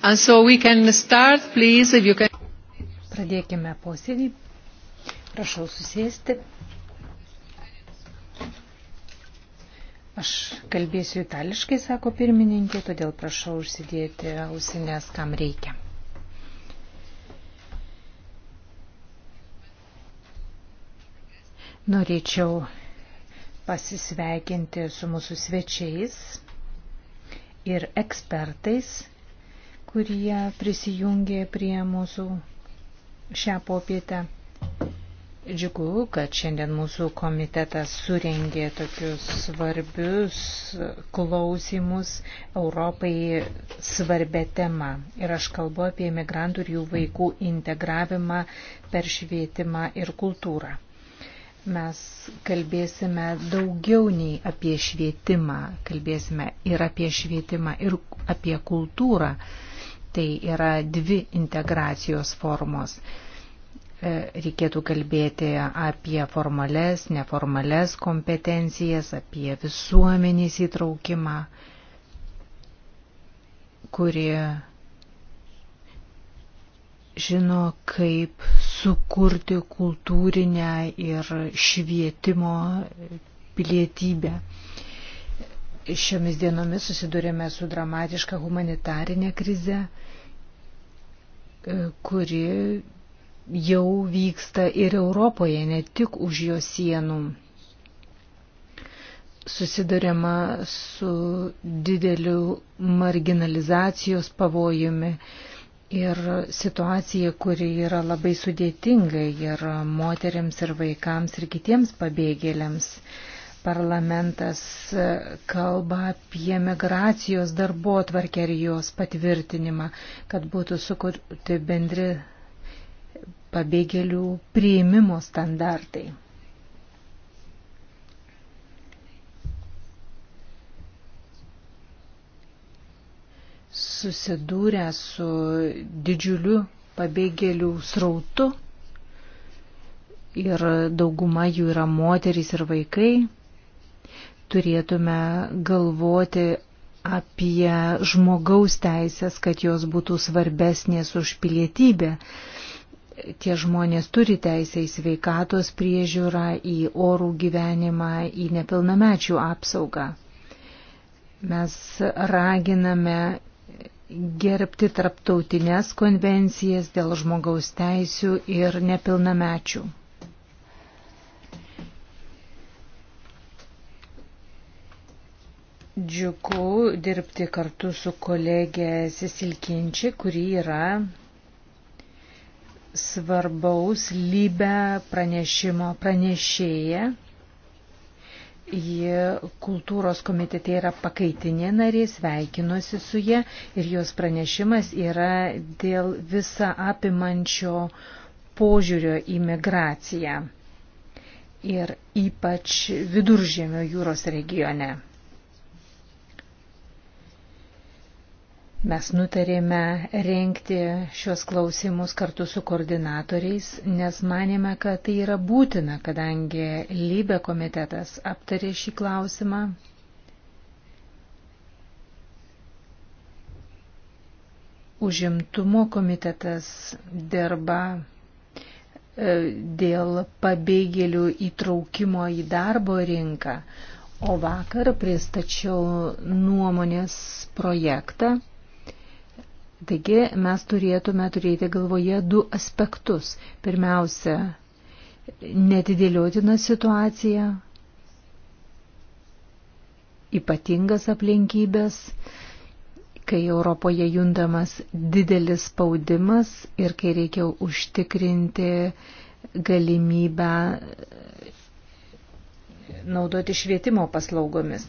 And so we can start, please, if you can. Pradėkime posėdį. Prašau susėsti. Aš kalbėsiu itališkai, sako pirmininkė, todėl prašau užsidėti ausinės, kam reikia. Norėčiau pasisveikinti su mūsų svečiais ir ekspertais kurie prisijungė prie mūsų šią popietę. Džiugu, kad šiandien mūsų komitetas surengė tokius svarbius klausimus Europai svarbia tema. Ir aš kalbu apie imigrantų ir jų vaikų integravimą per švietimą ir kultūrą. Mes kalbėsime daugiau nei apie švietimą, kalbėsime ir apie švietimą, ir apie kultūrą. Tai yra dvi integracijos formos e, reikėtų kalbėti apie formales, neformales kompetencijas, apie visuomenės įtraukimą, kurie žino, kaip sukurti kultūrinę ir švietimo pilietybę. Uh, šiomis dienomis susidurėme su dramatiška humanitarinė krize, e, kuri jau vyksta ir Europoje, ne tik už jos sienų. Susidurėma su dideliu marginalizacijos pavojumi ir situacija, kuri yra labai sudėtinga ir moteriams, ir vaikams, ir kitiems pabėgėliams. Parlamentas e, kalba apie migracijos darbo atvarkę ir jos patvirtinimą, kad būtų sukurti bendri pabėgėlių priėmimo standartai. Susidūrę su didžiuliu pabėgėlių srautu ir dauguma jų yra moterys ir vaikai, turėtume galvoti apie žmogaus teisės, kad jos būtų svarbesnės už pilietybę. Tie žmonės turi teisę į sveikatos priežiūrą, į orų gyvenimą, į nepilnamečių apsaugą. Mes raginame gerbti tarptautinės konvencijas dėl žmogaus teisių ir nepilnamečių. džiugu dirbti kartu su kolegė Sisilkinčiai, kuri yra svarbaus lybę pranešimo pranešėja. Ji kultūros komitete yra pakaitinė narė, sveikinosi su jie ir jos pranešimas yra dėl visą apimančio požiūrio į migraciją ir ypač viduržėmio jūros regione. Mes nutarėme renkti šios klausimus kartu su koordinatoriais, nes manėme, kad tai yra būtina, kadangi lybė komitetas aptarė šį klausimą. Užimtumo komitetas dirba e, dėl pabėgėlių įtraukimo į darbo rinką, o vakar pristačiau nuomonės projektą Taigi mes turėtume turėti galvoje du aspektus. Pirmiausia, netidėliotina situacija, ypatingas aplinkybės, kai Europoje juntamas didelis spaudimas ir kai reikia užtikrinti galimybę naudoti švietimo paslaugomis.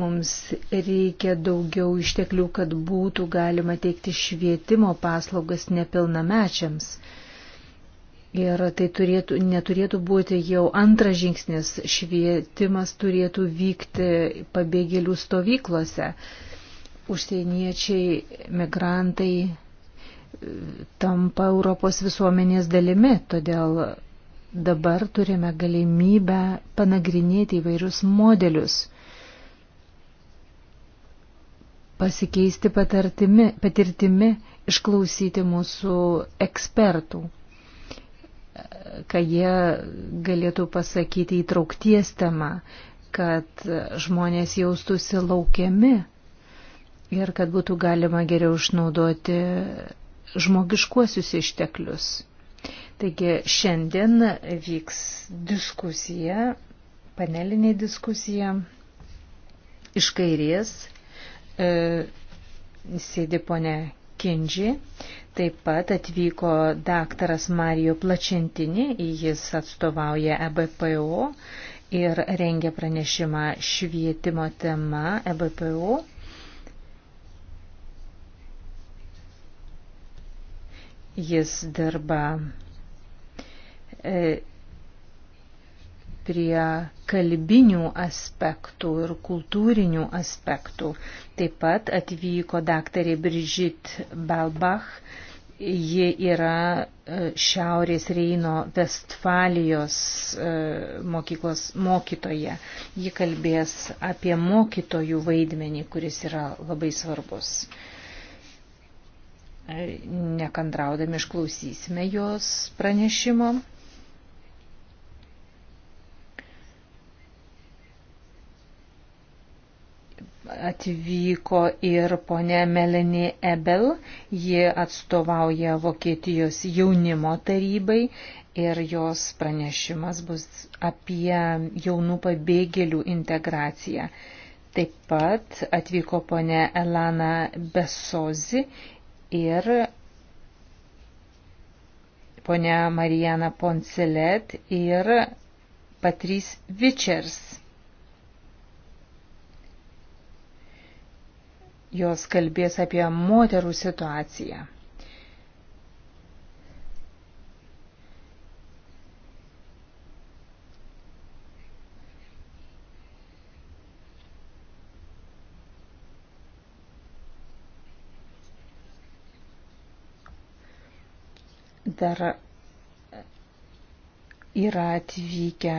Mums reikia daugiau išteklių, kad būtų galima teikti švietimo paslaugas nepilnamečiams. Ir tai turėtų, neturėtų būti jau antras žingsnis. Švietimas turėtų vykti pabėgėlių stovyklose. Užsieniečiai, migrantai tampa Europos visuomenės dalimi, todėl dabar turime galimybę panagrinėti įvairius modelius pasikeisti patartimi, patirtimi, išklausyti mūsų ekspertų, kad jie galėtų pasakyti įtraukties temą, kad žmonės jaustųsi laukiami ir kad būtų galima geriau išnaudoti žmogiškuosius išteklius. Taigi šiandien vyks diskusija, panelinė diskusija iš kairės E, sėdi ponė Kinži. Taip pat atvyko daktaras Mario Plačentini, jis atstovauja EBPO ir rengia pranešimą švietimo tema EBPO. Jis dirba e, prie kalbinių aspektų ir kultūrinių aspektų. Taip pat atvyko daktarė Brižit Balbach. Ji yra e, Šiaurės Reino Vestfalijos e, mokyklos mokytoja. Ji kalbės apie mokytojų vaidmenį, kuris yra labai svarbus. E, nekantraudami išklausysime jos pranešimo. atvyko ir ponė Melanie Ebel, ji atstovauja Vokietijos jaunimo tarybai ir jos pranešimas bus apie jaunų pabėgėlių integraciją. Taip pat atvyko ponė Elana Besozi ir ponė Marijana Poncelet ir Patrys Vičers. Jos kalbės apie moterų situaciją. dar yra atvykę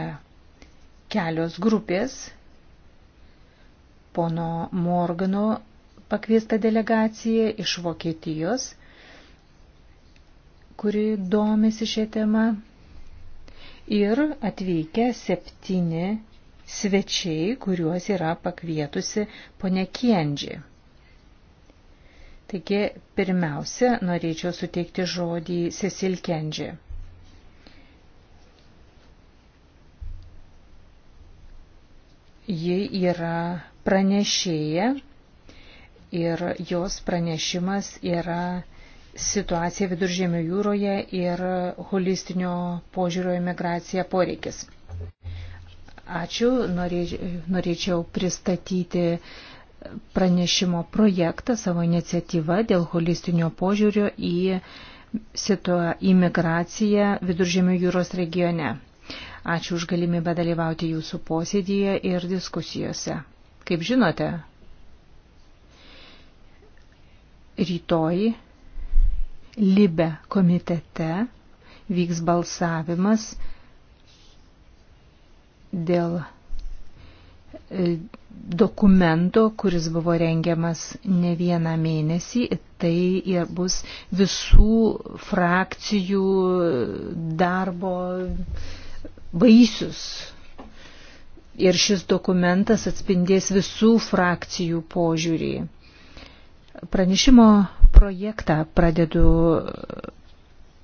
kelios grupės. Pono Morgano pakviesta delegacija iš Vokietijos, kuri domisi šią temą. Ir atvykę septyni svečiai, kuriuos yra pakvietusi ponė Kiendži. Taigi, pirmiausia, norėčiau suteikti žodį Cecil Kiendži. Ji yra pranešėja ir jos pranešimas yra situacija viduržėmio jūroje ir holistinio požiūrio imigracija poreikis. Ačiū, norėčiau pristatyti pranešimo projektą savo iniciatyvą dėl holistinio požiūrio į imigraciją viduržėmio jūros regione. Ačiū už galimybę dalyvauti jūsų posėdėje ir diskusijose. Kaip žinote, rytoj Libe komitete vyks balsavimas dėl e, dokumento, kuris buvo rengiamas ne vieną mėnesį, tai ir bus visų frakcijų darbo vaisius. Ir šis dokumentas atspindės visų frakcijų požiūrį. Pranešimo projektą pradedu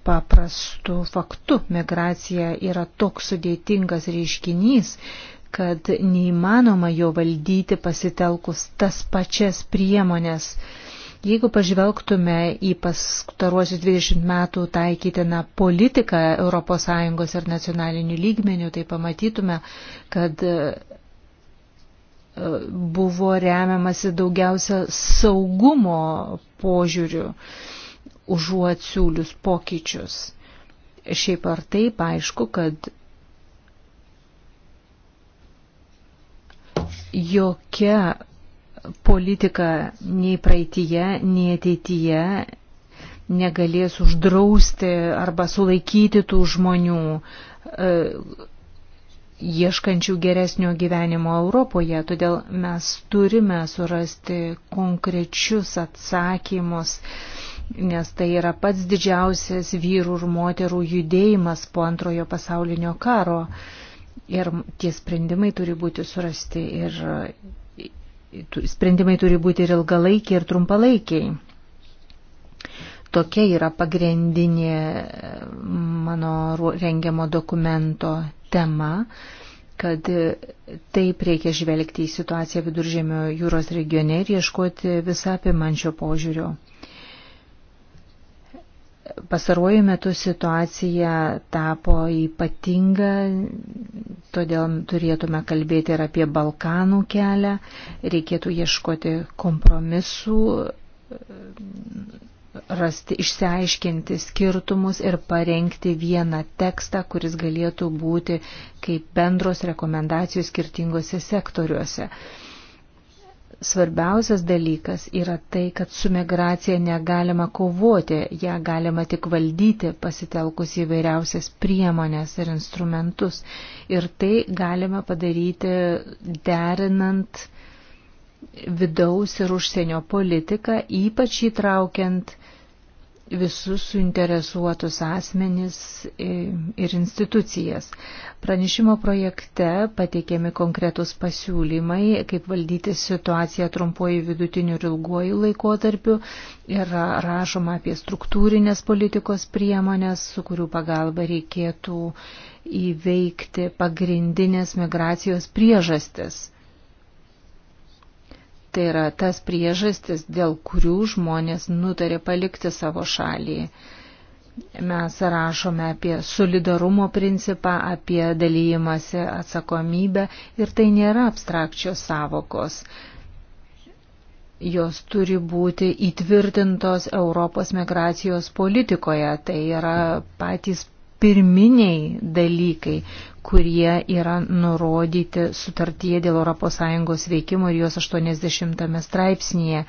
paprastu faktu. Migracija yra toks sudėtingas reiškinys, kad neįmanoma jo valdyti pasitelkus tas pačias priemonės. Jeigu pažvelgtume į pastaruosius 20 metų taikytiną politiką ES ir nacionalinių lygmenių, tai pamatytume, kad buvo remiamasi daugiausia saugumo požiūriu užuot siūlius pokyčius. Šiaip ar taip aišku, kad jokia politika nei praeitie, nei ateityje negalės uždrausti arba sulaikyti tų žmonių, e, ieškančių geresnio gyvenimo Europoje, todėl mes turime surasti konkrečius atsakymus, nes tai yra pats didžiausias vyrų ir moterų judėjimas po antrojo pasaulinio karo. Ir tie sprendimai turi būti surasti ir sprendimai turi būti ir ilgalaikiai, ir trumpalaikiai. Tokia yra pagrindinė mano rengiamo dokumento tema, kad e, taip reikia žvelgti į situaciją viduržėmio jūros regione ir ieškoti visą apimančio požiūrio. Pasaruoju metu situacija tapo ypatinga, todėl turėtume kalbėti ir apie Balkanų kelią, reikėtų ieškoti kompromisų rasti, išsiaiškinti skirtumus ir parengti vieną tekstą, kuris galėtų būti kaip bendros rekomendacijos skirtingose sektoriuose. Svarbiausias dalykas yra tai, kad su migracija negalima kovoti, ją galima tik valdyti, pasitelkus įvairiausias priemonės ir instrumentus. Ir tai galima padaryti derinant vidaus ir užsienio politiką, ypač įtraukiant visus suinteresuotus asmenis ir institucijas. Pranešimo projekte pateikiami konkretus pasiūlymai, kaip valdyti situaciją trumpuoju, vidutiniu ir ilguoju laikotarpiu. Yra rašoma apie struktūrinės politikos priemonės, su kurių pagalba reikėtų įveikti pagrindinės migracijos priežastis. Tai yra tas priežastis, dėl kurių žmonės nutarė palikti savo šalį. Mes rašome apie solidarumo principą, apie dalyjimąsi atsakomybę ir tai nėra abstrakčios savokos jos turi būti įtvirtintos Europos migracijos politikoje. Tai yra patys pirminiai dalykai, kurie yra nurodyti sutartyje dėl ES veikimo ir jos 80 straipsnėje.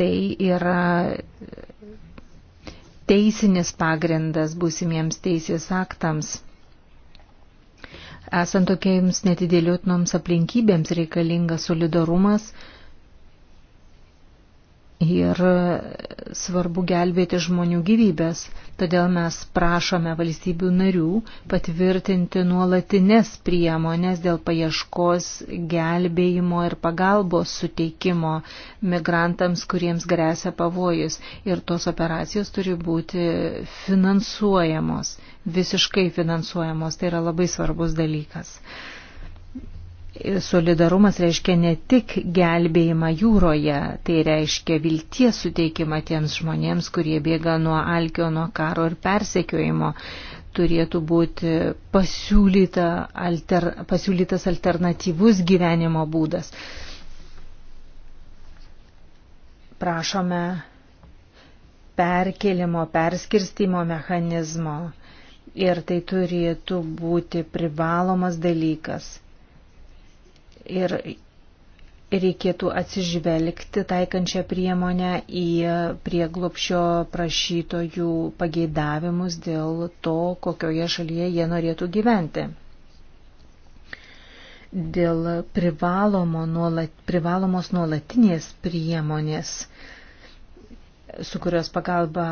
Tai yra teisinis pagrindas būsimiems teisės aktams. Esant tokiems netidėliotinoms aplinkybėms reikalingas solidarumas, ir svarbu gelbėti žmonių gyvybės. Todėl mes prašome valstybių narių patvirtinti nuolatines priemonės dėl paieškos, gelbėjimo ir pagalbos suteikimo migrantams, kuriems grėsia pavojus. Ir tos operacijos turi būti finansuojamos, visiškai finansuojamos. Tai yra labai svarbus dalykas. Solidarumas reiškia ne tik gelbėjimą jūroje, tai reiškia vilties suteikimą tiems žmonėms, kurie bėga nuo alkio, nuo karo ir persekiojimo. Turėtų būti pasiūlyta alter, pasiūlytas alternatyvus gyvenimo būdas. Prašome perkelimo, perskirstimo mechanizmo ir tai turėtų būti privalomas dalykas ir reikėtų atsižvelgti taikančią priemonę į prieglopšio prašytojų pageidavimus dėl to, kokioje šalyje jie norėtų gyventi. Dėl privalomo, nuolat, privalomos nuolatinės priemonės, su kurios pagalba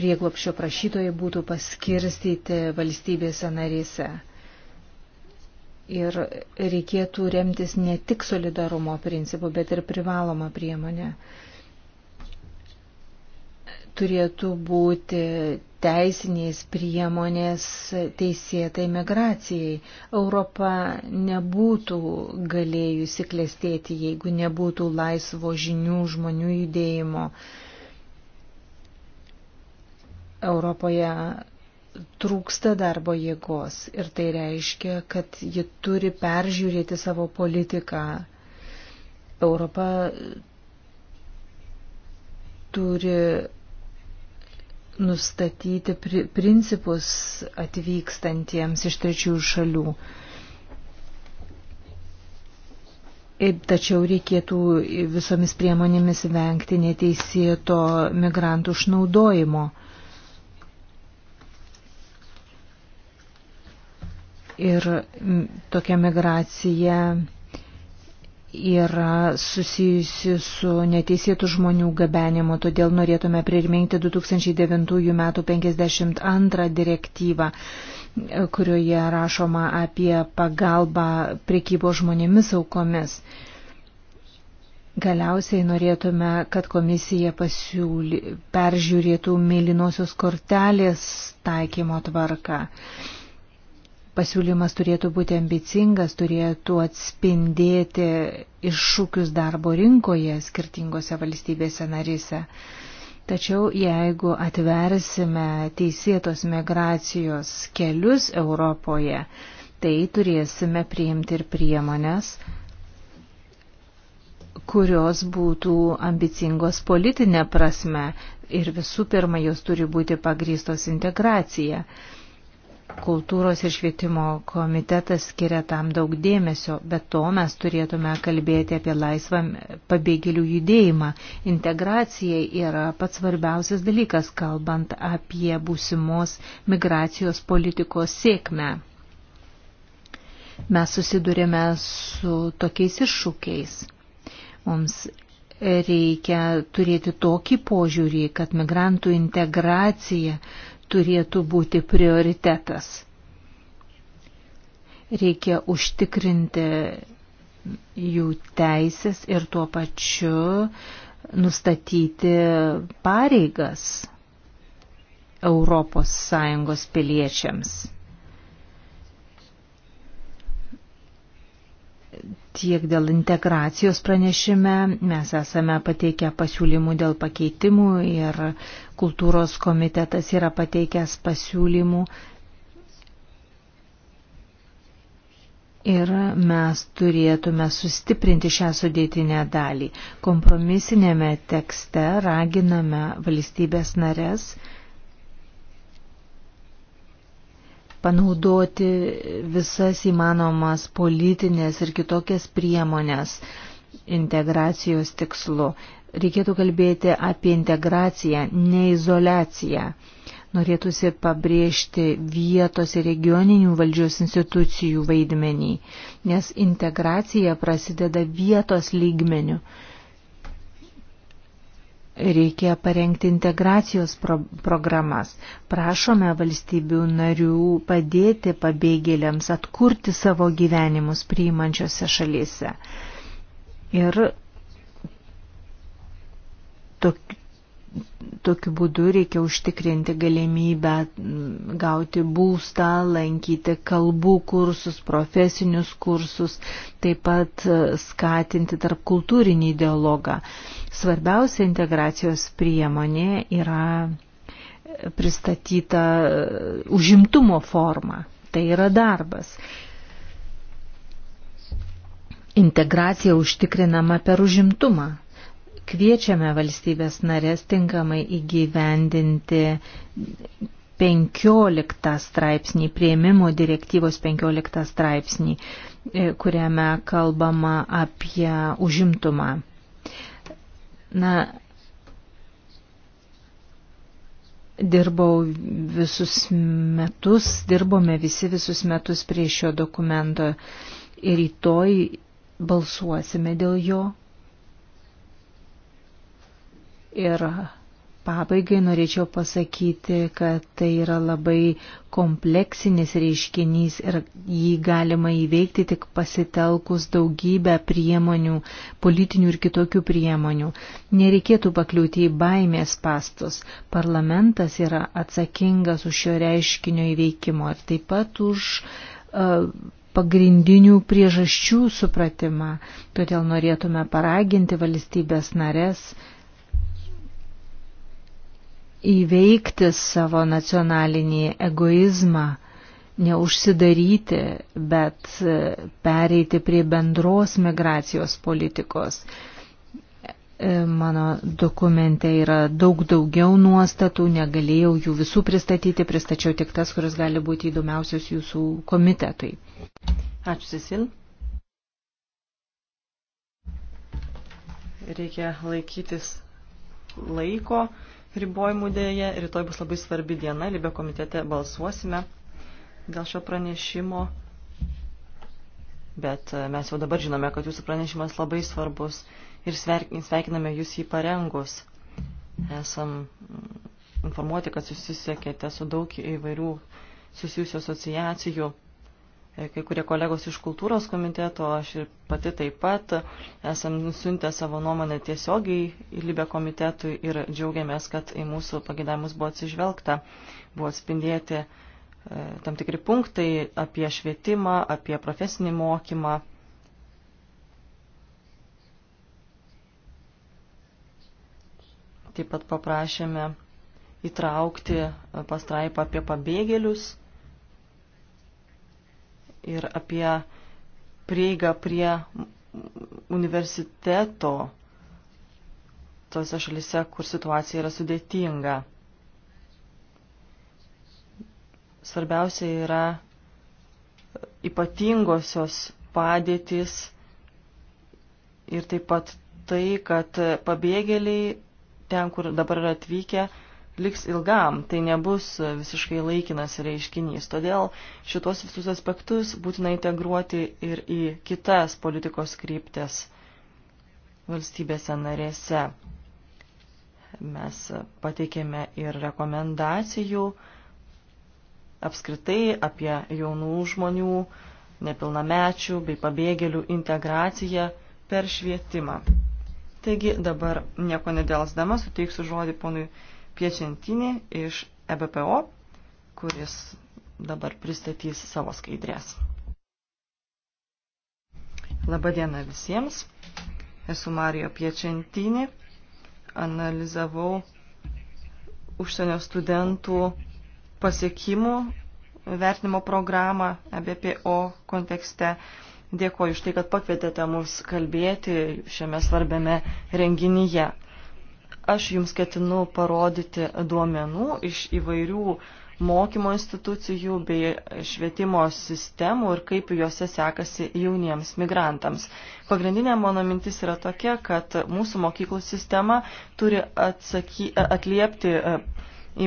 prieglopšio prašytojai būtų paskirstyti valstybėse narėse ir reikėtų remtis ne tik solidarumo principu, bet ir privaloma priemonė. Turėtų būti teisinės priemonės teisėtai migracijai. Europa nebūtų galėjusi klestėti, jeigu nebūtų laisvo žinių žmonių judėjimo. Europoje trūksta darbo jėgos ir tai reiškia, kad ji turi peržiūrėti savo politiką. Europa turi nustatyti pri principus atvykstantiems iš trečiųjų šalių. Tačiau reikėtų visomis priemonėmis vengti neteisėto migrantų išnaudojimo. Ir tokia migracija yra susijusi su neteisėtų žmonių gabenimu, todėl norėtume priminti 2009 m. 52 direktyvą, kurioje rašoma apie pagalbą priekybo žmonėmis aukomis. Galiausiai norėtume, kad komisija pasiūly, peržiūrėtų mėlynosios kortelės taikymo tvarką Pasiūlymas turėtų būti ambicingas, turėtų atspindėti iššūkius darbo rinkoje skirtingose valstybėse narise. Tačiau jeigu atversime teisėtos migracijos kelius Europoje, tai turėsime priimti ir priemonės, kurios būtų ambicingos politinė prasme ir visų pirma jos turi būti pagrystos integracija kultūros ir švietimo komitetas skiria tam daug dėmesio, bet to mes turėtume kalbėti apie laisvą pabėgėlių judėjimą. Integracija yra pats svarbiausias dalykas, kalbant apie būsimos migracijos politikos sėkmę. Mes susidurėme su tokiais iššūkiais. Mums reikia turėti tokį požiūrį, kad migrantų integracija turėtų būti prioritetas. Reikia užtikrinti jų teisės ir tuo pačiu nustatyti pareigas ES piliečiams. Tiek dėl integracijos pranešime mes esame pateikę pasiūlymų dėl pakeitimų ir uh, Kultūros komitetas yra pateikęs pasiūlymų ir mes turėtume sustiprinti šią sudėtinę dalį. Kompromisinėme tekste raginame valstybės narės panaudoti visas įmanomas politinės ir kitokias priemonės integracijos tikslu reikėtų kalbėti apie integraciją, ne izolaciją. Norėtųsi pabrėžti vietos ir regioninių valdžios institucijų vaidmenį, nes integracija prasideda vietos lygmenių. Reikia parengti integracijos pro programas. Prašome valstybių narių padėti pabėgėliams atkurti savo gyvenimus priimančiose šalyse. Ir Tok, tokiu būdu reikia užtikrinti galimybę mm, gauti būstą, lankyti kalbų kursus, profesinius kursus, taip pat e, skatinti tarp kultūrinį dialogą. Svarbiausia integracijos priemonė yra pristatyta e, užimtumo forma. Tai yra darbas. Integracija užtikrinama per užimtumą. Kviečiame valstybės narės tinkamai įgyvendinti 15 straipsnį, prieimimo direktyvos 15 straipsnį, e, kuriame kalbama apie užimtumą. Na, dirbau visus metus, dirbome visi visus metus prie šio dokumento ir rytoj balsuosime dėl jo. Ir pabaigai norėčiau pasakyti, kad tai yra labai kompleksinis reiškinys ir jį galima įveikti tik pasitelkus daugybę priemonių, politinių ir kitokių priemonių. Nereikėtų pakliūti į baimės pastus. Parlamentas yra atsakingas už šio reiškinio įveikimo ir taip pat už uh, pagrindinių priežasčių supratimą. Todėl norėtume paraginti valstybės nares įveikti savo nacionalinį egoizmą, neužsidaryti, bet e, pereiti prie bendros migracijos politikos. E, mano dokumente yra daug daugiau nuostatų, negalėjau jų visų pristatyti, pristačiau tik tas, kuris gali būti įdomiausios jūsų komitetui. Ačiū, Cecil. Reikia laikytis laiko ribojimų dėje. Rytoj bus labai svarbi diena, Libė komitete balsuosime dėl šio pranešimo. Bet e, mes jau dabar žinome, kad jūsų pranešimas labai svarbus ir sveikiname jūs jį parengus. Esam mm, informuoti, kad susisiekėte su daug įvairių susijusių asociacijų E, kai kurie kolegos iš kultūros komiteto, aš ir pati taip pat esam nusiuntę savo nuomonę tiesiogiai į Libę komitetui ir džiaugiamės, kad į mūsų pagidavimus buvo atsižvelgta, buvo atspindėti e, tam tikri punktai apie švietimą, apie profesinį mokymą. Taip pat paprašėme įtraukti e, pastraipą apie pabėgėlius ir apie prieigą prie universiteto tose šalise, kur situacija yra sudėtinga. Svarbiausia yra ypatingosios padėtis ir taip pat tai, kad pabėgėliai ten, kur dabar yra atvykę, liks ilgam, tai nebus visiškai laikinas reiškinys. Todėl šitos visus aspektus būtina integruoti ir į kitas politikos kryptis valstybėse narėse. Mes pateikėme ir rekomendacijų apskritai apie jaunų žmonių, nepilnamečių bei pabėgėlių integraciją per švietimą. Taigi dabar nieko nedėlsdama suteiksiu žodį ponui Piečentinį iš EBPO, kuris dabar pristatys savo skaidrės. Labadiena visiems. Esu Marijo Piečentinį. Analizavau užsienio studentų pasiekimų vertinimo programą EBPO kontekste. Dėkoju už tai, kad pakvietėte mus kalbėti šiame svarbiame renginyje. Aš jums ketinu parodyti duomenų iš įvairių mokymo institucijų bei švietimo sistemų ir kaip juose sekasi jauniems migrantams. Pagrindinė mano mintis yra tokia, kad mūsų mokyklų sistema turi atsaky, atliepti e,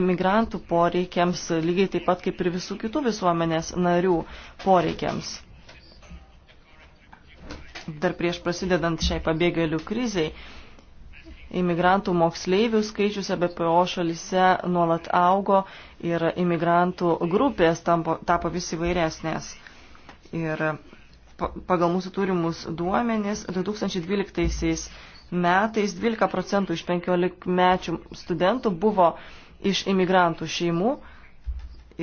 imigrantų poreikiams lygiai taip pat kaip ir visų kitų visuomenės narių poreikiams dar prieš prasidedant šiai pabėgėlių kriziai, Imigrantų moksleivių skaičius ABPO e šalise nuolat augo ir imigrantų grupės tampo, tapo vis įvairesnės. Ir pagal mūsų turimus duomenis 2012 metais 12 procentų iš 15 mečių studentų buvo iš imigrantų šeimų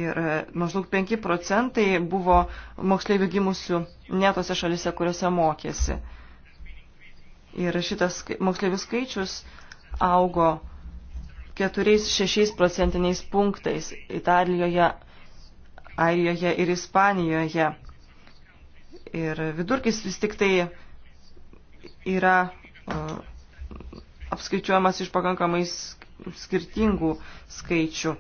ir e, maždaug 5 procentai buvo moksleivių gimusių netose šalise, kuriuose mokėsi. Ir šitas moksleivių skaičius augo 4-6 procentiniais punktais Italijoje, Airijoje ir Ispanijoje. Ir vidurkis vis tik tai yra uh, apskaičiuojamas iš pakankamai skirtingų skaičių.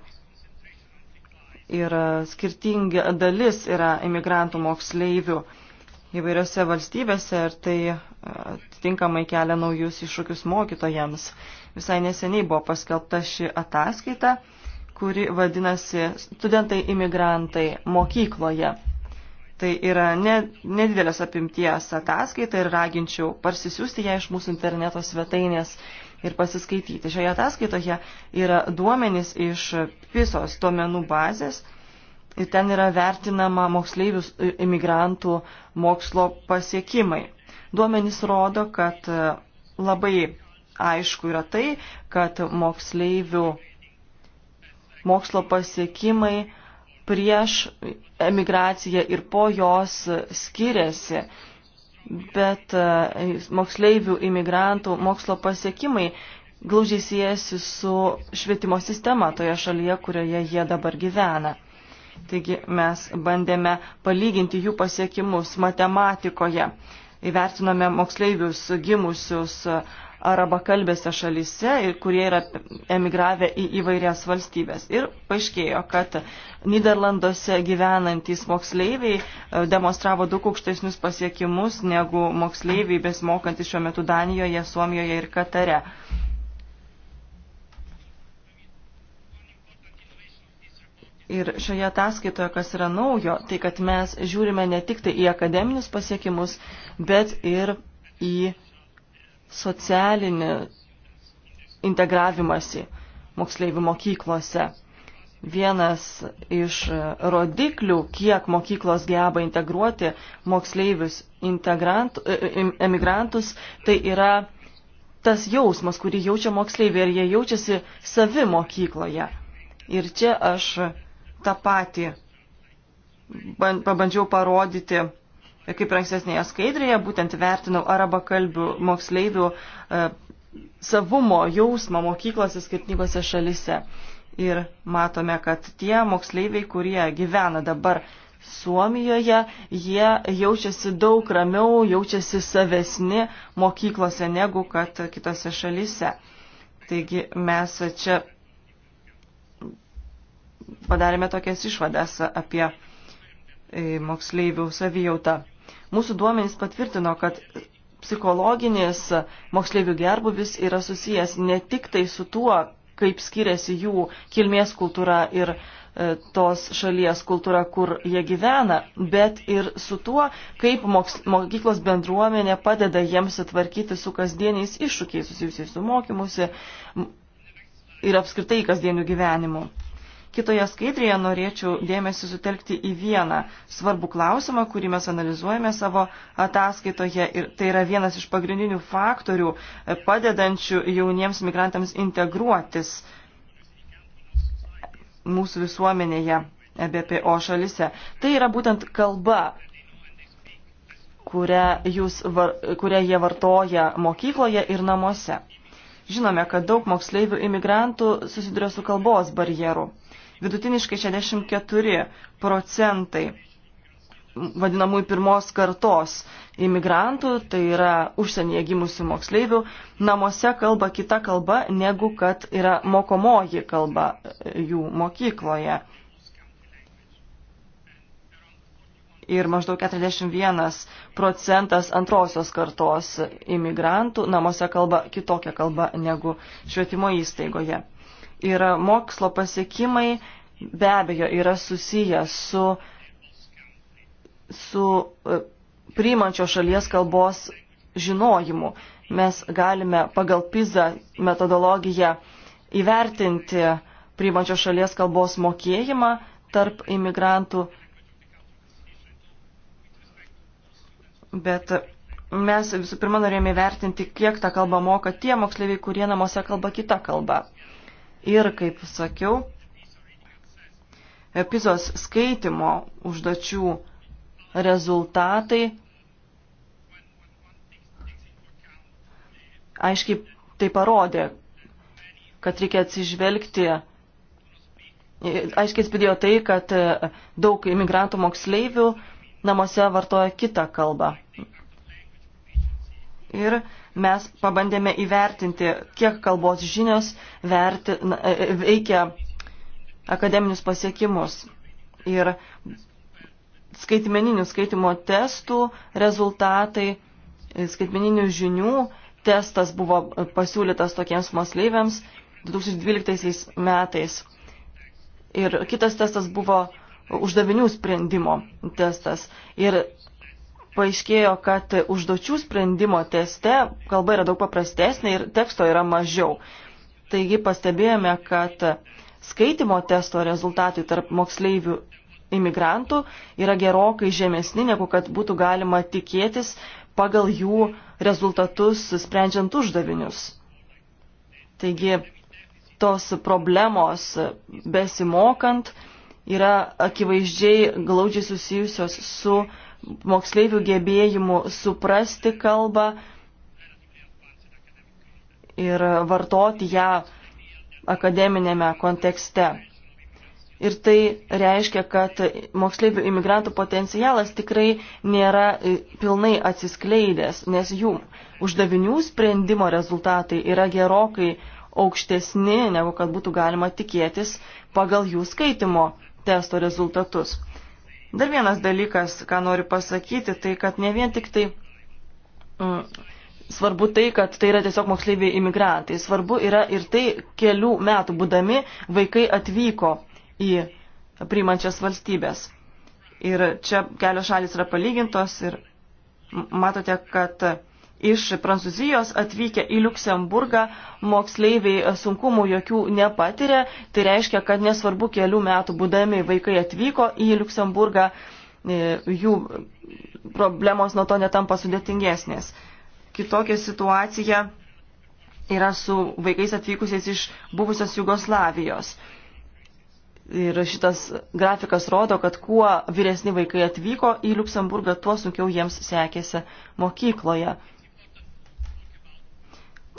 Ir skirtingi dalis yra imigrantų moksleivių. Uh, įvairiose valstybėse ir tai e, atitinkamai kelia naujus iššūkius mokytojams. Visai neseniai buvo paskelbta ši ataskaita, kuri vadinasi Studentai imigrantai mokykloje. Tai yra ne, nedidelės apimties ataskaita ir raginčiau parsisiųsti ją iš mūsų interneto svetainės ir pasiskaityti. Šioje ataskaitoje yra duomenys iš visos duomenų bazės ir ten yra vertinama moksleivius e, imigrantų mokslo pasiekimai. Duomenys rodo, kad e, labai aišku yra tai, kad moksleivių mokslo pasiekimai prieš emigraciją ir po jos skiriasi, bet e, moksleivių imigrantų mokslo pasiekimai glaužiai siejasi su švietimo sistema toje šalyje, kurioje jie dabar gyvena. Taigi mes bandėme palyginti jų pasiekimus matematikoje. Įvertinome moksleivius gimusius arabakalbėse šalyse, kurie yra emigravę į įvairias valstybės. Ir paaiškėjo, kad Niderlanduose gyvenantys moksleiviai e, demonstravo daug aukštesnius pasiekimus negu moksleiviai besmokantys šiuo metu Danijoje, Suomijoje ir Katare. Ir šioje ataskaitoje, kas yra naujo, tai kad mes žiūrime ne tik tai į akademinius pasiekimus, bet ir į socialinį integravimąsi moksleivių mokyklose. Vienas iš rodiklių, kiek mokyklos geba integruoti moksleivius e, e, emigrantus, tai yra tas jausmas, kurį jaučia moksleiviai ir jie jaučiasi savi mokykloje. Ir čia aš tą patį. Pabandžiau parodyti, kaip ir ankstesnėje skaidrėje, būtent vertinau araba kalbių moksleivių e, savumo jausmą mokyklose skirtingose šalise. Ir matome, kad tie moksleiviai, kurie gyvena dabar Suomijoje, jie jaučiasi daug ramiau, jaučiasi savesni mokyklose negu kad kitose šalise. Taigi mes čia padarėme tokias išvadas apie e, moksleivių savijautą. Mūsų duomenys patvirtino, kad psichologinis moksleivių gerbuvis yra susijęs ne tik tai su tuo, kaip skiriasi jų kilmės kultūra ir e, tos šalies kultūra, kur jie gyvena, bet ir su tuo, kaip mokyklos bendruomenė padeda jiems atvarkyti su kasdieniais iššūkiais susijusiais su mokymusi ir apskritai kasdieniu gyvenimu. Kitoje skaidrėje norėčiau dėmesį sutelkti į vieną svarbų klausimą, kurį mes analizuojame savo ataskaitoje ir tai yra vienas iš pagrindinių faktorių e, padedančių jauniems migrantams integruotis mūsų visuomenėje EBPO šalise. Tai yra būtent kalba, kurią, jūs, var, kurią jie vartoja mokykloje ir namuose. Žinome, kad daug moksleivių imigrantų susiduria su kalbos barjeru vidutiniškai 64 procentai vadinamųjų pirmos kartos imigrantų, tai yra užsienyje gimusių moksleivių, namuose kalba kita kalba, negu kad yra mokomoji kalba e, jų mokykloje. ir maždaug 41 procentas antrosios kartos imigrantų namuose kalba kitokią kalbą negu švietimo įstaigoje yra mokslo pasiekimai, be abejo, yra susiję su, su e, priimančio šalies kalbos žinojimu. Mes galime pagal PISA metodologiją įvertinti priimančio šalies kalbos mokėjimą tarp imigrantų, bet mes visų pirma norėjome įvertinti, kiek tą kalbą moka tie moksleiviai, kurie namuose kalba kitą kalbą. Ir, kaip sakiau, epizos skaitimo užduočių rezultatai aiškiai tai parodė, kad reikia atsižvelgti, aiškiai spėdėjo tai, kad daug imigrantų moksleivių namuose vartoja kitą kalbą. Ir mes pabandėme įvertinti, kiek kalbos žinios verti, e, e, veikia akademinius pasiekimus. Ir skaitmeninių skaitimo testų rezultatai, skaitmeninių žinių testas buvo pasiūlytas tokiems moksleiviams 2012 metais. Ir kitas testas buvo uždavinių sprendimo testas. Ir paaiškėjo, kad užduočių sprendimo teste kalba yra daug paprastesnė ir teksto yra mažiau. Taigi pastebėjome, kad skaitimo testo rezultatai tarp moksleivių imigrantų yra gerokai žemesni, negu kad būtų galima tikėtis pagal jų rezultatus sprendžiant uždavinius. Taigi tos problemos besimokant yra akivaizdžiai glaudžiai susijusios su uh, moksleivių gebėjimų suprasti kalbą ir vartoti ją akademinėme kontekste. Ir tai reiškia, kad moksleivių imigrantų potencialas tikrai nėra e, pilnai atsiskleidęs, nes jų uždavinių sprendimo rezultatai yra gerokai aukštesni, negu kad būtų galima tikėtis pagal jų skaitimo testo rezultatus. Dar vienas dalykas, ką noriu pasakyti, tai kad ne vien tik tai mm, svarbu tai, kad tai yra tiesiog moksleiviai imigrantai. Svarbu yra ir tai, kelių metų būdami vaikai atvyko į priimančias valstybės. Ir čia kelios šalis yra palygintos ir matote, kad iš Prancūzijos atvykę į Luksemburgą moksleiviai sunkumų jokių nepatiria. Tai reiškia, kad nesvarbu kelių metų būdami vaikai atvyko į Luksemburgą, e, jų problemos nuo to netampa sudėtingesnės. Kitokia situacija yra su vaikais atvykusiais iš buvusios Jugoslavijos. Ir šitas grafikas rodo, kad kuo vyresni vaikai atvyko į Luksemburgą, tuo sunkiau jiems sekėsi mokykloje.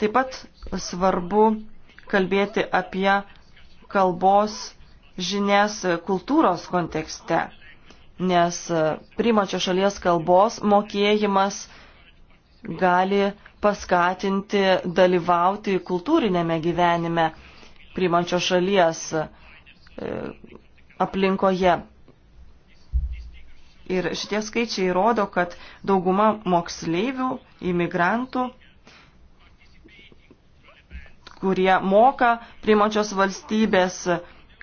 Taip pat svarbu kalbėti apie kalbos žinias kultūros kontekste, nes primačio šalies kalbos mokėjimas gali paskatinti dalyvauti kultūrinėme gyvenime primančio šalies e, aplinkoje. Ir šitie skaičiai rodo, kad dauguma moksleivių, imigrantų kurie moka priimančios valstybės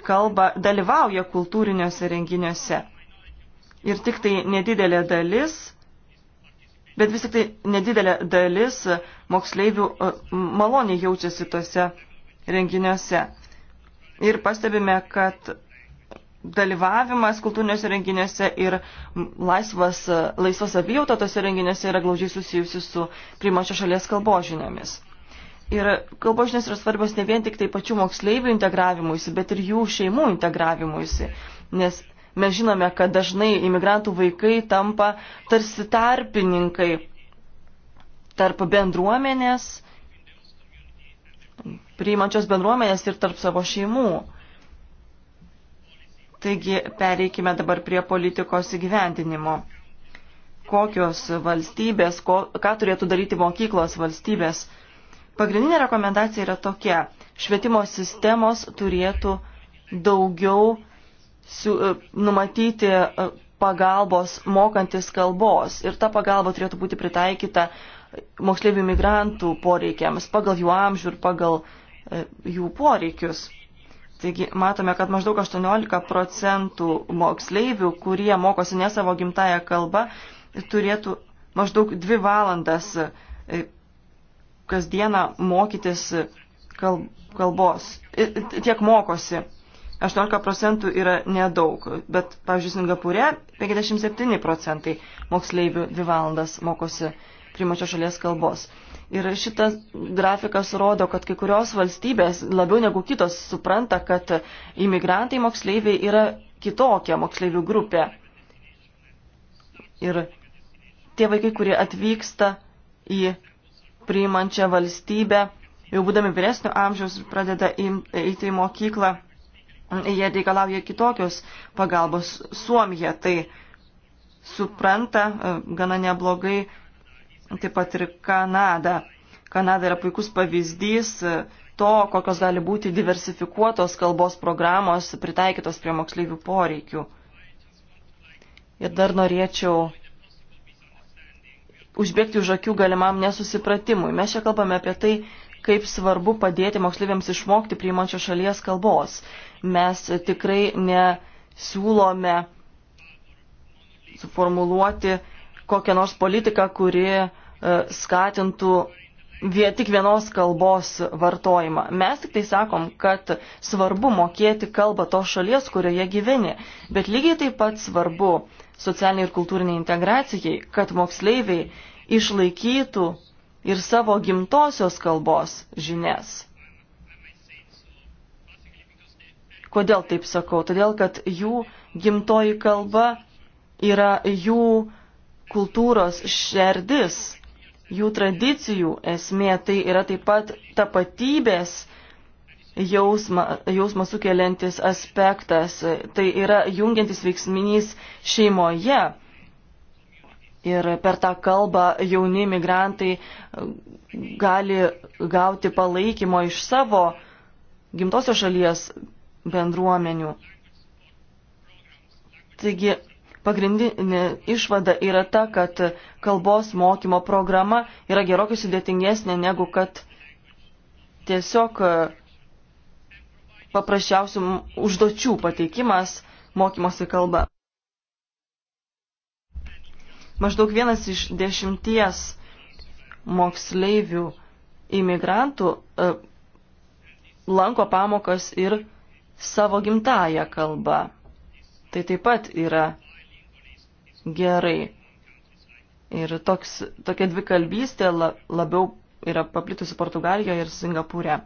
kalbą, dalyvauja kultūriniuose renginiuose. Ir tik tai nedidelė dalis, bet vis tik tai nedidelė dalis moksleivių e, maloniai jaučiasi tose renginiuose. Ir pastebime, kad dalyvavimas kultūriniuose renginiuose ir laisvas, laisvas savijauta tose renginiuose yra glaudžiai susijusi su priimančio šalies kalbožinėmis. Ir kalbos žinias yra svarbios ne vien tik tai pačių moksleivių integravimuisi, bet ir jų šeimų integravimuisi. Nes mes žinome, kad dažnai imigrantų vaikai tampa tarsi tarpininkai tarp bendruomenės, priimančios bendruomenės ir tarp savo šeimų. Taigi pereikime dabar prie politikos įgyvendinimo. Kokios valstybės, ko, ką turėtų daryti mokyklos valstybės Pagrindinė rekomendacija yra tokia. Švietimo sistemos turėtų daugiau e, numatyti e, pagalbos mokantis kalbos ir ta pagalba turėtų būti pritaikyta moksleivių migrantų poreikiams pagal jų amžių ir pagal e, jų poreikius. Taigi matome, kad maždaug 18 procentų moksleivių, kurie mokosi ne savo gimtają kalbą, turėtų maždaug 2 valandas kasdieną mokytis kalbos, tiek mokosi. 18 procentų yra nedaug, bet, pavyzdžiui, Singapūre 57 procentai moksleivių dvi valandas mokosi primačios šalies kalbos. Ir šitas grafikas rodo, kad kai kurios valstybės labiau negu kitos supranta, kad imigrantai moksleiviai yra kitokia moksleivių grupė. Ir tie vaikai, kurie atvyksta į priimančią valstybę, jau būdami vyresnio amžiaus pradeda eiti į mokyklą, jie reikalauja kitokios pagalbos. Suomija tai supranta e, gana neblogai, taip pat ir Kanada. Kanada yra puikus pavyzdys e, to, kokios gali būti diversifikuotos kalbos programos pritaikytos prie moksleivių poreikių. Ir dar norėčiau užbėgti už akių galimam nesusipratimui. Mes čia kalbame apie tai, kaip svarbu padėti moksleiviams išmokti priimančios šalies kalbos. Mes tikrai nesiūlome suformuluoti kokią nors politiką, kuri e, skatintų vien, tik vienos kalbos vartojimą. Mes tik tai sakom, kad svarbu mokėti kalbą tos šalies, kurioje gyveni, bet lygiai taip pat svarbu socialiniai ir kultūriniai integracijai, kad moksleiviai išlaikytų ir savo gimtosios kalbos žinias. Kodėl taip sakau? Todėl, kad jų gimtoji kalba yra jų kultūros šerdis, jų tradicijų esmė, tai yra taip pat tapatybės jausmą, jausmą sukeliantis aspektas, tai yra jungiantis veiksminys šeimoje. Ir per tą kalbą jauni migrantai uh, gali gauti palaikymo iš savo gimtosios šalies bendruomenių. Taigi pagrindinė išvada yra ta, kad kalbos mokymo programa yra gerokai sudėtingesnė negu kad tiesiog uh, paprasčiausių užduočių pateikimas mokymosi kalba. Maždaug vienas iš dešimties moksleivių imigrantų e, lanko pamokas ir savo gimtają kalbą. Tai taip pat yra gerai. Ir toks, tokia dvikalbystė labiau yra paplitusi Portugalijoje ir Singapūre.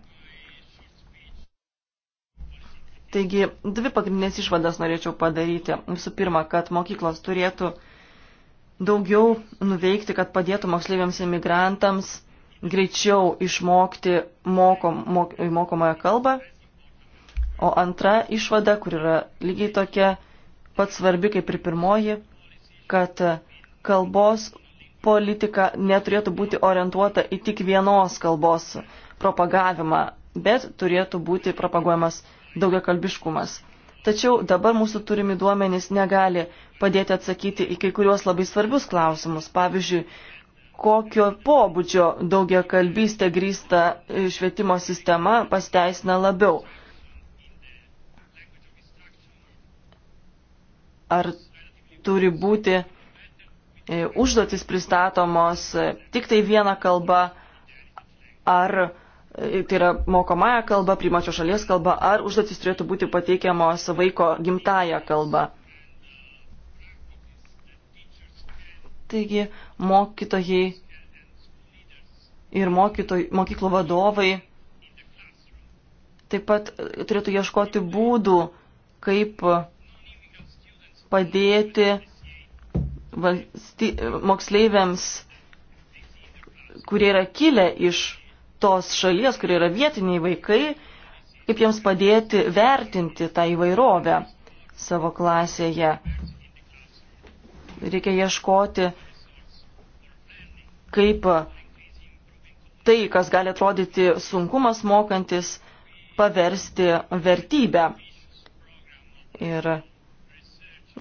Taigi, dvi pagrindinės išvadas norėčiau padaryti. Visų pirma, kad mokyklos turėtų daugiau nuveikti, kad padėtų moksleiviams imigrantams greičiau išmokti mokom, mok, mokomąją kalbą. O antra išvada, kur yra lygiai tokia pat svarbi kaip ir pirmoji, kad kalbos politika neturėtų būti orientuota į tik vienos kalbos propagavimą, bet turėtų būti propaguojamas daugiakalbiškumas. Tačiau dabar mūsų turimi duomenys negali padėti atsakyti į kai kuriuos labai svarbius klausimus. Pavyzdžiui, kokio pobūdžio daugiakalbystė grįsta švietimo sistema pasteisina labiau. Ar turi būti e, užduotis pristatomos e, tik tai viena kalba, ar tai yra mokomąją kalbą, primačios šalies kalbą, ar užduotis turėtų būti pateikiamos vaiko gimtają kalbą. Taigi mokytojai ir mokytoj, mokyklų vadovai taip pat e, turėtų ieškoti būdų, kaip padėti e, moksleiviams, kurie yra kilę iš tos šalies, kur yra vietiniai vaikai, kaip jiems padėti vertinti tą įvairovę savo klasėje. Reikia ieškoti, kaip tai, kas gali atrodyti sunkumas mokantis, paversti vertybę. Ir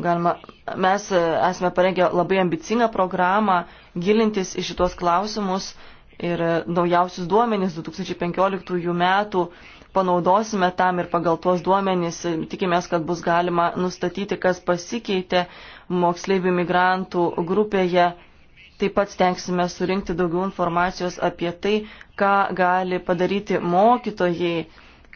galima, mes esame parengę labai ambicingą programą gilintis į šitos klausimus, ir e, naujausius duomenys 2015 metų panaudosime tam ir pagal tuos duomenys e, tikimės, kad bus galima nustatyti, kas pasikeitė moksleivių migrantų grupėje. Taip pat stengsime surinkti daugiau informacijos apie tai, ką gali padaryti mokytojai,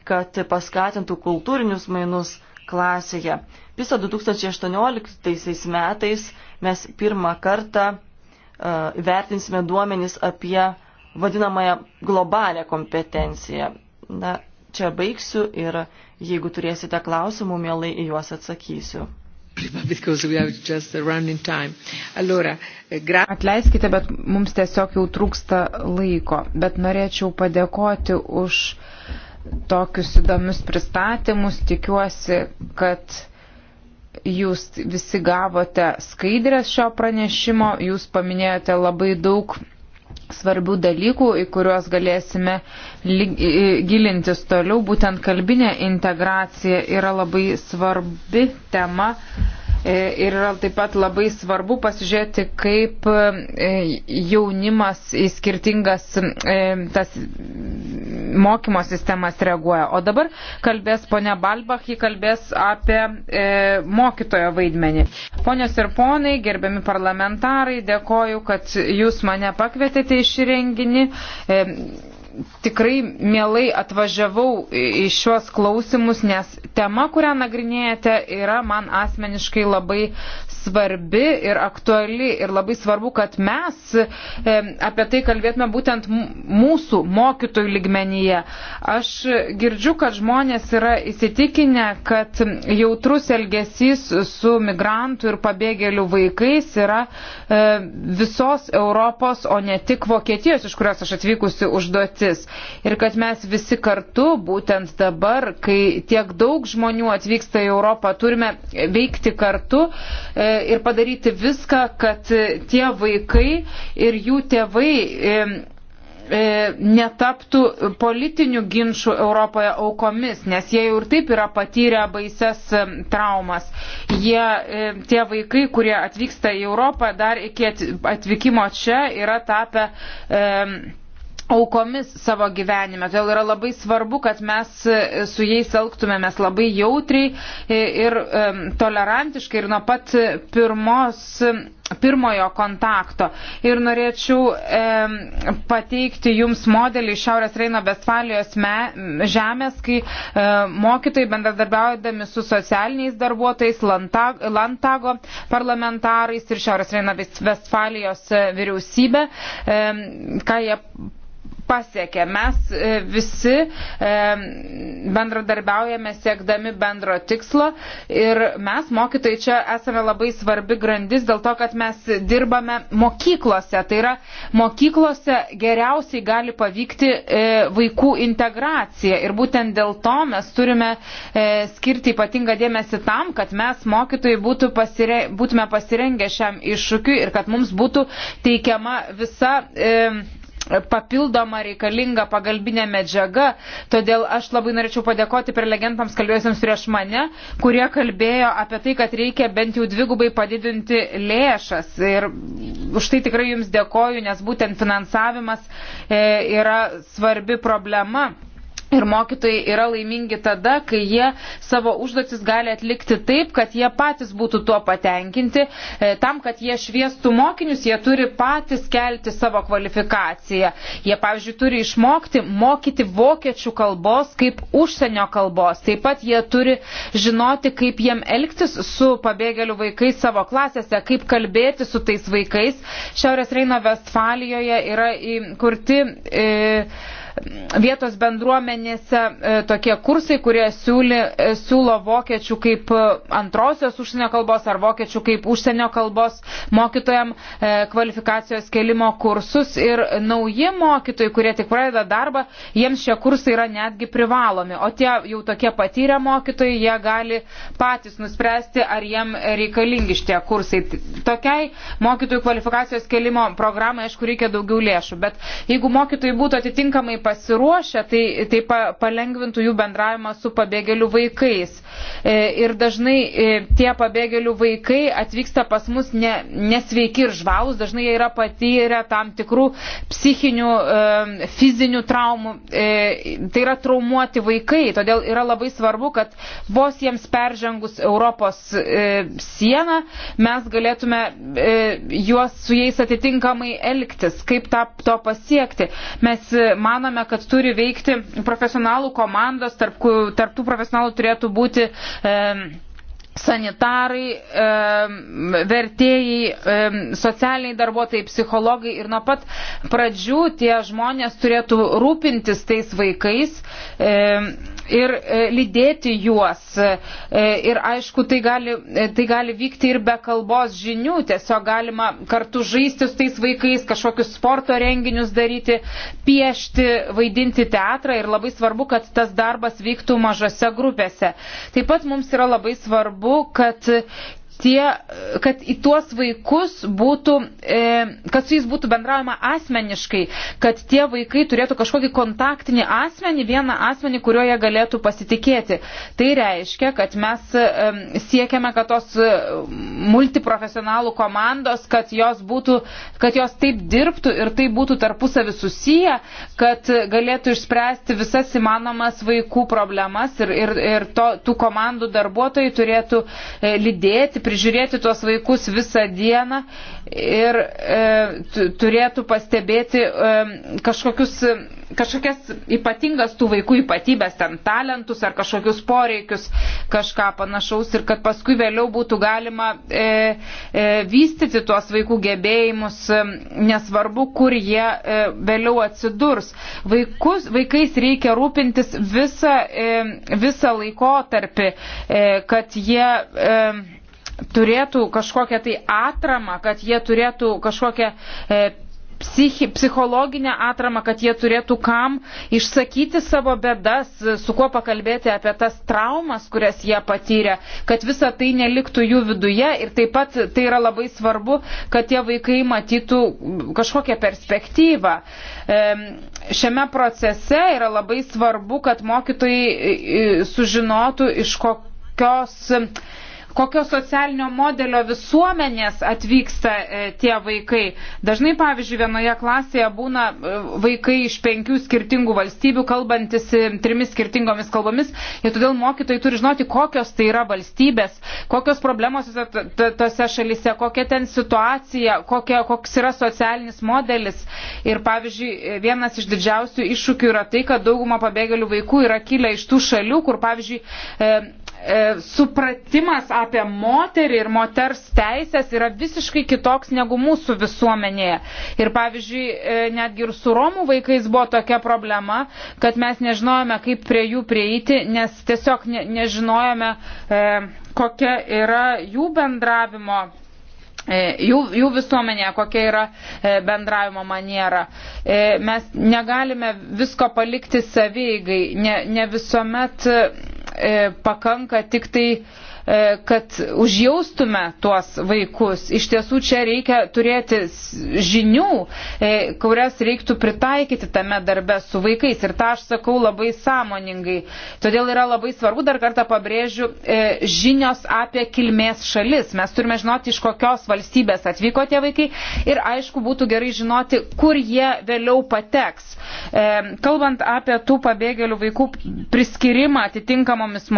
kad paskatintų kultūrinius mainus klasėje. Pisa 2018 metais mes pirmą kartą uh, vertinsime duomenys apie uh, vadinamąją globalę kompetenciją. Na, čia baigsiu ir jeigu turėsite klausimų, mielai į juos atsakysiu. Eh, Atleiskite, bet mums tiesiog jau trūksta laiko, bet norėčiau padėkoti už tokius įdomius pristatymus. Tikiuosi, kad jūs visi gavote skaidrės šio pranešimo, jūs paminėjote labai daug svarbių dalykų, į kuriuos galėsime gilintis toliau. Būtent kalbinė integracija yra labai svarbi tema. E, ir yra taip pat labai svarbu pasižiūrėti, kaip e, jaunimas į skirtingas e, tas mokymo sistemas reaguoja. O dabar kalbės ponia Balbach, ji kalbės apie e, mokytojo vaidmenį. Ponios ir ponai, gerbiami parlamentarai, dėkoju, kad jūs mane pakvietėte į šį renginį. E, tikrai mielai atvažiavau į šiuos klausimus, nes tema, kurią nagrinėjate, yra man asmeniškai labai svarbi ir aktuali ir labai svarbu, kad mes e, apie tai kalbėtume būtent mūsų mokytojų ligmenyje. Aš girdžiu, kad žmonės yra įsitikinę, kad jautrus elgesys su migrantų ir pabėgėlių vaikais yra e, visos Europos, o ne tik Vokietijos, iš kurios aš atvykusi užduoti mintis. Ir kad mes visi kartu, būtent dabar, kai tiek daug žmonių atvyksta į Europą, turime veikti kartu e, ir padaryti viską, kad tie vaikai ir jų tėvai e, e, netaptų politinių ginčių Europoje aukomis, nes jie jau ir taip yra patyrę baises traumas. Jie, tie vaikai, kurie atvyksta į Europą, dar iki atvykimo čia yra tapę. E, aukomis savo gyvenime. Todėl yra labai svarbu, kad mes e, su jais elgtumėmės labai jautriai e, ir e, tolerantiškai ir nuo pat pirmos, pirmojo kontakto. Ir norėčiau e, pateikti Jums modelį iš Šiaurės Reino Vestfalijos me, žemės, kai e, mokytojai bendradarbiaudami su socialiniais darbuotojais, Lantag, Lantago parlamentarais ir Šiaurės Reino Vestfalijos vyriausybė, e, ką jie pasiekė. Mes e, visi e, bendradarbiaujame siekdami bendro tikslo ir mes, mokytojai, čia esame labai svarbi grandis dėl to, kad mes dirbame mokyklose. Tai yra, mokyklose geriausiai gali pavykti e, vaikų integracija ir būtent dėl to mes turime skirti ypatingą dėmesį tam, kad mes, mokytojai, būtų pasire, būtume pasirengę šiam iššūkiui ir kad mums būtų teikiama visa e, papildoma reikalinga pagalbinė medžiaga. Todėl aš labai norėčiau padėkoti prelegentams kalbėjusiems prieš mane, kurie kalbėjo apie tai, kad reikia bent jau dvigubai padidinti lėšas. Ir už tai tikrai jums dėkoju, nes būtent finansavimas e, yra svarbi problema. Ir mokytojai yra laimingi tada, kai jie savo užduotis gali atlikti taip, kad jie patys būtų tuo patenkinti. E, tam, kad jie šviestų mokinius, jie turi patys kelti savo kvalifikaciją. Jie, pavyzdžiui, turi išmokti mokyti vokiečių kalbos kaip užsienio kalbos. Taip pat jie turi žinoti, kaip jiem elgtis su pabėgėlių vaikais savo klasėse, kaip kalbėti su tais vaikais. Šiaurės Reino Vestfalijoje yra įkurti. E, vietos bendruomenėse e, tokie kursai, kurie siūli, e, siūlo vokiečių kaip e, antrosios užsienio kalbos ar vokiečių kaip užsienio kalbos mokytojam kvalifikacijos kelimo kursus ir nauji mokytojai, kurie tik pradeda darbą, jiems šie kursai yra netgi privalomi. O tie jau tokie patyrę mokytojai, jie gali patys nuspręsti, ar jiem reikalingi šitie kursai. Tokiai mokytojų kvalifikacijos kelimo programai, aišku, reikia daugiau lėšų, bet jeigu mokytojai būtų atitinkamai pasiekti, pasiruošę, tai, tai pa, palengvintų jų bendravimą su pabėgėlių vaikais. E, ir dažnai e, tie pabėgėlių vaikai atvyksta pas mus ne, nesveiki ir žvaus, dažnai jie yra patyrę tam tikrų psichinių, e, fizinių traumų. Tai yra traumuoti vaikai, todėl yra labai svarbu, kad vos jiems peržengus Europos sieną mes galėtume juos su jais atitinkamai elgtis, kaip tą, to pasiekti. Mes manome, manome, kad turi veikti profesionalų komandos, tarp, tarp tų profesionalų turėtų būti. E, sanitarai, vertėjai, socialiniai darbuotojai, psichologai ir nuo pat pradžių tie žmonės turėtų rūpintis tais vaikais ir e, lydėti juos. E, ir aišku, tai gali, e, tai gali vykti ir be kalbos žinių, tiesiog galima kartu žaisti su tais vaikais, kažkokius sporto renginius daryti, piešti, vaidinti teatrą ir labai svarbu, kad tas darbas vyktų mažose grupėse. Taip pat mums yra labai svarbu svarbu, kad tie, kad į tuos vaikus būtų, e, kad su jais būtų bendraujama asmeniškai, kad tie vaikai turėtų kažkokį kontaktinį asmenį, vieną asmenį, kuriuo jie galėtų pasitikėti. Tai reiškia, kad mes e, siekiame, kad tos e, multiprofesionalų komandos, kad jos, būtų, kad jos taip dirbtų ir tai būtų tarpusavį susiję, kad galėtų išspręsti visas įmanomas vaikų problemas ir, ir, ir to, tų komandų darbuotojai turėtų e, lydėti, prižiūrėti tuos vaikus visą dieną ir e, turėtų pastebėti e, kažkokius, kažkokias ypatingas tų vaikų ypatybės, ten talentus ar kažkokius poreikius, kažką panašaus ir kad paskui vėliau būtų galima e, e, vystyti tuos vaikų gebėjimus, e, nesvarbu, kur jie e, vėliau atsidurs. Vaikus, vaikais reikia rūpintis visą, e, visą laikotarpį, e, kad jie e, turėtų kažkokią tai atramą, kad jie turėtų kažkokią e, psichi, psichologinę atramą, kad jie turėtų kam išsakyti savo bedas, su kuo pakalbėti apie tas traumas, kurias jie patyrė, kad visa tai neliktų jų viduje ir taip pat tai yra labai svarbu, kad tie vaikai matytų kažkokią perspektyvą. E, šiame procese yra labai svarbu, kad mokytojai e, sužinotų iš kokios kokio socialinio modelio visuomenės atvyksta e, tie vaikai. Dažnai, pavyzdžiui, vienoje klasėje būna e, vaikai iš penkių skirtingų valstybių, kalbantis e, trimis skirtingomis kalbomis ir todėl mokytojai turi žinoti, kokios tai yra valstybės, kokios problemos tose šalise, kokia ten situacija, kokia, koks yra socialinis modelis. Ir, pavyzdžiui, vienas iš didžiausių iššūkių yra tai, kad dauguma pabėgėlių vaikų yra kilę iš tų šalių, kur, pavyzdžiui, E, supratimas apie moterį ir moters teisės yra visiškai kitoks negu mūsų visuomenėje. Ir pavyzdžiui, e, netgi ir su Romų vaikais buvo tokia problema, kad mes nežinojome, kaip prie jų prieiti, nes tiesiog ne, nežinojome, e, kokia yra jų bendravimo. E, jų, jų visuomenėje, kokia yra bendravimo maniera. Mes negalime visko palikti savygai, ne, ne visuomet E, pakanka tik tai E, kad užjaustume tuos vaikus. Iš tiesų čia reikia turėti žinių, e, kurias reiktų pritaikyti tame darbe su vaikais. Ir tą aš sakau labai sąmoningai. Todėl yra labai svarbu, dar kartą pabrėžiu, e, žinios apie kilmės šalis. Mes turime žinoti, iš kokios valstybės atvyko tie vaikai ir aišku būtų gerai žinoti, kur jie vėliau pateks. Kalbant apie tų pabėgėlių vaikų priskirimą atitinkamoms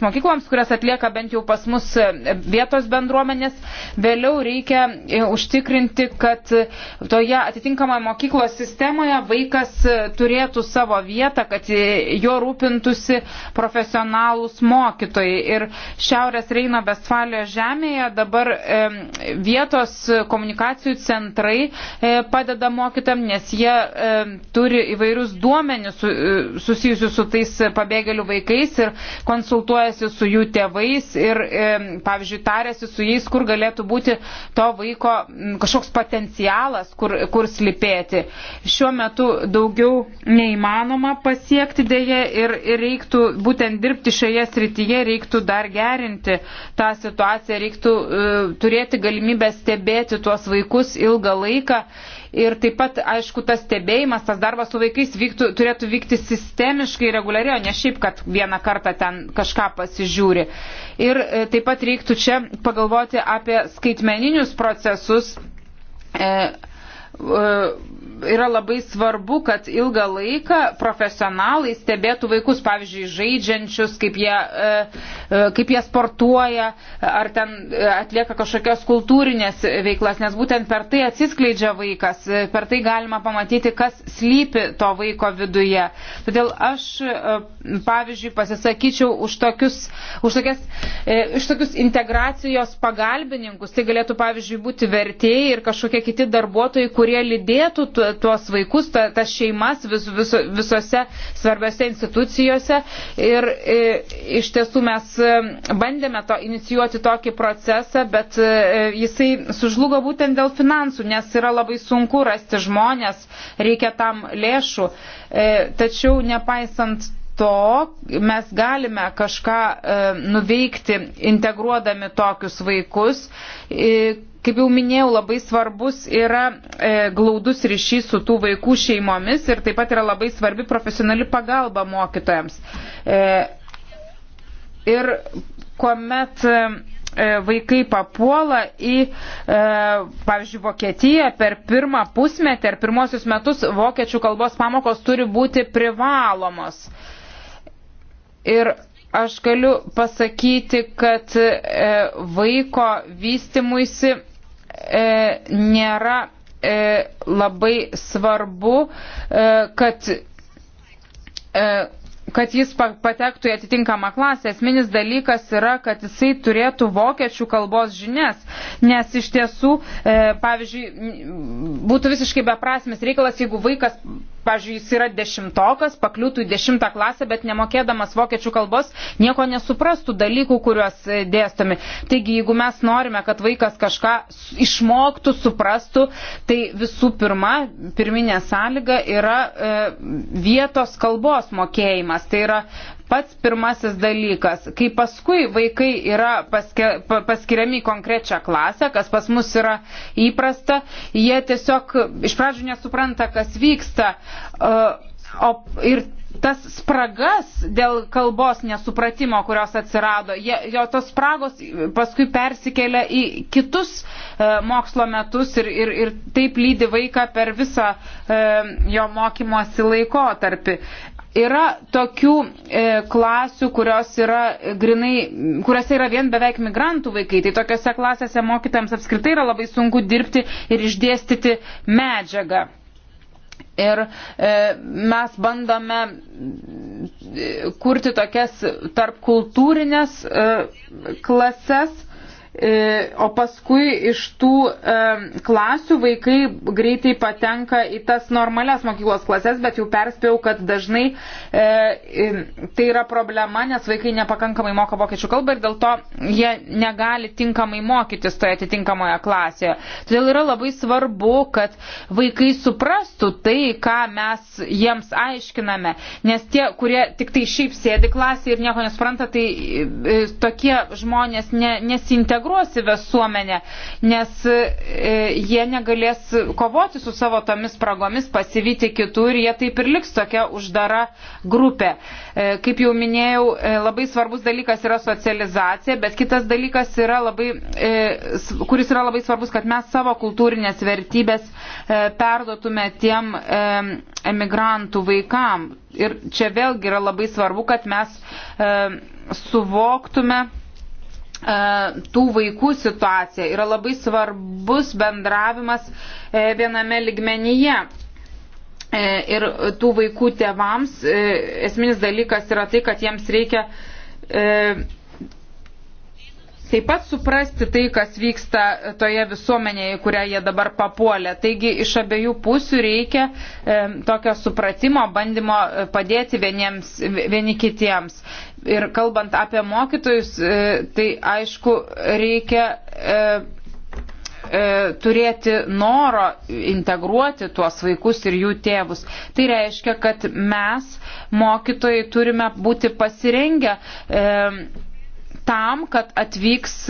mokykloms, mokykloms, kurias atlieka bent jau pas mus e, vietos bendruomenės. Vėliau reikia e, užtikrinti, kad toje atitinkamoje mokyklos sistemoje vaikas e, turėtų savo vietą, kad jo rūpintusi profesionalūs mokytojai. Ir Šiaurės Reino Vestfalijos žemėje dabar e, vietos komunikacijų centrai e, padeda mokytam, nes jie e, turi įvairius duomenis su, e, susijusius su tais pabėgėlių vaikais ir konsultuojasi kalbasi su jų tėvais ir, e, pavyzdžiui, tarėsi su jais, kur galėtų būti to vaiko kažkoks potencialas, kur, kur slipėti. Šiuo metu daugiau neįmanoma pasiekti dėje ir, ir reiktų būtent dirbti šioje srityje, reiktų dar gerinti tą situaciją, reiktų uh, turėti galimybę stebėti tuos vaikus ilgą laiką Ir taip pat, aišku, tas stebėjimas, tas darbas su vaikais vyktų, turėtų vykti sistemiškai, reguliariai, o ne šiaip, kad vieną kartą ten kažką pasižiūri. Ir e, taip pat reiktų čia pagalvoti apie skaitmeninius procesus. E, e, yra labai svarbu, kad ilgą laiką profesionalai stebėtų vaikus, pavyzdžiui, žaidžiančius, kaip jie, e, e, kaip jie sportuoja ar ten e, atlieka kažkokios kultūrinės veiklas, nes būtent per tai atsiskleidžia vaikas, per tai galima pamatyti, kas slypi to vaiko viduje. Todėl aš, pavyzdžiui, pasisakyčiau už tokius, už tokias, už tokius integracijos pagalbininkus. Tai galėtų, pavyzdžiui, būti vertėjai ir kažkokie kiti darbuotojai, kurie lydėtų tuos vaikus, ta, tas šeimas vis, vis, visose svarbiose institucijose. Ir e, iš tiesų mes e, bandėme to, inicijuoti tokį procesą, bet e, jisai sužlugo būtent dėl finansų, nes yra labai sunku rasti žmonės, reikia tam lėšų. E, tačiau nepaisant to mes galime kažką e, nuveikti integruodami tokius vaikus. E, Kaip jau minėjau, labai svarbus yra e, glaudus ryšys su tų vaikų šeimomis ir taip pat yra labai svarbi profesionali pagalba mokytojams. E, ir kuomet e, e vaikai papuola į, e, pavyzdžiui, Vokietiją per pirmą pusmetį ar pirmosius metus vokiečių kalbos pamokos turi būti privalomos. Ir aš galiu pasakyti, kad e, vaiko vystimuisi E, nėra e, labai svarbu, e, kad kad jis patektų į atitinkamą klasę. Esminis dalykas yra, kad jisai turėtų vokiečių kalbos žinias, nes iš tiesų, e, pavyzdžiui, būtų visiškai beprasmis reikalas, jeigu vaikas, pavyzdžiui, jis yra dešimtokas, pakliūtų į dešimtą klasę, bet nemokėdamas vokiečių kalbos nieko nesuprastų dalykų, kuriuos e, dėstomi. Taigi, jeigu mes norime, kad vaikas kažką išmoktų, suprastų, tai visų pirma, pirminė sąlyga yra e, vietos kalbos mokėjimas švietimas. Tai yra pats pirmasis dalykas. Kai paskui vaikai yra paske, paskiriami į konkrečią klasę, kas pas mus yra įprasta, jie tiesiog iš pradžių nesupranta, kas vyksta. O, ir tas spragas dėl kalbos nesupratimo, kurios atsirado, jie, jo tos spragos paskui persikelia į kitus e, mokslo metus ir, ir, ir taip lydi vaiką per visą e, jo mokymosi laikotarpį. Yra tokių e, klasių, kurios yra grinai, kuriuose yra vien beveik migrantų vaikai, tai tokiuose klasėse mokytams apskritai yra labai sunku dirbti ir išdėstyti medžiagą. Ir e, mes bandome kurti tokias tarpkultūrinės e, klases E, o paskui iš tų e, klasių vaikai greitai patenka į tas normales mokyklos klases, bet jau perspėjau, kad dažnai e, tai yra problema, nes vaikai nepakankamai moka vokiečių kalbą ir dėl to jie negali tinkamai mokytis toje atitinkamoje klasėje. Todėl yra labai svarbu, kad vaikai suprastų tai, ką mes jiems aiškiname, nes tie, kurie tik tai šiaip sėdi klasėje ir nieko nesupranta, tai tokie žmonės ne, nesintegruoja neintegruos į visuomenę, nes e, jie negalės kovoti su savo tomis spragomis, pasivyti kitų ir jie taip ir liks tokia uždara grupė. E, kaip jau minėjau, e, labai svarbus dalykas yra socializacija, bet kitas dalykas, yra labai, kuris yra labai svarbus, kad mes savo kultūrinės vertybės perduotume tiem emigrantų vaikam. Ir čia vėlgi yra labai svarbu, kad mes suvoktume, E, tų vaikų situacija. Yra labai svarbus bendravimas e, viename ligmenyje. E, ir tų vaikų tėvams esminis dalykas yra tai, kad jiems reikia taip pat suprasti tai, kas vyksta toje visuomenėje, kurią jie dabar papuolė. Taigi iš abiejų pusių reikia e, tokio supratimo, bandymo e, padėti vieniems, vieni kitiems. Ir kalbant apie mokytojus, e, tai aišku, reikia. E, e, turėti noro integruoti tuos vaikus ir jų tėvus. Tai reiškia, kad mes, mokytojai, turime būti pasirengę e, tam, kad atvyks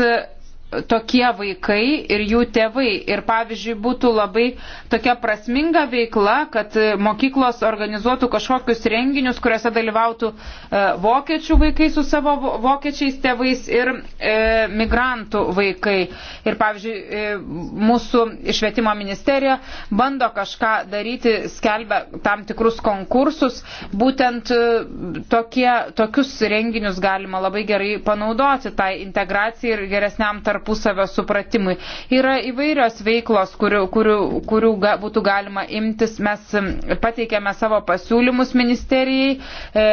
tokie vaikai ir jų tėvai. Ir pavyzdžiui, būtų labai tokia prasminga veikla, kad mokyklos organizuotų kažkokius renginius, kuriuose dalyvautų e, vokiečių vaikai su savo vokiečiais tėvais ir e, migrantų vaikai. Ir pavyzdžiui, e, mūsų švietimo ministerija bando kažką daryti, skelbia tam tikrus konkursus. Būtent e, tokie, tokius renginius galima labai gerai panaudoti tai integracijai ir geresniam tarp tarpusavio supratimui. Yra įvairios veiklos, kurių, kurių, kurių ga, būtų galima imtis. Mes pateikėme savo pasiūlymus ministerijai e,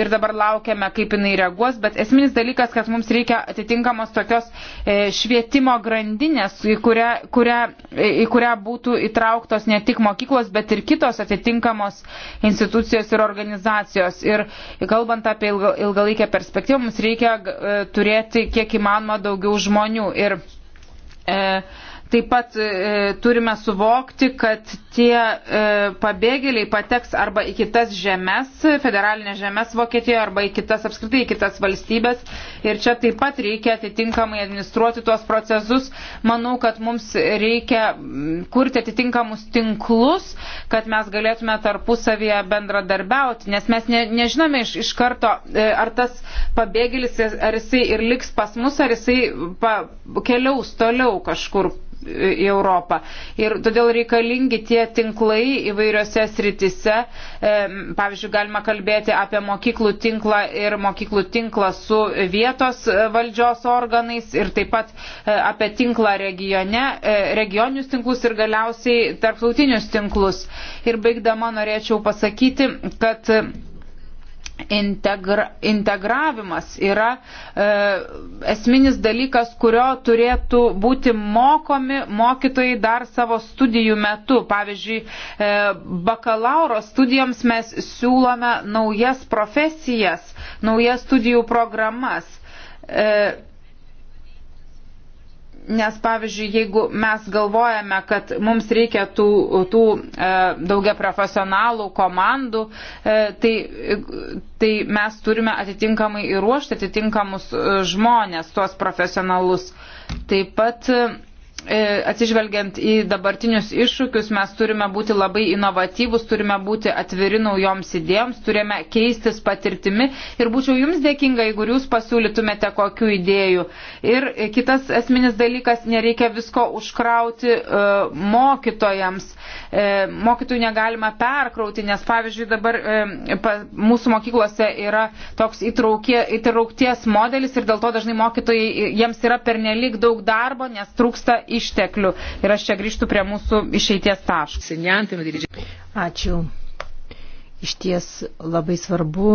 ir dabar laukiame, kaip jinai reaguos, bet esminis dalykas, kad mums reikia atitinkamos tokios e, švietimo grandinės, į kurią, kurią, e, į kurią būtų įtrauktos ne tik mokyklos, bet ir kitos atitinkamos institucijos ir organizacijos. Ir kalbant apie ilgalaikę perspektyvą, mums reikia e, turėti kiek įmanoma daugiau žmonių ir e, Taip pat e, turime suvokti, kad tie e, pabėgėliai pateks arba į kitas žemės, federalinės žemės Vokietijoje, arba į kitas apskritai, į kitas valstybės. Ir čia taip pat reikia atitinkamai administruoti tuos procesus. Manau, kad mums reikia kurti atitinkamus tinklus, kad mes galėtume tarpusavyje bendradarbiauti, nes mes ne, nežinome iš, iš karto, e, ar tas pabėgėlis, ar jisai ir liks pas mus, ar jisai pa, keliaus toliau kažkur į Europą. Ir todėl reikalingi tie tinklai įvairiose sritise. E, pavyzdžiui, galima kalbėti apie mokyklų tinklą ir mokyklų tinklą su vietos e, valdžios organais ir taip pat e, apie tinklą regione, regioninius tinklus ir galiausiai tarptautinius tinklus. Ir baigdama norėčiau pasakyti, kad integra, integravimas yra e, esminis dalykas, kurio turėtų būti mokomi mokytojai dar savo studijų metu. Pavyzdžiui, e, bakalauro studijoms mes siūlome naujas profesijas, naujas studijų programas. E, Nes, pavyzdžiui, jeigu mes galvojame, kad mums reikia tų, tų e, daugia profesionalų komandų, e, tai, tai mes turime atitinkamai įruošti atitinkamus e, žmonės, tuos profesionalus. Taip pat. E, E, atsižvelgiant į dabartinius iššūkius, mes turime būti labai inovatyvus, turime būti atviri naujoms idėjoms, turime keistis patirtimi ir būčiau jums dėkinga, jeigu jūs pasiūlytumėte kokių idėjų. Ir kitas esminis dalykas, nereikia visko užkrauti uh, mokytojams. Uh, mokytojų negalima perkrauti, nes pavyzdžiui dabar uh, pa, mūsų mokyklose yra toks įtraukė, įtraukties modelis ir dėl to dažnai mokytojai, jiems yra pernelyg daug darbo, nes trūksta išteklių. Ir aš čia grįžtų prie mūsų išeities taškų. Ačiū. Iš ties labai svarbu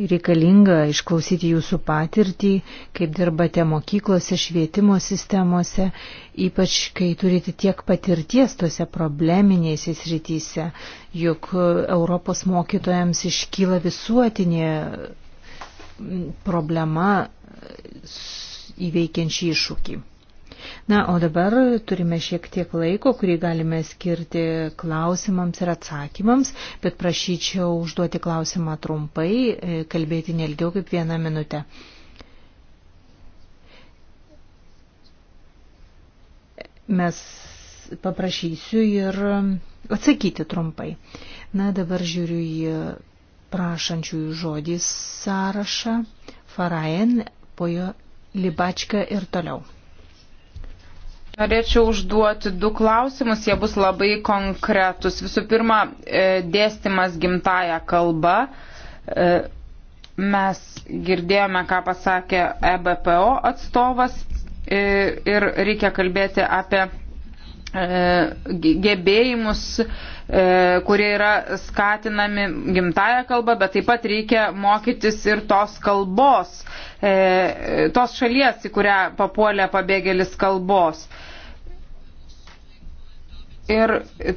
reikalinga išklausyti jūsų patirtį, kaip dirbate mokyklose, švietimo sistemose, ypač kai turite tiek patirties tose probleminėse srityse, juk Europos mokytojams iškyla visuotinė problema įveikiant šį iššūkį. Na, o dabar turime šiek tiek laiko, kurį galime skirti klausimams ir atsakymams, bet prašyčiau užduoti klausimą trumpai, e, kalbėti nelgiau kaip vieną minutę. Mes paprašysiu ir atsakyti trumpai. Na, dabar žiūriu į prašančiųjų žodį sąrašą. Farajen, po jo Libačka ir toliau. Norėčiau užduoti du klausimus, jie bus labai konkretus. Visų pirma, e, dėstymas gimtaja kalba. E, mes girdėjome, ką pasakė EBPO atstovas e, ir reikia kalbėti apie gebėjimus, kurie yra skatinami gimtają kalbą, bet taip pat reikia mokytis ir tos kalbos, tos šalies, į kurią papuolė pabėgėlis kalbos. Ir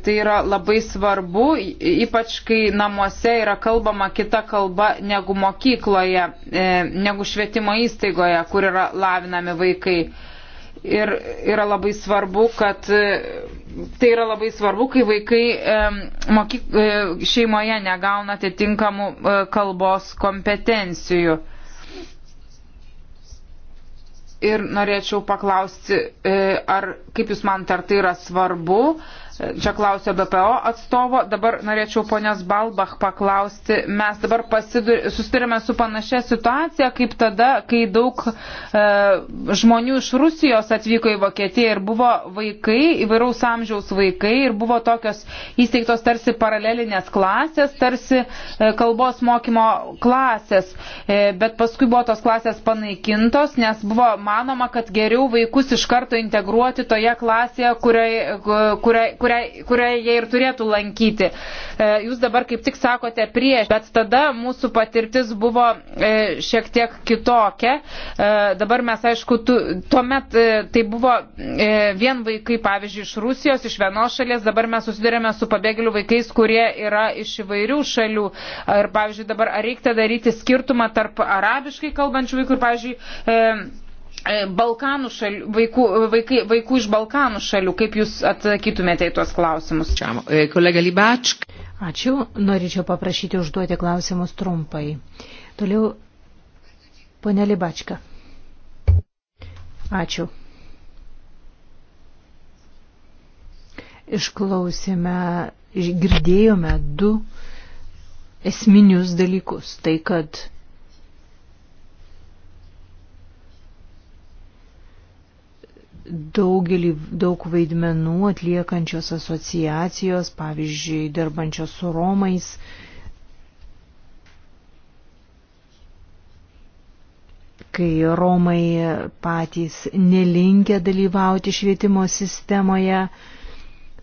tai yra labai svarbu, ypač kai namuose yra kalbama kita kalba negu mokykloje, e, negu švietimo įstaigoje, kur yra lavinami vaikai ir yra labai svarbu, kad e, tai yra labai svarbu, kai vaikai e, mokyk, e, šeimoje negauna atitinkamų e, kalbos kompetencijų. Ir norėčiau paklausti, e, ar kaip Jūs man, ar tai yra svarbu, e, Čia klausė BPO atstovo. Dabar norėčiau ponios Balbach paklausti. Mes dabar susidurime su panašia situacija, kaip tada, kai daug e, žmonių iš Rusijos atvyko į Vokietiją ir buvo vaikai, įvairaus amžiaus vaikai, ir buvo tokios įsteigtos tarsi paralelinės klasės, tarsi e, kalbos mokymo klasės. E, bet paskui buvo tos klasės panaikintos, nes buvo manoma, kad geriau vaikus iš karto integruoti toje klasėje, kurioje. kurioje kurią, kurią jie ir turėtų lankyti. E, jūs dabar kaip tik sakote prieš, bet tada mūsų patirtis buvo e, šiek tiek kitokia. E, dabar mes, aišku, tu, tuomet tai buvo vien vaikai, pavyzdžiui, iš Rusijos, iš vienos šalies, dabar mes susidurėme su pabėgėlių vaikais, kurie yra iš įvairių šalių. Ir, pavyzdžiui, dabar ar reikia daryti skirtumą tarp arabiškai kalbančių vaikų ir, pavyzdžiui, E, Balkanų šalių, vaikų, vaikai, vaikų iš Balkanų šalių, kaip jūs atsakytumėte į tuos klausimus? Kolega e, Libačk. Ačiū, norėčiau paprašyti užduoti klausimus trumpai. Toliau, ponė Libačka. Ačiū. Išklausėme, girdėjome du esminius dalykus. Tai, kad daugelį daug vaidmenų atliekančios asociacijos, pavyzdžiui, dirbančios su Romais. Kai Romai patys nelinkia dalyvauti švietimo sistemoje,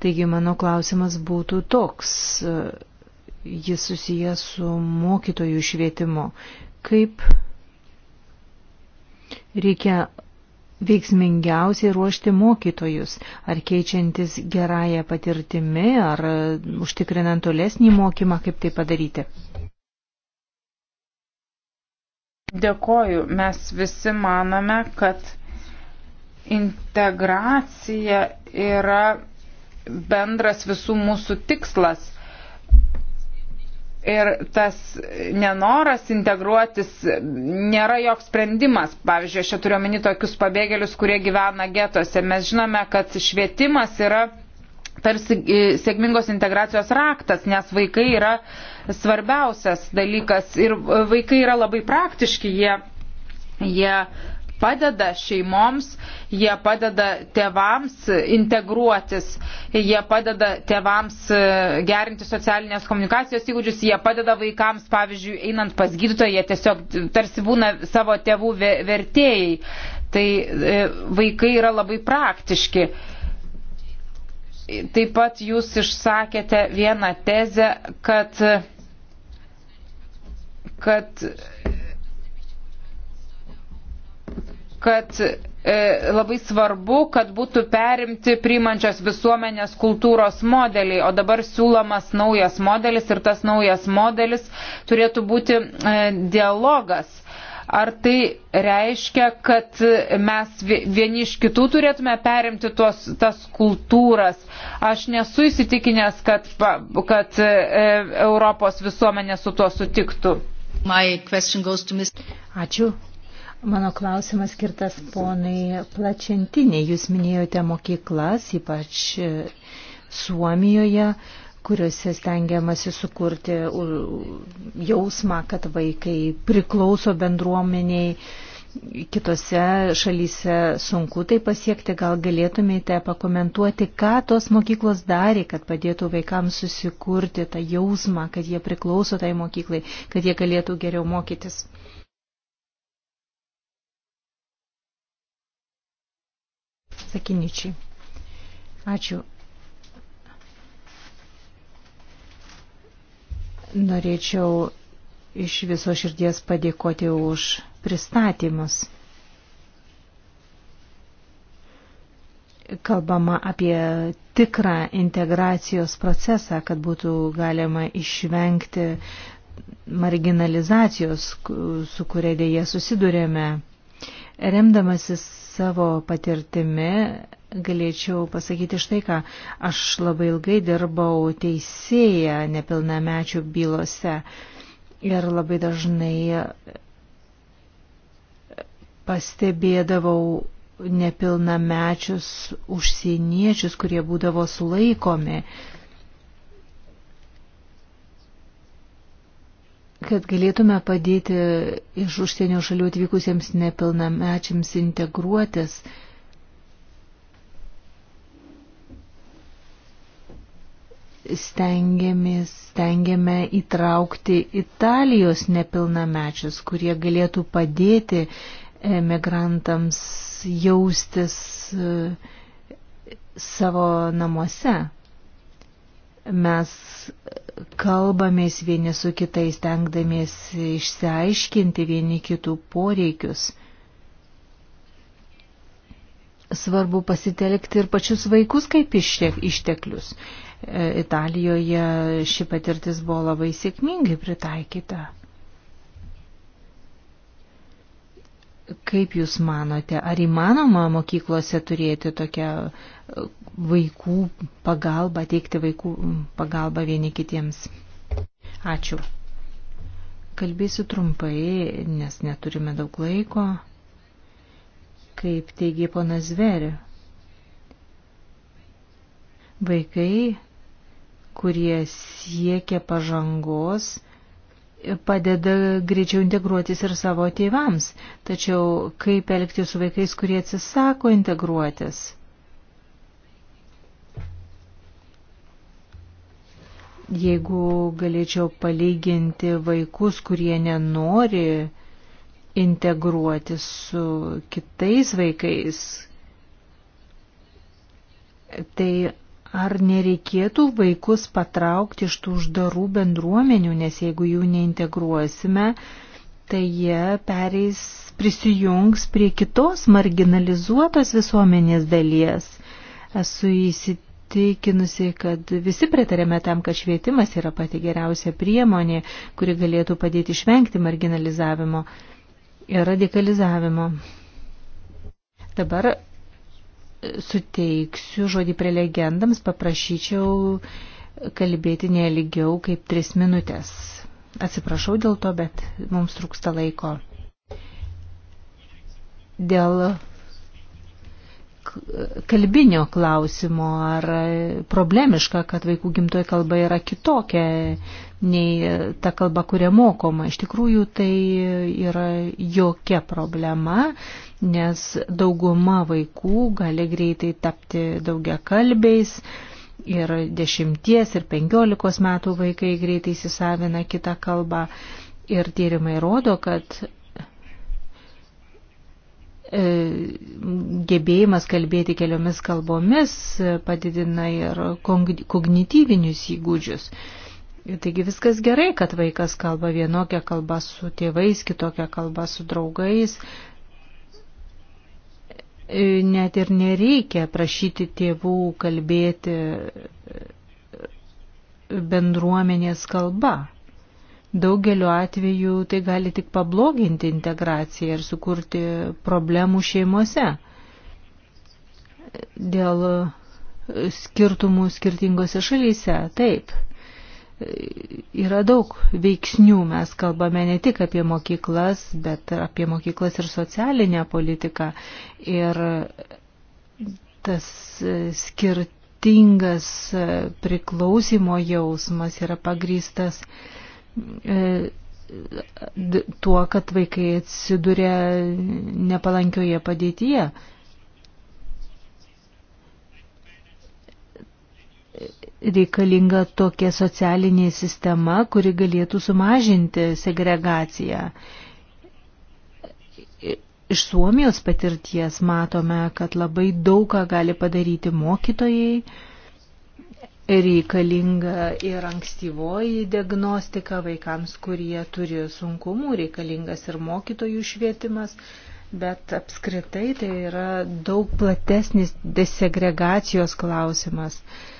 taigi mano klausimas būtų toks. Jis susijęs su mokytojų švietimu. Kaip reikia veiksmingiausiai ruošti mokytojus, ar keičiantis gerąją patirtimi, ar e, užtikrinant tolesnį mokymą, kaip tai padaryti. Dėkoju, mes visi manome, kad integracija yra bendras visų mūsų tikslas Ir tas nenoras integruotis nėra joks sprendimas. Pavyzdžiui, aš čia turiu omeny tokius pabėgėlius, kurie gyvena getuose. Mes žinome, kad švietimas yra tarsi e, sėkmingos integracijos raktas, nes vaikai yra svarbiausias dalykas ir e, vaikai yra labai praktiški, jie, jie padeda šeimoms, jie padeda tėvams integruotis, jie padeda tėvams e, gerinti socialinės komunikacijos įgūdžius, jie padeda vaikams, pavyzdžiui, einant pas gydytoją, jie tiesiog tarsi būna savo tėvų vertėjai. Tai e, vaikai yra labai praktiški. Taip pat jūs išsakėte vieną tezę, kad, kad kad e, labai svarbu, kad būtų perimti priimančios visuomenės kultūros modeliai, o dabar siūlomas naujas modelis ir tas naujas modelis turėtų būti e, dialogas. Ar tai reiškia, kad mes vieni iš kitų turėtume perimti tos, tas kultūras? Aš nesu įsitikinęs, kad, kad e, Europos visuomenė su tuo sutiktų. Ačiū. Mano klausimas skirtas ponai Plačentinė. Jūs minėjote mokyklas, ypač e, Suomijoje, kuriuose stengiamasi sukurti jausmą, kad vaikai priklauso bendruomeniai. Kitose šalyse sunku tai pasiekti, gal galėtumėte pakomentuoti, ką tos mokyklos darė, kad padėtų vaikams susikurti tą jausmą, kad jie priklauso tai mokyklai, kad jie galėtų geriau mokytis. Sakiničiai. Ačiū. Norėčiau iš viso širdies padėkoti už pristatymus. Kalbama apie tikrą integracijos procesą, kad būtų galima išvengti marginalizacijos, su kuria dėje susidurėme Remdamasis savo patirtimi galėčiau pasakyti štai ką. Aš labai ilgai dirbau teisėja nepilnamečių bylose ir labai dažnai pastebėdavau nepilnamečius užsieniečius, kurie būdavo sulaikomi. Uh, kad galėtume padėti iš užsienio šalių atvykusiems nepilnamečiams integruotis. Stengiamės, stengiame įtraukti Italijos nepilnamečius, kurie galėtų padėti e, migrantams jaustis e, savo namuose mes kalbamės vieni su kitais, tenkdamės išsiaiškinti vieni kitų poreikius. Svarbu pasitelkti ir pačius vaikus kaip išteklius. E, Italijoje ši patirtis buvo labai sėkmingai pritaikyta. Kaip Jūs manote, ar įmanoma mokyklose turėti tokią e, vaikų pagalbą, teikti vaikų pagalbą vieni kitiems? Ačiū. Kalbėsiu trumpai, nes neturime daug laiko. Kaip teigia ponas Zveri, vaikai, kurie siekia pažangos, padeda greičiau integruotis ir savo tėvams. Tačiau kaip elgti su vaikais, kurie atsisako integruotis? Jeigu galėčiau palyginti vaikus, kurie nenori integruoti su kitais vaikais, tai Ar nereikėtų vaikus patraukti iš tų uždarų bendruomenių, nes jeigu jų neintegruosime, tai jie pereis, prisijungs prie kitos marginalizuotos visuomenės dalies. Esu įsitikinusi, kad visi pritarėme tam, kad švietimas yra pati geriausia priemonė, kuri galėtų padėti išvengti marginalizavimo ir radikalizavimo. Dabar suteiksiu žodį prelegendams, paprašyčiau kalbėti neeligiau kaip tris minutės. Atsiprašau dėl to, bet mums trūksta laiko. Dėl kalbinio klausimo, ar problemiška, kad vaikų gimtoji kalba yra kitokia nei ta kalba, kuria mokoma. Iš tikrųjų, tai yra jokia problema nes dauguma vaikų gali greitai tapti daugia kalbiais ir dešimties ir penkiolikos metų vaikai greitai įsisavina kitą kalbą. Ir tyrimai rodo, kad e, gebėjimas kalbėti keliomis kalbomis padidina ir kognityvinius įgūdžius. Taigi viskas gerai, kad vaikas kalba vienokią kalbą su tėvais, kitokią kalbą su draugais, net ir nereikia prašyti tėvų kalbėti bendruomenės kalba. Daugeliu atveju tai gali tik pabloginti integraciją ir sukurti problemų šeimose dėl skirtumų skirtingose šalyse. Taip, yra daug veiksnių. Mes kalbame ne tik apie mokyklas, bet ir apie mokyklas ir socialinę politiką. Ir tas skirtingas priklausimo jausmas yra pagrystas e, tuo, kad vaikai atsiduria nepalankioje padėtyje. reikalinga tokia socialinė sistema, kuri galėtų sumažinti segregaciją. Iš Suomijos patirties matome, kad labai daug ką gali padaryti mokytojai, reikalinga ir ankstyvoji diagnostika vaikams, kurie turi sunkumų, reikalingas ir mokytojų švietimas, bet apskritai tai yra daug platesnis desegregacijos klausimas. Uh,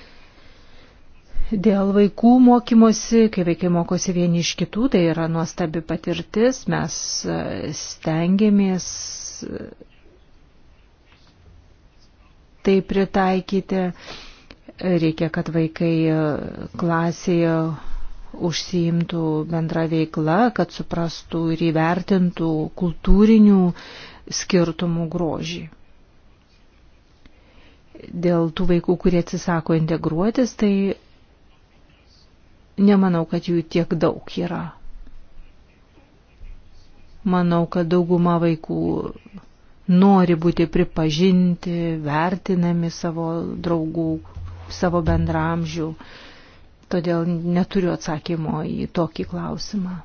Dėl vaikų mokymosi, kai vaikai mokosi vieni iš kitų, tai yra nuostabi patirtis, mes e, stengiamės e, tai pritaikyti. Reikia, kad vaikai e, klasėje užsiimtų bendra veikla, kad suprastų ir įvertintų kultūrinių skirtumų grožį dėl tų vaikų, kurie atsisako integruotis, tai nemanau, kad jų tiek daug yra. Manau, kad dauguma vaikų nori būti pripažinti, vertinami savo draugų, savo bendramžių. Todėl neturiu atsakymo į tokį klausimą.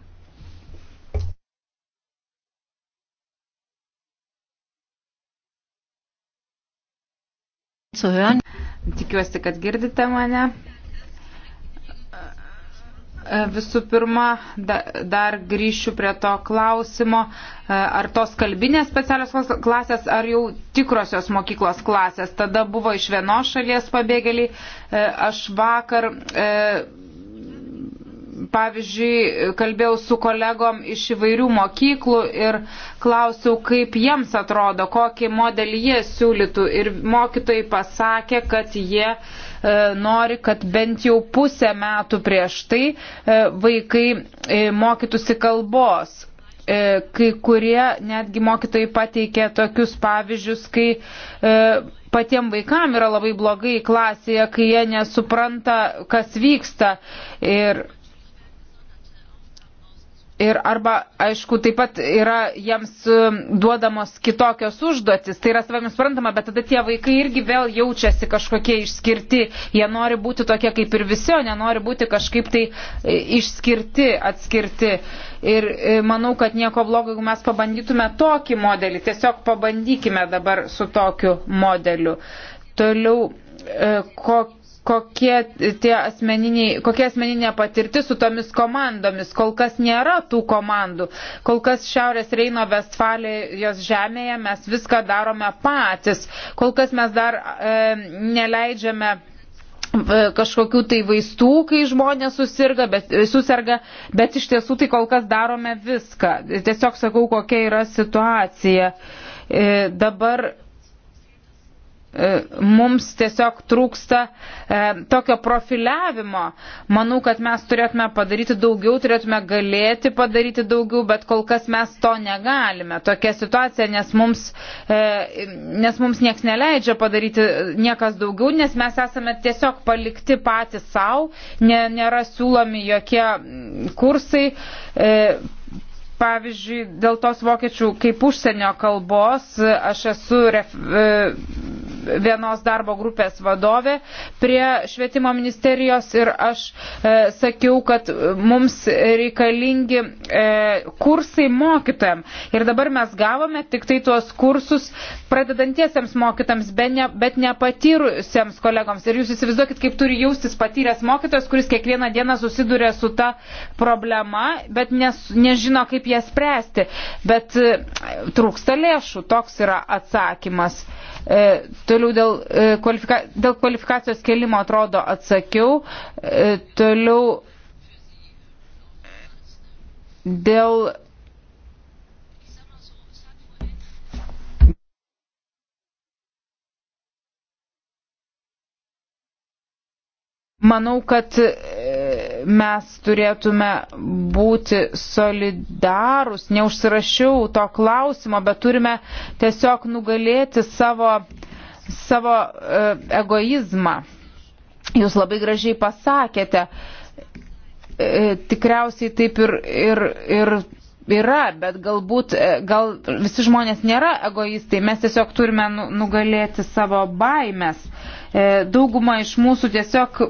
Tikiuosi, kad girdite mane. E, visų pirma, da, dar grįšiu prie to klausimo, e, ar tos kalbinės specialios klasės, ar jau tikrosios mokyklos klasės. Tada buvo iš vienos šalies pabėgėliai. E, aš vakar, pavyzdžiui, kalbėjau su kolegom iš įvairių mokyklų ir klausiau, kaip jiems atrodo, kokį modelį jie siūlytų. Ir mokytojai pasakė, kad jie E, nori, kad bent jau pusę metų prieš tai e, vaikai e, mokytųsi kalbos. Kai kurie netgi mokytojai pateikė tokius pavyzdžius, kai patiems vaikam yra labai blogai klasėje, kai jie nesupranta, kas vyksta. Ir Ir arba, aišku, taip pat yra jiems um, duodamos kitokios užduotis, tai yra savami suprantama, bet tada tie vaikai irgi vėl jaučiasi kažkokie išskirti, jie nori būti tokie kaip ir visi, o nenori būti kažkaip tai e, išskirti, atskirti. Ir e, manau, kad nieko blogo, jeigu mes pabandytume tokį modelį, tiesiog pabandykime dabar su tokiu modeliu. Toliau, e, kokį kokie tie asmeniniai, kokie asmeninė patirtis su tomis komandomis. Kol kas nėra tų komandų. Kol kas Šiaurės Reino Vestfalijos žemėje mes viską darome patys. Kol kas mes dar e, neleidžiame e, kažkokių tai vaistų, kai žmonės susirga, bet, e, susirga, bet iš tiesų tai kol kas darome viską. Tiesiog sakau, kokia yra situacija. E, dabar E, mums tiesiog trūksta e, tokio profiliavimo. Manau, kad mes turėtume padaryti daugiau, turėtume galėti padaryti daugiau, bet kol kas mes to negalime. Tokia situacija, nes mums, e, nes mums nieks neleidžia padaryti niekas daugiau, nes mes esame tiesiog palikti patys savo, nė, nėra siūlomi jokie kursai. E, Pavyzdžiui, dėl tos vokiečių kaip užsienio kalbos aš esu ref, e, vienos darbo grupės vadovė prie švietimo ministerijos ir aš e, sakiau, kad mums reikalingi e, kursai mokytojam. Ir dabar mes gavome tik tai tuos kursus pradedantiesiems mokytams, bet, ne, bet nepatyrusiems kolegoms. Ir jūs įsivaizduokit, kaip turi jaustis patyręs mokytojas, kuris kiekvieną dieną susiduria su ta problema, bet nes, nežino, kaip kaip jas spręsti, bet e, trūksta lėšų, toks yra atsakymas. E, toliau dėl, e, kvalifika, dėl kvalifikacijos kelimo atrodo atsakiau, e, toliau dėl Manau, kad e, mes turėtume būti solidarūs. Neužsirašiau to klausimo, bet turime tiesiog nugalėti savo, savo e, egoizmą. Jūs labai gražiai pasakėte. E, tikriausiai taip ir, ir, ir yra, bet galbūt e, gal visi žmonės nėra egoistai, mes tiesiog turime nu, nugalėti savo baimės. E, dauguma iš mūsų tiesiog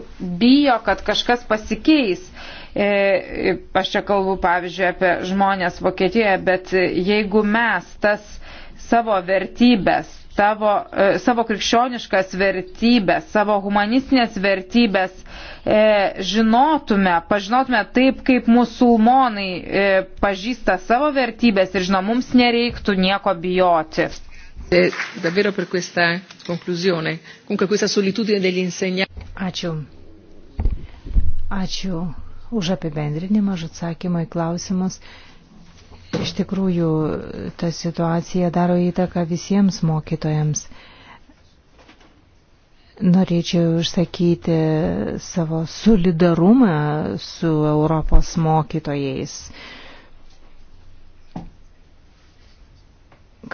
bijo, kad kažkas pasikeis. E, aš čia kalbu pavyzdžiui apie žmonės Vokietijoje, bet jeigu mes tas savo vertybės, tavo, e, savo krikščioniškas vertybės, savo humanistinės vertybės e, žinotume, pažinotume taip, kaip musulmonai e, pažįsta savo vertybės ir žinoma, mums nereiktų nieko bijoti. E, davvero per questa conclusione, comunque questa solitudine degli insegnanti. Ačiū. Ačiū už apibendrinimą, už atsakymą į klausimus. Iš tikrųjų, ta situacija daro įtaką visiems mokytojams. Norėčiau išsakyti savo solidarumą su Europos mokytojais.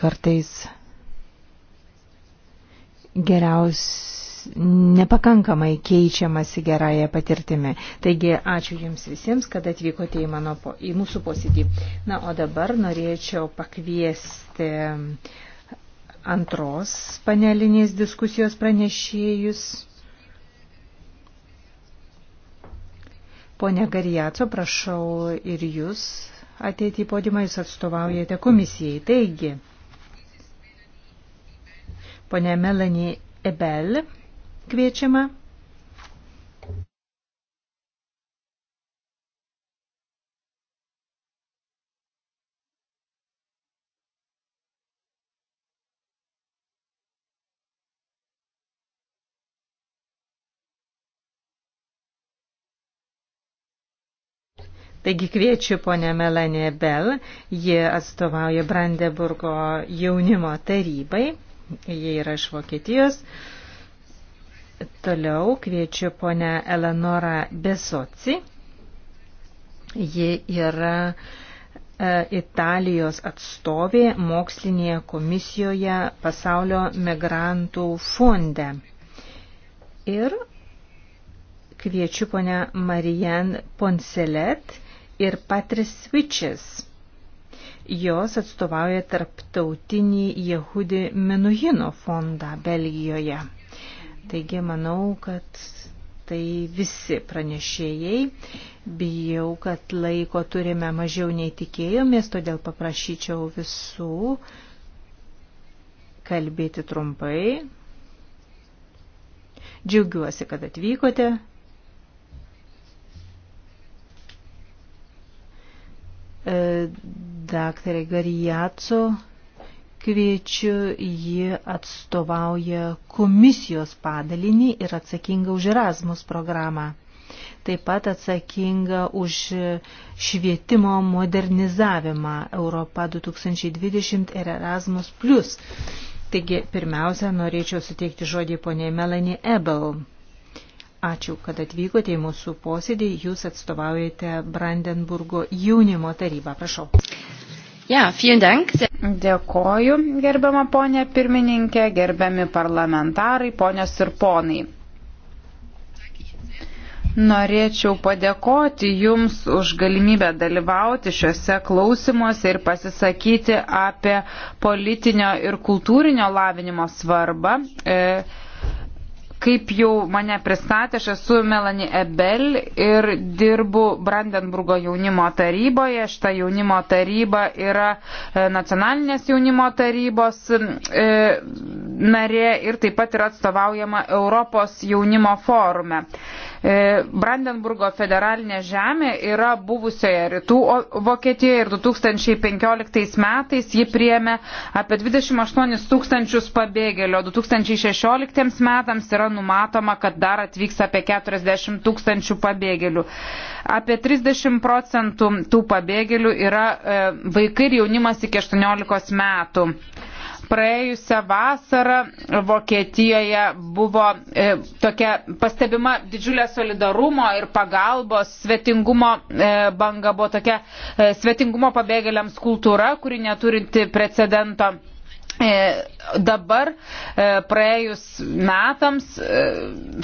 Kartais geriausi nepakankamai keičiamasi gerąją patirtimį. Taigi ačiū Jums visiems, kad atvykote į, mano, į mūsų posėdį. Na, o dabar norėčiau pakviesti antros panelinės diskusijos pranešėjus. Pone Garijaco, prašau ir Jūs ateiti į podimą, Jūs atstovaujate komisijai. Taigi, ponia Melanie Ebel kviečiama. Taigi kviečiu ponę Melanie Bell, ji atstovauja Brandeburgo jaunimo tarybai, ji yra iš Vokietijos. Uh, Toliau kviečiu ponę Eleonorą Besoci. Ji yra e, Italijos atstovė mokslinėje komisijoje pasaulio migrantų fonde. Ir kviečiu ponę Marijan Ponselet ir Patris Switches. Jos atstovauja tarptautinį Jehudi Menuhino fondą Belgijoje. Taigi manau, kad tai visi pranešėjai. Bijau, kad laiko turime mažiau nei tikėjomės, todėl paprašyčiau visų kalbėti trumpai. Džiaugiuosi, kad atvykote. E, daktarė Garijaco kviečiu, ji atstovauja komisijos padalinį ir atsakinga už Erasmus programą. Taip pat atsakinga už švietimo modernizavimą Europa 2020 ir Erasmus. Taigi, pirmiausia, norėčiau suteikti žodį poniai Melanie Ebel. Ačiū, kad atvykote į mūsų posėdį. Jūs atstovaujate Brandenburgo jaunimo tarybą. Prašau. Ja, vielen Dank. Dėkoju, gerbiama ponė pirmininkė, gerbiami parlamentarai, ponios ir ponai. Norėčiau padėkoti Jums už galimybę dalyvauti šiuose klausimuose ir pasisakyti apie politinio ir kultūrinio lavinimo svarbą. E, Kaip jau mane pristatė, aš esu Melanie Ebel ir dirbu Brandenburgo jaunimo taryboje. Šita jaunimo taryba yra e, nacionalinės jaunimo tarybos e, narė ir taip pat yra atstovaujama Europos jaunimo forume. E, Brandenburgo federalinė žemė yra buvusioje rytų Vokietijoje ir 2015 metais ji priėmė apie 28 tūkstančius pabėgėlių, o 2016 metams yra numatoma, kad dar atvyks apie 40 tūkstančių pabėgėlių. Apie 30 procentų tų pabėgėlių yra e, vaikai ir jaunimas iki 18 metų praėjusią vasarą Vokietijoje buvo e, tokia pastebima didžiulė solidarumo ir pagalbos svetingumo e, banga, buvo tokia e, svetingumo pabėgėliams kultūra, kuri neturinti precedento. Dabar e, praėjus metams e,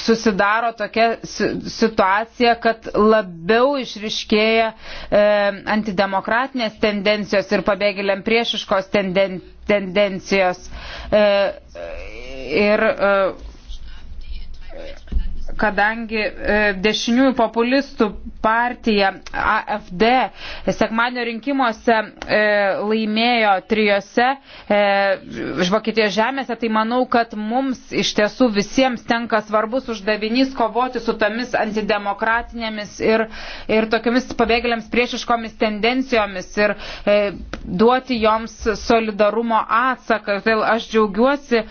susidaro tokia situacija, kad labiau išriškėja e, antidemokratinės tendencijos ir pabėgėliam priešiškos tendencijos. Ir kadangi e, dešiniųjų populistų partija AFD sekmadienio rinkimuose e, laimėjo trijose Žvokitijos e, žemėse, tai manau, kad mums iš tiesų visiems tenka svarbus uždavinys kovoti su tomis antidemokratinėmis ir, ir tokiamis pabėgėliams priešiškomis tendencijomis ir duoti joms solidarumo atsaką. Todėl aš džiaugiuosi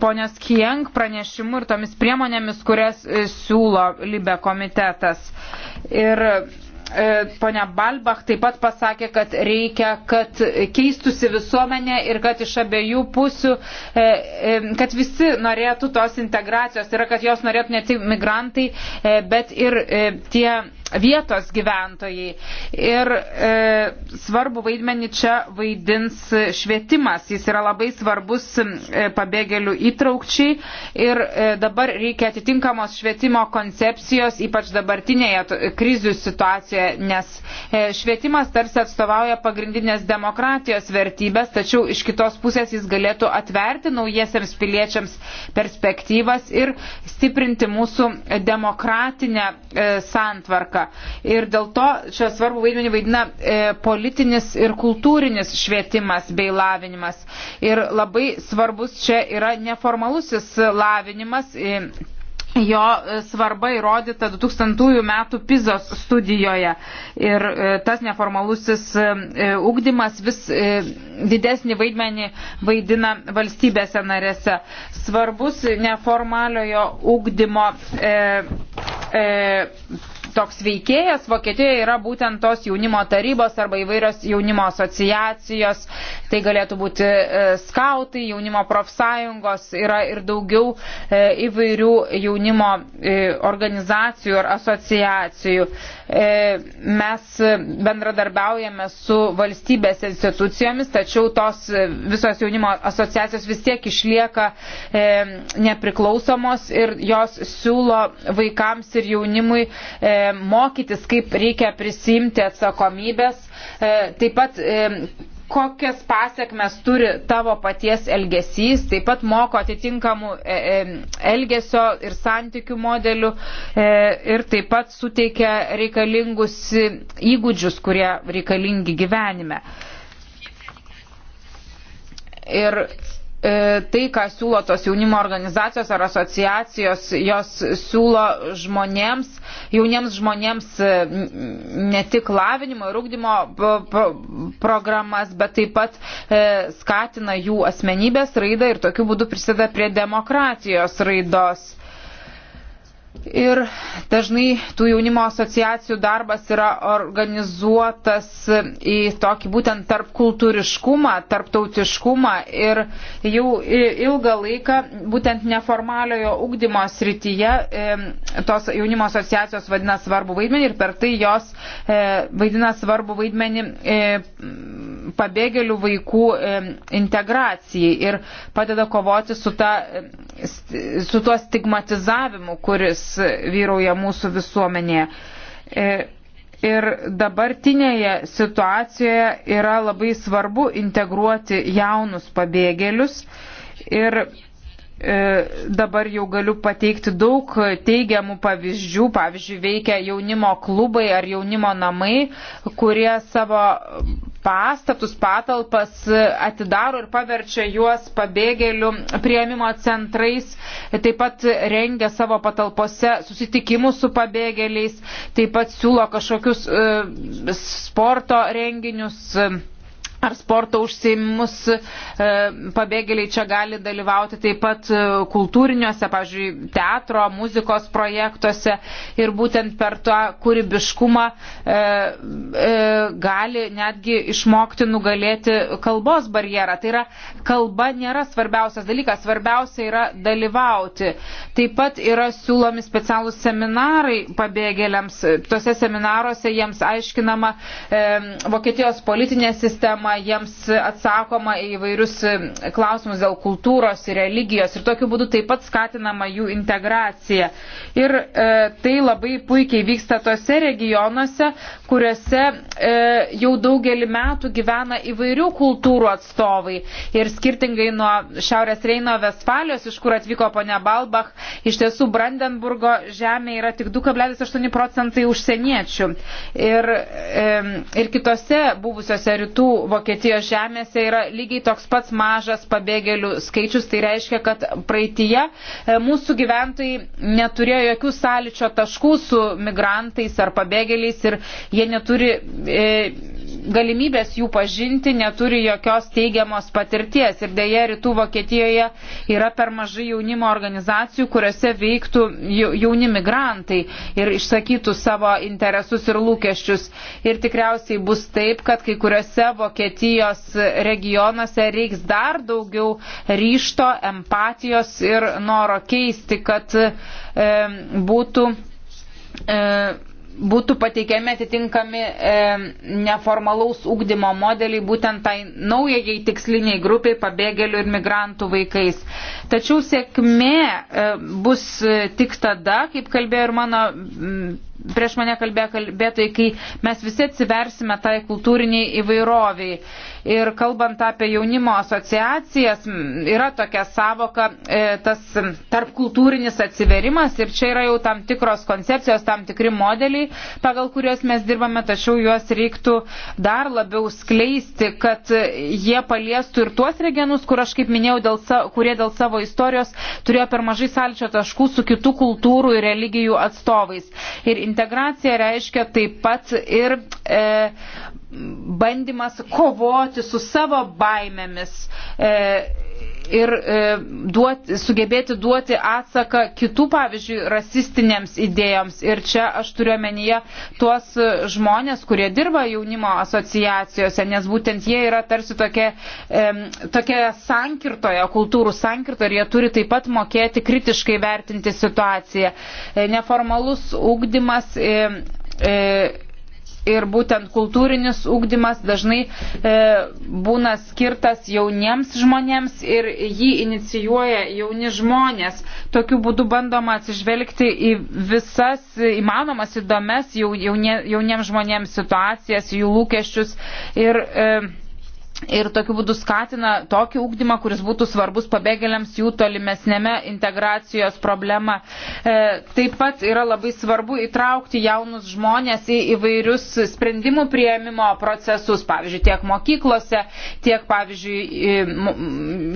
ponios Kieng pranešimu ir tomis priemonėmis, kurias e, siūlo Libe komitetas. Ir e, ponia Balbach taip pat pasakė, kad reikia, kad keistusi visuomenė ir kad iš abiejų pusių, e, kad visi norėtų tos integracijos, tai yra, kad jos norėtų ne tik migrantai, bet ir tie vietos gyventojai. Ir e, svarbu vaidmenį čia vaidins švietimas. Jis yra labai svarbus e, pabėgėlių įtraukčiai ir e, dabar reikia atitinkamos švietimo koncepcijos, ypač dabartinėje krizių situacijoje, nes e, švietimas tarsi atstovauja pagrindinės demokratijos vertybės, tačiau iš kitos pusės jis galėtų atverti naujiesiams piliečiams perspektyvas ir stiprinti mūsų demokratinę e, santvarką politiką. Ir dėl to šio svarbu vaidmenį vaidina e, politinis ir kultūrinis švietimas bei lavinimas. Ir labai svarbus čia yra neformalusis lavinimas. E, Jo e, svarba įrodyta 2000 metų PIZOS studijoje ir e, tas neformalusis e, ugdymas vis didesnį vaidmenį vaidina valstybėse narėse. Svarbus neformaliojo ugdymo e, e, toks veikėjas Vokietijoje yra būtent tos jaunimo tarybos arba įvairios jaunimo asociacijos. Tai galėtų būti e, skautai, jaunimo profsąjungos, yra ir daugiau e, įvairių jaunimo e, organizacijų ar asociacijų. E, mes bendradarbiaujame su valstybės institucijomis, tačiau tos visos jaunimo asociacijos vis tiek išlieka e, nepriklausomos ir jos siūlo vaikams ir jaunimui e, mokytis, kaip reikia prisimti atsakomybės. Taip pat kokias pasiekmes turi tavo paties elgesys, taip pat moko atitinkamų e, e, elgesio ir santykių modelių e, ir taip pat suteikia reikalingus įgūdžius, kurie reikalingi gyvenime. Ir E, tai, ką siūlo tos jaunimo organizacijos ar asociacijos, jos siūlo žmonėms, jauniems žmonėms e, ne tik lavinimo ir ūkdymo programas, bet taip pat e, skatina jų asmenybės raidą ir tokiu būdu prisideda prie demokratijos raidos. Ir dažnai tų jaunimo asociacijų darbas yra organizuotas į tokį būtent tarp kultūriškumą, tarptautiškumą ir jau ilgą laiką būtent neformaliojo ugdymo srityje e, tos jaunimo asociacijos vadina svarbu vaidmenį ir per tai jos e, vaidina svarbu vaidmenį e, pabėgėlių vaikų integracijai ir padeda kovoti su ta su tuo stigmatizavimu, kuris vyrauja mūsų visuomenėje. E, ir dabartinėje situacijoje yra labai svarbu integruoti jaunus pabėgėlius. Ir e, dabar jau galiu pateikti daug teigiamų pavyzdžių. Pavyzdžiui, veikia jaunimo klubai ar jaunimo namai, kurie savo pastatus, patalpas, e, atidaro ir paverčia juos pabėgėlių prieimimo centrais, taip pat rengia savo patalpose susitikimus su pabėgėliais, taip pat siūlo kažkokius e, sporto renginius. E, ar sporto užsiimus e, pabėgėliai čia gali dalyvauti taip pat e, kultūriniuose, pavyzdžiui, teatro, muzikos projektuose ir būtent per tą kūrybiškumą e, gali netgi išmokti nugalėti kalbos barjerą. Tai yra, kalba nėra svarbiausias dalykas, svarbiausia yra dalyvauti. Taip pat yra siūlomi specialūs seminarai pabėgėliams. Tose seminaruose jiems aiškinama Vokietijos politinė sistema, kalbama, jiems atsakoma į vairius e, klausimus dėl kultūros ir religijos ir tokiu būdu taip pat skatinama jų integracija. Ir e, tai labai puikiai vyksta tose regionuose, kuriuose e, jau daugelį metų gyvena įvairių kultūrų atstovai. Ir skirtingai nuo Šiaurės Reino Vestfalijos, iš kur atvyko ponia Balbach, iš tiesų Brandenburgo žemė yra tik 2,8 procentai užsieniečių. Ir, e, ir kitose buvusiose rytų Vokietijos žemėse yra lygiai toks pats mažas pabėgėlių skaičius. Tai reiškia, kad praeitie e, mūsų gyventojai neturėjo jokių sąlyčio taškų su migrantais ar pabėgėliais ir jie neturi e, galimybės jų pažinti, neturi jokios teigiamos patirties. Ir dėja, rytų Vokietijoje yra per mažai jaunimo organizacijų, kuriuose veiktų jauni migrantai ir išsakytų savo interesus ir lūkesčius. Ir tikriausiai bus taip, kad kai kuriuose Vokietijoje Vokietijos regionuose reiks dar daugiau ryšto, empatijos ir noro keisti, kad e, būtų e, būtų pateikiami atitinkami e, neformalaus ūkdymo modeliai būtent tai naujajai tiksliniai grupiai pabėgėlių ir migrantų vaikais. Tačiau sėkmė e, bus e, tik tada, kaip kalbėjo ir mano. M, Prieš mane kalbėjo kalbėtojai, kai mes visi atsiversime tai kultūriniai įvairoviai. Ir kalbant apie jaunimo asociacijas, yra tokia savoka, e, tas tarpkultūrinis atsiverimas ir čia yra jau tam tikros koncepcijos, tam tikri modeliai, pagal kuriuos mes dirbame, tačiau juos reiktų dar labiau skleisti, kad jie paliestų ir tuos regionus, kur aš kaip minėjau, dėl sa, kurie dėl savo istorijos turėjo per mažai salčio taškų su kitų kultūrų ir religijų atstovais. Ir integracija reiškia taip pat ir e, bandymas kovoti su savo baimėmis e, ir e, duoti, sugebėti duoti atsaką kitų, pavyzdžiui, rasistinėms idėjoms. Ir čia aš turiu omenyje tuos žmonės, kurie dirba jaunimo asociacijose, nes būtent jie yra tarsi tokie, e, tokie sankirtoje, kultūrų sankirtoje ir jie turi taip pat mokėti kritiškai vertinti situaciją. E, neformalus ugdymas. E, e, ir būtent kultūrinis ūkdymas dažnai e, būna skirtas jauniems žmonėms ir jį inicijuoja jauni žmonės. Tokiu būdu bandoma atsižvelgti į visas įmanomas įdomes jaunie, jauniems žmonėms situacijas, jų lūkesčius ir e, ir tokiu būdu skatina tokį ūkdymą, kuris būtų svarbus pabėgėliams jų tolimesnėme integracijos problema. E, taip pat yra labai svarbu įtraukti jaunus žmonės į įvairius sprendimų prieimimo procesus, pavyzdžiui, tiek mokyklose, tiek, pavyzdžiui,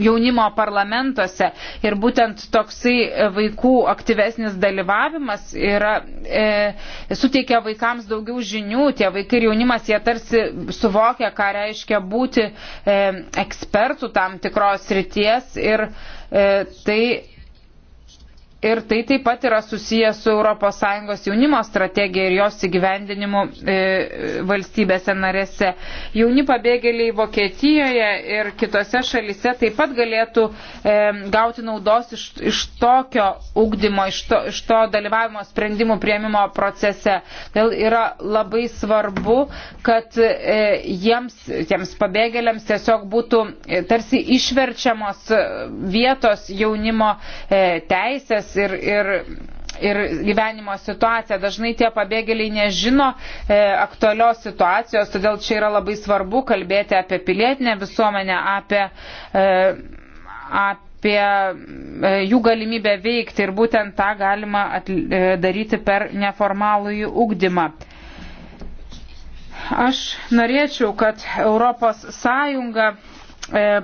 jaunimo parlamentuose. Ir būtent toksai vaikų aktyvesnis dalyvavimas yra, e, suteikia vaikams daugiau žinių, tie vaikai ir jaunimas, jie tarsi suvokia, ką reiškia būti E, ekspertų tam tikros ryties ir e, tai Ir tai taip pat yra susijęs su ES jaunimo strategija ir jos įgyvendinimu e, valstybėse narėse. Jauni pabėgėliai Vokietijoje ir kitose šalise taip pat galėtų e, gauti naudos iš, iš tokio ugdymo, iš to, iš to dalyvavimo sprendimų prieimimo procese. Dėl yra labai svarbu, kad e, jiems, tiems pabėgėliams tiesiog būtų e, tarsi išverčiamos vietos jaunimo e, teisės skurdas ir, ir, ir gyvenimo situacija. Dažnai tie pabėgėliai nežino e, aktualios situacijos, todėl čia yra labai svarbu kalbėti apie pilietinę visuomenę, apie, e, apie e, jų galimybę veikti ir būtent tą galima atl, e, daryti per neformalųjį ugdymą. Aš norėčiau, kad Europos Sąjunga e,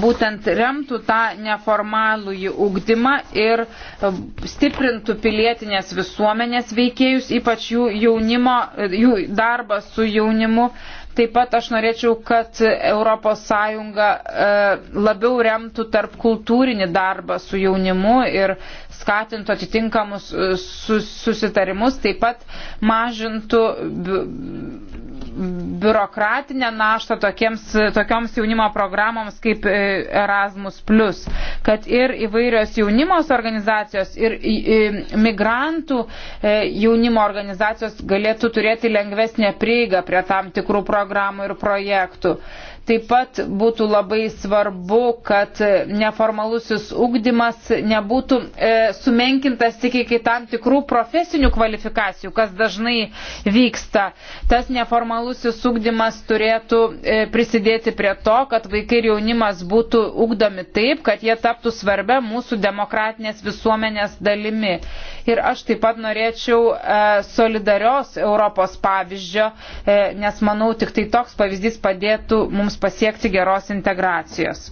būtent remtų tą neformalų jį ugdymą ir e, stiprintų pilietinės visuomenės veikėjus, ypač jų, jaunimo, e, jų darbą su jaunimu. Taip pat aš norėčiau, kad ES e, labiau remtų tarp kultūrinį darbą su jaunimu ir skatintų atitinkamus susitarimus, taip pat mažintų biurokratinę naštą tokiems, tokioms jaunimo programoms kaip e, Erasmus, kad ir įvairios jaunimos organizacijos, ir migrantų e, jaunimo organizacijos galėtų turėti lengvesnę prieigą prie tam tikrų programų ir projektų. Taip pat būtų labai svarbu, kad neformalusis ugdymas nebūtų e, sumenkintas tik iki tam tikrų profesinių kvalifikacijų, kas dažnai vyksta. Tas neformalusis ugdymas turėtų e, prisidėti prie to, kad vaikai ir jaunimas būtų ugdomi taip, kad jie taptų svarbia mūsų demokratinės visuomenės dalimi. Ir aš taip pat norėčiau e, solidarios Europos pavyzdžio, e, nes manau, tik tai toks pavyzdys padėtų mums pasiekti geros integracijos.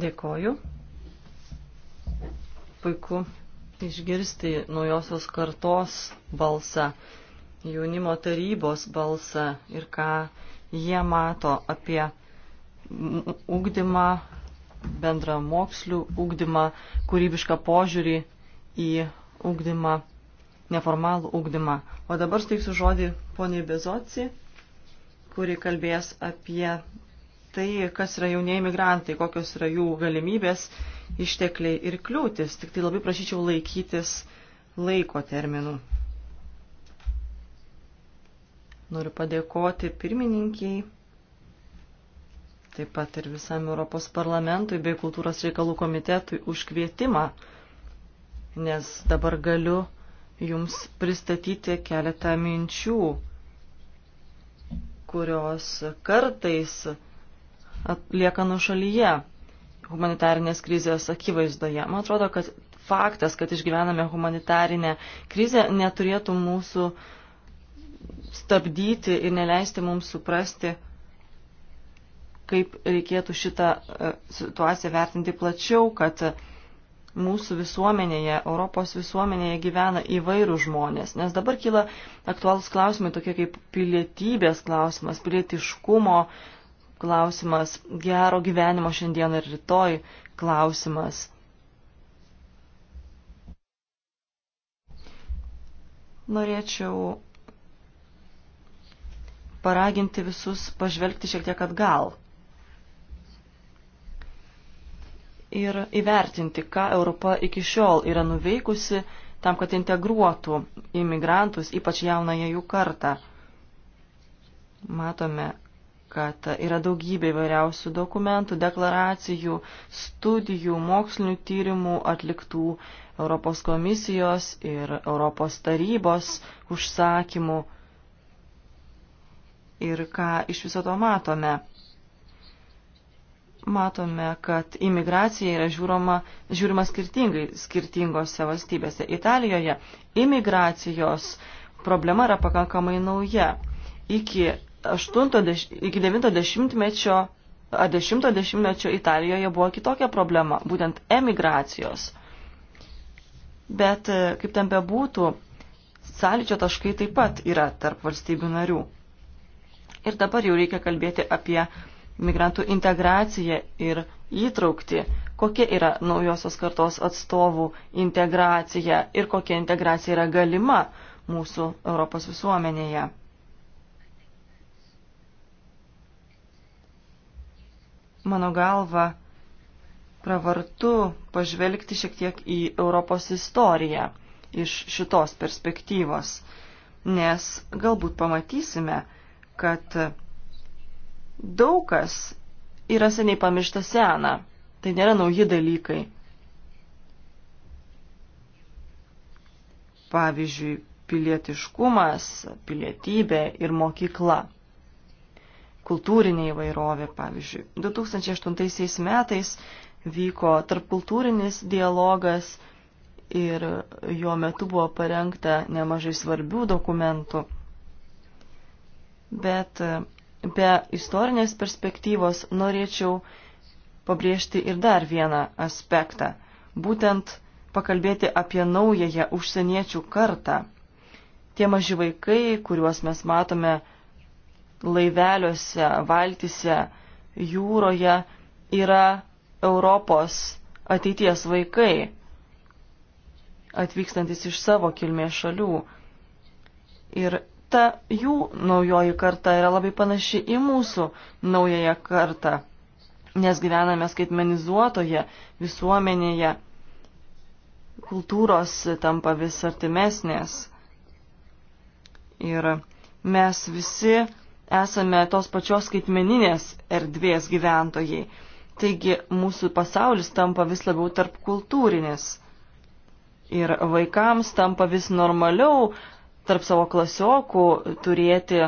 Dėkoju. Puiku išgirsti naujosios kartos balsą, jaunimo tarybos balsą ir ką jie mato apie ūkdymą, bendrą mokslių ūkdymą, kūrybišką požiūrį į ūkdymą, neformalų ūkdymą. O dabar steiksiu žodį poniai Bezoci, kuri kalbės apie tai, kas yra jaunieji migrantai, kokios yra jų galimybės, ištekliai ir kliūtis. Tik tai labai prašyčiau laikytis laiko terminų. Noriu padėkoti pirmininkiai taip pat ir visam Europos parlamentui bei kultūros reikalų komitetui už kvietimą, nes dabar galiu Jums pristatyti keletą minčių, kurios kartais lieka nušalyje humanitarinės krizės akivaizdoje. Man atrodo, kad faktas, kad išgyvename humanitarinę krizę, neturėtų mūsų stabdyti ir neleisti mums suprasti, kaip reikėtų šitą e, situaciją vertinti plačiau, kad mūsų visuomenėje, Europos visuomenėje gyvena įvairių žmonės. Nes dabar kyla aktualūs klausimai, tokie kaip pilietybės klausimas, pilietiškumo klausimas, gero gyvenimo šiandien ir rytoj klausimas. Norėčiau paraginti visus pažvelgti šiek tiek atgal ir įvertinti, ką Europa iki šiol yra nuveikusi tam, kad integruotų imigrantus, ypač jaunąją jų kartą. Matome, kad yra daugybė įvairiausių dokumentų, deklaracijų, studijų, mokslinių tyrimų atliktų Europos komisijos ir Europos tarybos užsakymų. Ir ką iš viso to matome? matome, kad imigracija yra žiūroma, žiūrima skirtingai skirtingose valstybėse. Italijoje imigracijos problema yra pakankamai nauja. Iki, 80, iki 90-mečio, 10-mečio Italijoje buvo kitokia problema, būtent emigracijos. Bet e, kaip ten bebūtų, sąlyčio taškai taip pat yra tarp valstybių narių. Ir dabar jau reikia kalbėti apie migrantų integraciją ir įtraukti, kokia yra naujosios kartos atstovų integracija ir kokia integracija yra galima mūsų Europos visuomenėje. Mano galva, pravartu pažvelgti šiek tiek į Europos istoriją iš šitos perspektyvos, nes galbūt pamatysime, kad Daug kas yra seniai pamiršta sena. Tai nėra nauji dalykai. Pavyzdžiui, pilietiškumas, pilietybė ir mokykla. Kultūrinė įvairovė, pavyzdžiui. 2008 metais vyko tarpkultūrinis dialogas ir jo metu buvo parengta nemažai svarbių dokumentų. Bet be istorinės perspektyvos norėčiau pabrėžti ir dar vieną aspektą - būtent pakalbėti apie naująją užsieniečių kartą. Tie maži vaikai, kuriuos mes matome laiveliuose, valtise, jūroje, yra Europos ateities vaikai, atvykstantis iš savo kilmės šalių. Ir ta jų naujoji karta yra labai panaši į mūsų naująją kartą, nes gyvename skaitmenizuotoje visuomenėje, kultūros tampa vis artimesnės. Ir mes visi esame tos pačios skaitmeninės erdvės gyventojai. Taigi mūsų pasaulis tampa vis labiau tarp kultūrinis. Ir vaikams tampa vis normaliau tarp savo klasiokų turėti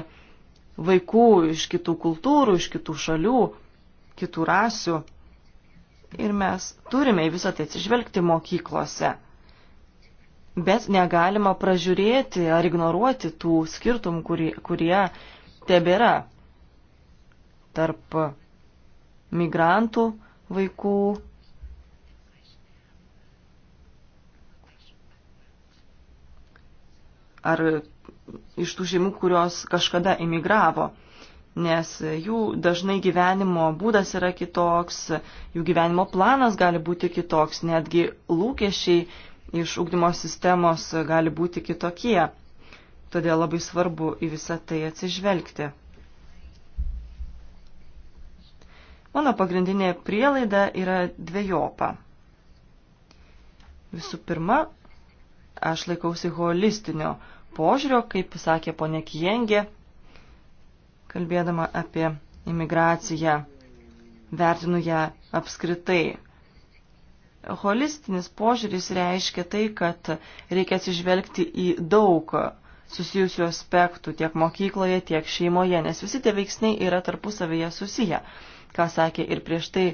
vaikų iš kitų kultūrų, iš kitų šalių, kitų rasių. Ir mes turime į visą tai atsižvelgti mokyklose. Bet negalima pražiūrėti ar ignoruoti tų skirtumų, kurie, kurie tebėra tarp migrantų vaikų ar iš tų šeimų, kurios kažkada imigravo, nes jų dažnai gyvenimo būdas yra kitoks, jų gyvenimo planas gali būti kitoks, netgi lūkesčiai iš ugdymo sistemos gali būti kitokie. Todėl labai svarbu į visą tai atsižvelgti. Mano pagrindinė prielaida yra dviejopa. Visų pirma, aš laikausi holistinio požiūrio, kaip sakė ponė Kijengė, kalbėdama apie imigraciją, vertinu ją apskritai. Holistinis požiūris reiškia tai, kad reikia atsižvelgti į daug susijusių aspektų tiek mokykloje, tiek šeimoje, nes visi tie veiksniai yra tarpusavėje susiję, ką sakė ir prieš tai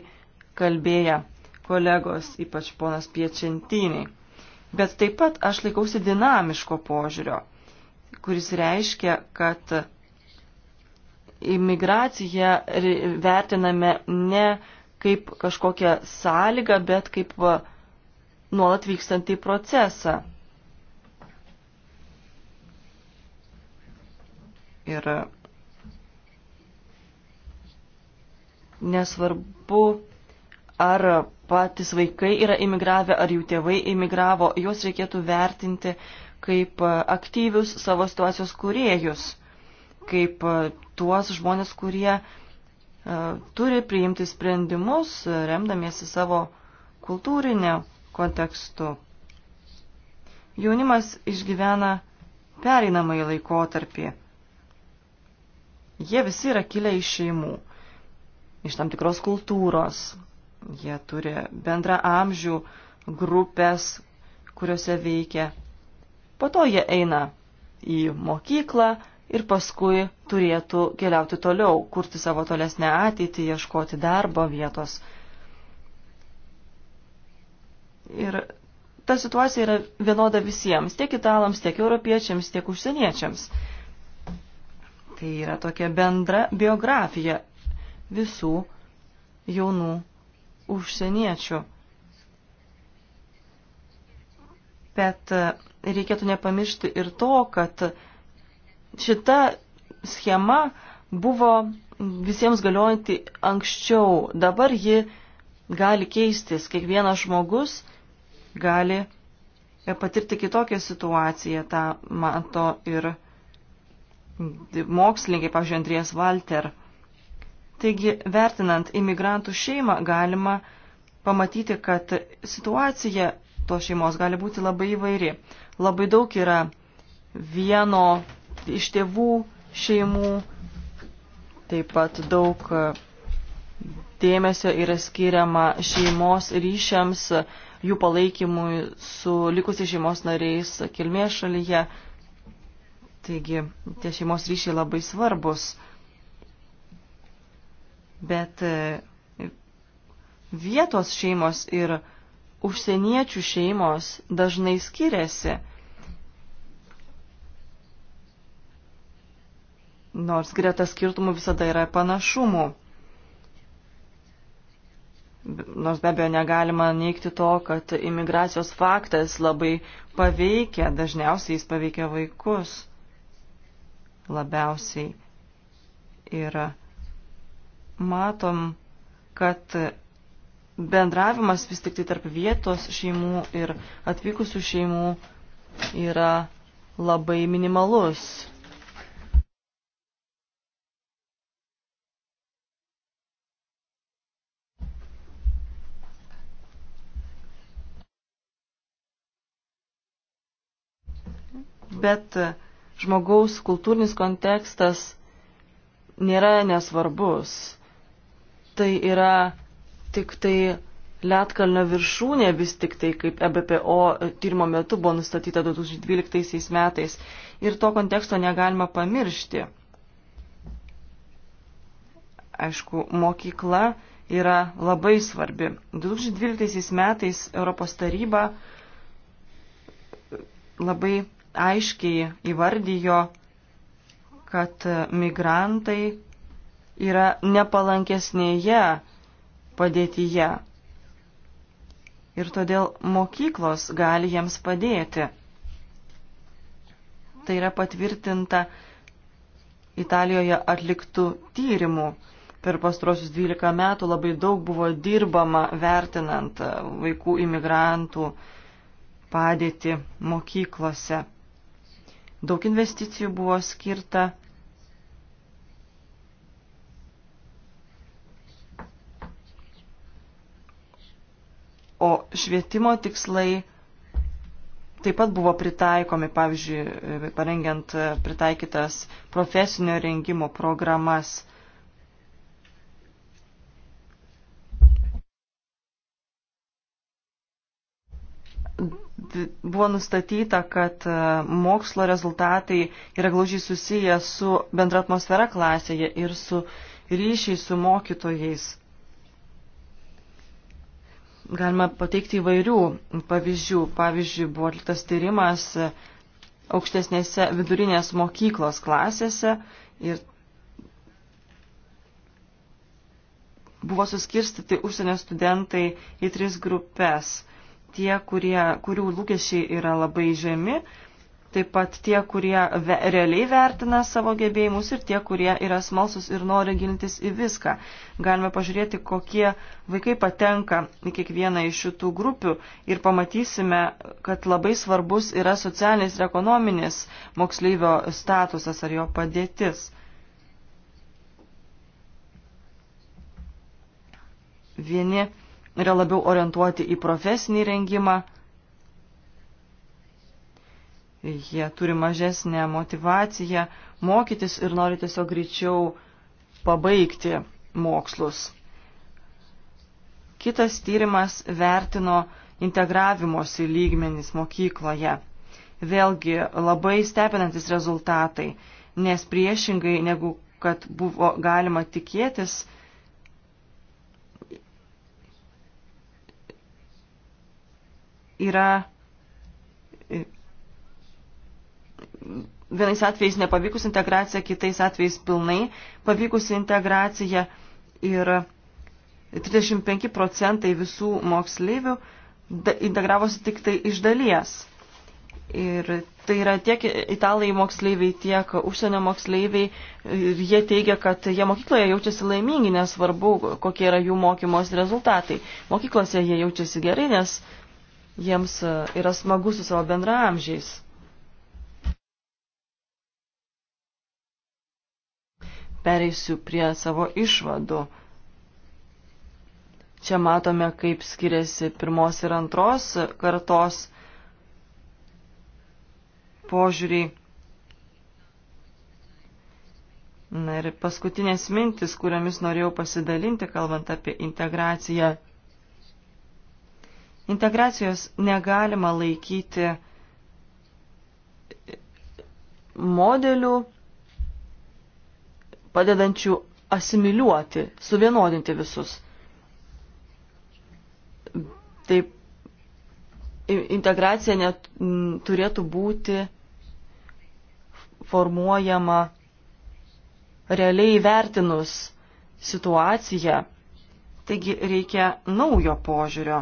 kalbėję kolegos, ypač ponas Piečentiniai bet taip pat aš laikausi dinamiško požiūrio, kuris reiškia, kad imigraciją vertiname ne kaip kažkokią sąlygą, bet kaip nuolat vykstantį procesą. Ir nesvarbu, ar patys vaikai yra imigravę, ar jų tėvai imigravo, juos reikėtų vertinti kaip e, aktyvius savo situacijos kuriejus, kaip e, tuos žmonės, kurie e, turi priimti sprendimus, remdamiesi savo kultūrinę kontekstu. Jaunimas išgyvena pereinamąjį laikotarpį. Jie visi yra kilę iš šeimų, iš tam tikros kultūros, Jie turi bendrą amžių grupės, kuriuose veikia. Po to jie eina į mokyklą ir paskui turėtų keliauti toliau, kurti savo tolesnę ateitį, ieškoti darbo vietos. Ir ta situacija yra vienoda visiems, tiek italams, tiek europiečiams, tiek užsieniečiams. Tai yra tokia bendra biografija visų jaunų užsieniečių. Bet reikėtų nepamiršti ir to, kad šita schema buvo visiems galiojanti anksčiau. Dabar ji gali keistis. Kiekvienas žmogus gali patirti kitokią situaciją. Ta mato ir mokslininkai, pavyzdžiui, Andrijas Walter. Taigi, vertinant imigrantų šeimą, galima pamatyti, kad situacija tos šeimos gali būti labai įvairi. Labai daug yra vieno iš tėvų šeimų, taip pat daug dėmesio yra skiriama šeimos ryšiams, jų palaikymui su likusi šeimos nariais kilmės šalyje. Taigi, tie šeimos ryšiai labai svarbus bet e, vietos šeimos ir užsieniečių šeimos dažnai skiriasi. Nors greta skirtumų visada yra panašumų. Nors be abejo negalima neikti to, kad imigracijos faktas labai paveikia, dažniausiai jis paveikia vaikus labiausiai. Yra matom, kad bendravimas vis tik tai tarp vietos šeimų ir atvykusių šeimų yra labai minimalus. Bet žmogaus kultūrinis kontekstas nėra nesvarbus tai yra tik tai Lietkalnio viršūnė vis tik tai, kaip EBPO tyrimo metu buvo nustatyta 2012 metais. Ir to konteksto negalima pamiršti. Aišku, mokykla yra labai svarbi. 2012 metais Europos taryba labai aiškiai įvardijo, kad migrantai yra nepalankesnėje padėtyje. Ir todėl mokyklos gali jiems padėti. Tai yra patvirtinta Italijoje atliktų tyrimų. Per pastrosius 12 metų labai daug buvo dirbama vertinant vaikų imigrantų padėti mokyklose. Daug investicijų buvo skirta O švietimo tikslai taip pat buvo pritaikomi, pavyzdžiui, parengiant pritaikytas profesinio rengimo programas. Buvo nustatyta, kad e, mokslo rezultatai yra glaužiai susiję su bendra atmosfera klasėje ir su ryšiai su mokytojais. Galima pateikti įvairių pavyzdžių. Pavyzdžiui, buvo atliktas tyrimas aukštesnėse vidurinės mokyklos klasėse ir buvo suskirstyti užsienio studentai į tris grupės. Tie, kurie, kurių lūkesčiai yra labai žemi, taip pat tie, kurie ve realiai vertina savo gebėjimus ir tie, kurie yra smalsus ir nori gilintis į viską. Galime pažiūrėti, kokie vaikai patenka į kiekvieną iš šitų grupių ir pamatysime, kad labai svarbus yra socialinis ir ekonominis moksleivio statusas ar jo padėtis. Vieni yra labiau orientuoti į profesinį rengimą, jie turi mažesnę motivaciją mokytis ir nori tiesiog greičiau pabaigti mokslus. Kitas tyrimas vertino integravimosi lygmenys mokykloje. Vėlgi labai stebinantis rezultatai, nes priešingai negu kad buvo galima tikėtis, yra vienais atvejais nepavykus integracija, kitais atvejais pilnai pavykusi integracija ir 35 procentai visų moksleivių integravosi tik tai iš dalies. Ir tai yra tiek italai moksleiviai, tiek užsienio moksleiviai ir jie teigia, kad jie mokykloje jaučiasi laimingi, nesvarbu, kokie yra jų mokymos rezultatai. Mokyklose jie jaučiasi gerai, nes jiems yra smagu su savo bendraamžiais. pereisiu prie savo išvadų. Čia matome, kaip skiriasi pirmos ir antros kartos požiūriai. Na ir paskutinės mintis, kuriomis norėjau pasidalinti, kalbant apie integraciją. Integracijos negalima laikyti modelių padedančių asimiliuoti, suvienodinti visus. Taip, integracija net, m, turėtų būti formuojama realiai vertinus situaciją, taigi reikia naujo požiūrio,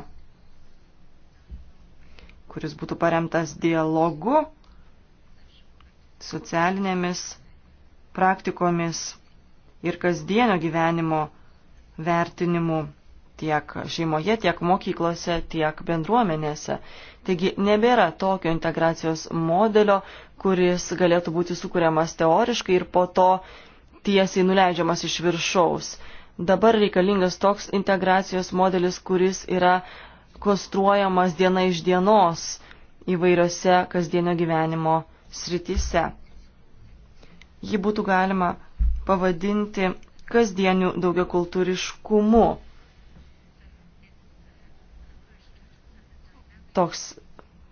kuris būtų paremtas dialogu, socialinėmis praktikomis ir kasdienio gyvenimo vertinimu tiek šeimoje, tiek mokyklose, tiek bendruomenėse. Taigi nebėra tokio integracijos modelio, kuris galėtų būti sukūriamas teoriškai ir po to tiesiai nuleidžiamas iš viršaus. Dabar reikalingas toks integracijos modelis, kuris yra konstruojamas diena iš dienos įvairiose kasdienio gyvenimo srityse. Jį būtų galima pavadinti kasdieniu daugiakultūriškumu. Toks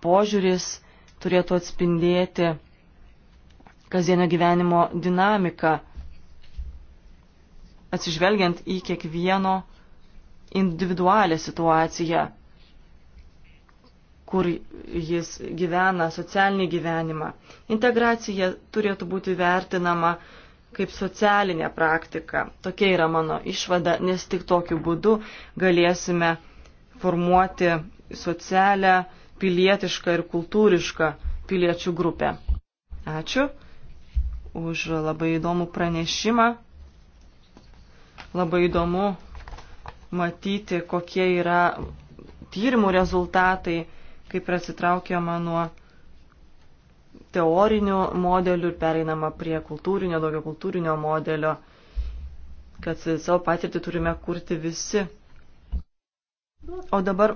požiūris turėtų atspindėti kasdienio gyvenimo dinamiką, atsižvelgiant į kiekvieno individualią situaciją, kur jis gyvena socialinį gyvenimą. Integracija turėtų būti vertinama kaip socialinė praktika. Tokia yra mano išvada, nes tik tokiu būdu galėsime formuoti socialę, pilietišką ir kultūrišką piliečių grupę. Ačiū už labai įdomų pranešimą. Labai įdomu matyti, kokie yra tyrimų rezultatai, kaip prasitraukiama nuo teorinių modelių ir pereinama prie kultūrinio, daugia kultūrinio modelio, kad savo patirtį turime kurti visi. O dabar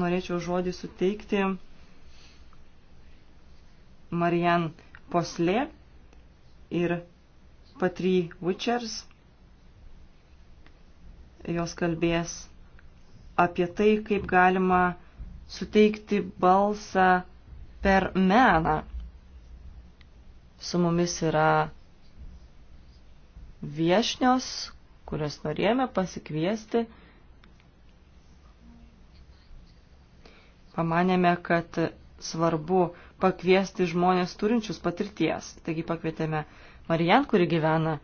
norėčiau žodį suteikti Marian Poslė ir Patry Witchers. Jos kalbės apie tai, kaip galima suteikti balsą per meną Su mumis yra viešnios, kurias norėjome pasikviesti. Pamanėme, kad svarbu pakviesti žmonės turinčius patirties. Taigi pakvietėme Marijan, kuri gyvena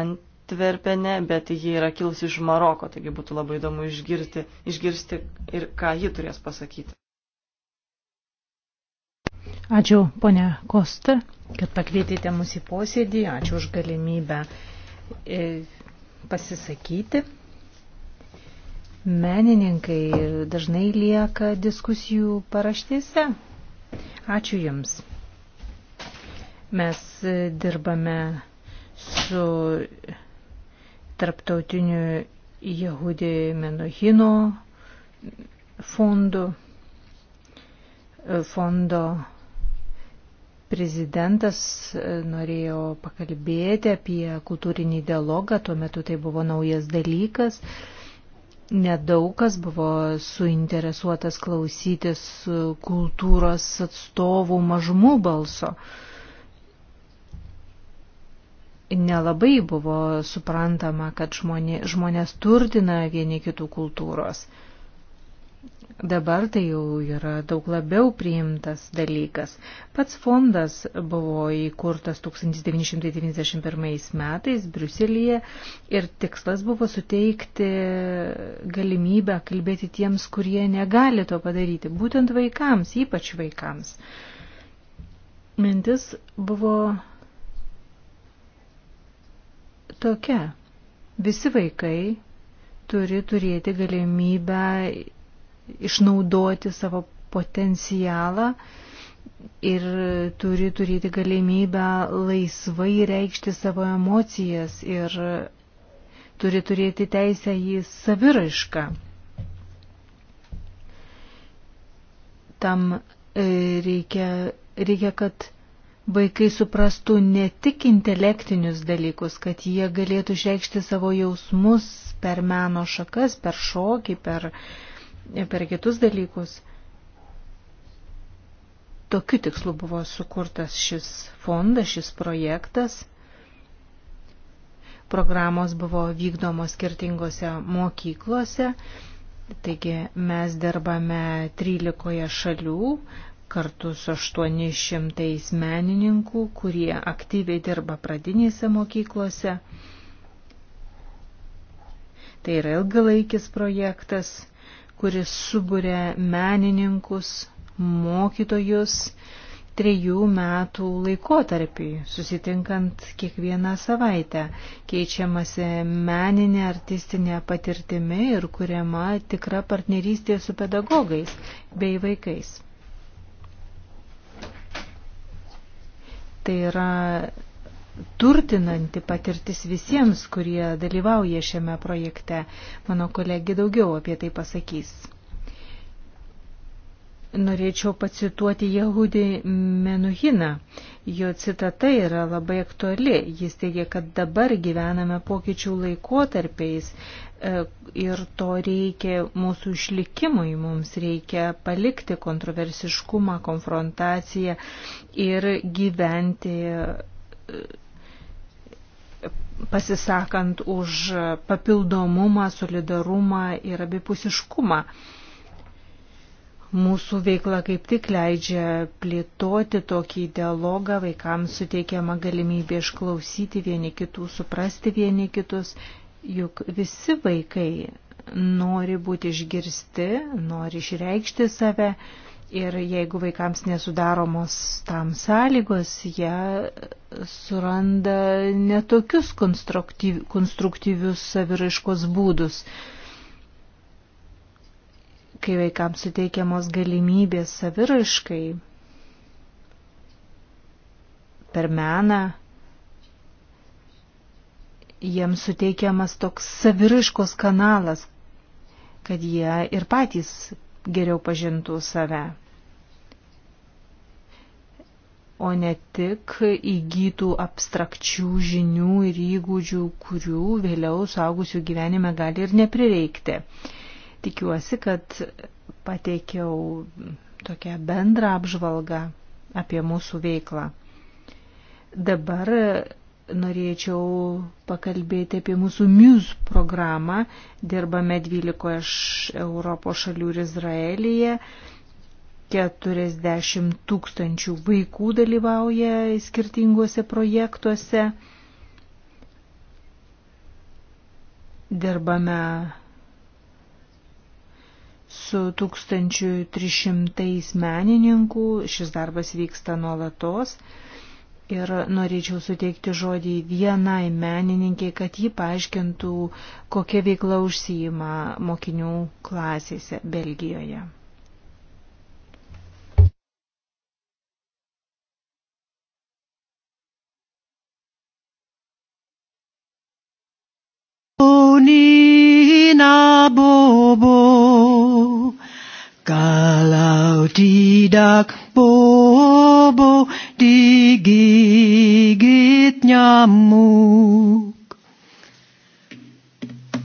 Antverpene, bet ji yra kilusi iš Maroko, taigi būtų labai įdomu išgirsti, išgirsti ir ką ji turės pasakyti. Ačiū, ponia Kosta, kad pakvietėte mus į posėdį. Ačiū už galimybę e, pasisakyti. Menininkai dažnai lieka diskusijų paraštėse. Ačiū Jums. Mes e, dirbame su tarptautiniu Jehudė Menuhino fondu, e, fondo prezidentas e, norėjo pakalbėti apie kultūrinį dialogą, tuo metu tai buvo naujas dalykas. Nedaug kas buvo suinteresuotas klausytis kultūros atstovų mažumų balso. Nelabai buvo suprantama, kad žmonė, žmonės turtina vieni kitų kultūros. Dabar tai jau yra daug labiau priimtas dalykas. Pats fondas buvo įkurtas 1991 metais Briuselėje ir tikslas buvo suteikti galimybę kalbėti tiems, kurie negali to padaryti, būtent vaikams, ypač vaikams. Mintis buvo tokia. Visi vaikai turi turėti galimybę išnaudoti savo potencialą ir turi turėti galimybę laisvai reikšti savo emocijas ir turi turėti teisę į saviraišką. Tam e, reikia, reikia, kad vaikai suprastų ne tik intelektinius dalykus, kad jie galėtų išreikšti savo jausmus per meno šakas, per šokį, per uh, per kitus dalykus. Tokiu tikslu buvo sukurtas šis fondas, šis projektas. Programos buvo vykdomos skirtingose mokyklose, taigi mes dirbame 13 šalių, kartu su 800 menininkų, kurie aktyviai dirba pradinėse mokyklose. Tai yra ilgalaikis projektas, kuris subūrė menininkus, mokytojus trejų metų laikotarpį, susitinkant kiekvieną savaitę, keičiamasi meninė artistinė patirtimi ir kuriama tikra partnerystė su pedagogais bei vaikais. Tai yra turtinanti patirtis visiems, kurie dalyvauja šiame projekte. Mano kolegi daugiau apie tai pasakys. Norėčiau pacituoti Jehudį Menuhiną. Jo citata yra labai aktuali. Jis teigia, kad dabar gyvename pokyčių laikotarpiais e, ir to reikia mūsų išlikimui. Mums reikia palikti kontroversiškumą, konfrontaciją ir gyventi e, pasisakant už papildomumą, solidarumą ir abipusiškumą. Mūsų veikla kaip tik leidžia plėtoti tokį dialogą, vaikams suteikiama galimybė išklausyti vieni kitų, suprasti vieni kitus, juk visi vaikai nori būti išgirsti, nori išreikšti save, Ir jeigu vaikams nesudaromos tam sąlygos, jie suranda netokius konstruktyv, konstruktyvius saviraiškos būdus. Kai vaikams suteikiamos galimybės saviraiškai per meną, jiems suteikiamas toks saviraiškos kanalas, kad jie ir patys geriau pažintų save, o ne tik įgytų abstrakčių žinių ir įgūdžių, kurių vėliau suaugusių gyvenime gali ir neprireikti. Tikiuosi, kad pateikiau tokią bendrą apžvalgą apie mūsų veiklą. Dabar norėčiau pakalbėti apie mūsų MUSE programą. Dirbame 12 iš Europos šalių ir Izraelyje. 40 tūkstančių vaikų dalyvauja skirtinguose projektuose. Dirbame su 1300 menininkų. Šis darbas vyksta nuolatos ir norėčiau suteikti žodį vienai menininkiai, kad ji paaiškintų, kokia veikla užsijima mokinių klasėse Belgijoje. Nina Bobo Kalau tidak bobo digigit nyamuk.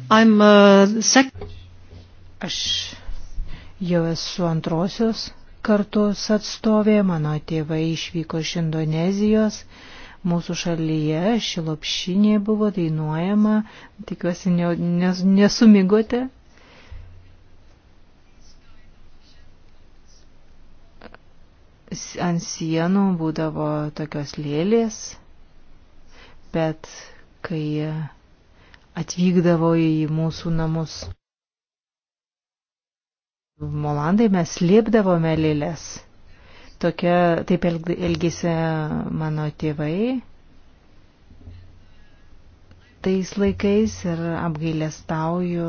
I'm uh, sec Aš jau esu antrosios kartos atstovė, mano tėvai išvyko iš Indonezijos. Mūsų šalyje šilopšinė buvo dainuojama, tikiuosi ne, nes, nesumigote. ant sienų būdavo tokios lėlės, bet kai atvykdavo į mūsų namus Molandai, mes liepdavome lėlės. Tokia, taip elgėsi mano tėvai tais laikais ir apgailestauju,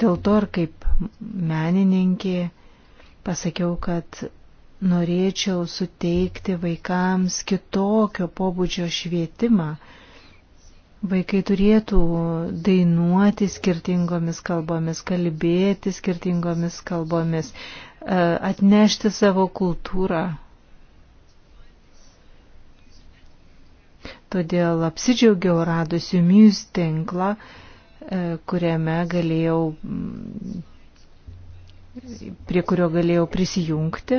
Dėl to ir kaip menininkė pasakiau, kad norėčiau suteikti vaikams kitokio pobūdžio švietimą. Vaikai turėtų dainuoti skirtingomis kalbomis, kalbėti skirtingomis kalbomis, e, atnešti savo kultūrą. Todėl apsidžiaugiau radusių muse tinklą, E, kuriame galėjau, prie kurio galėjau prisijungti.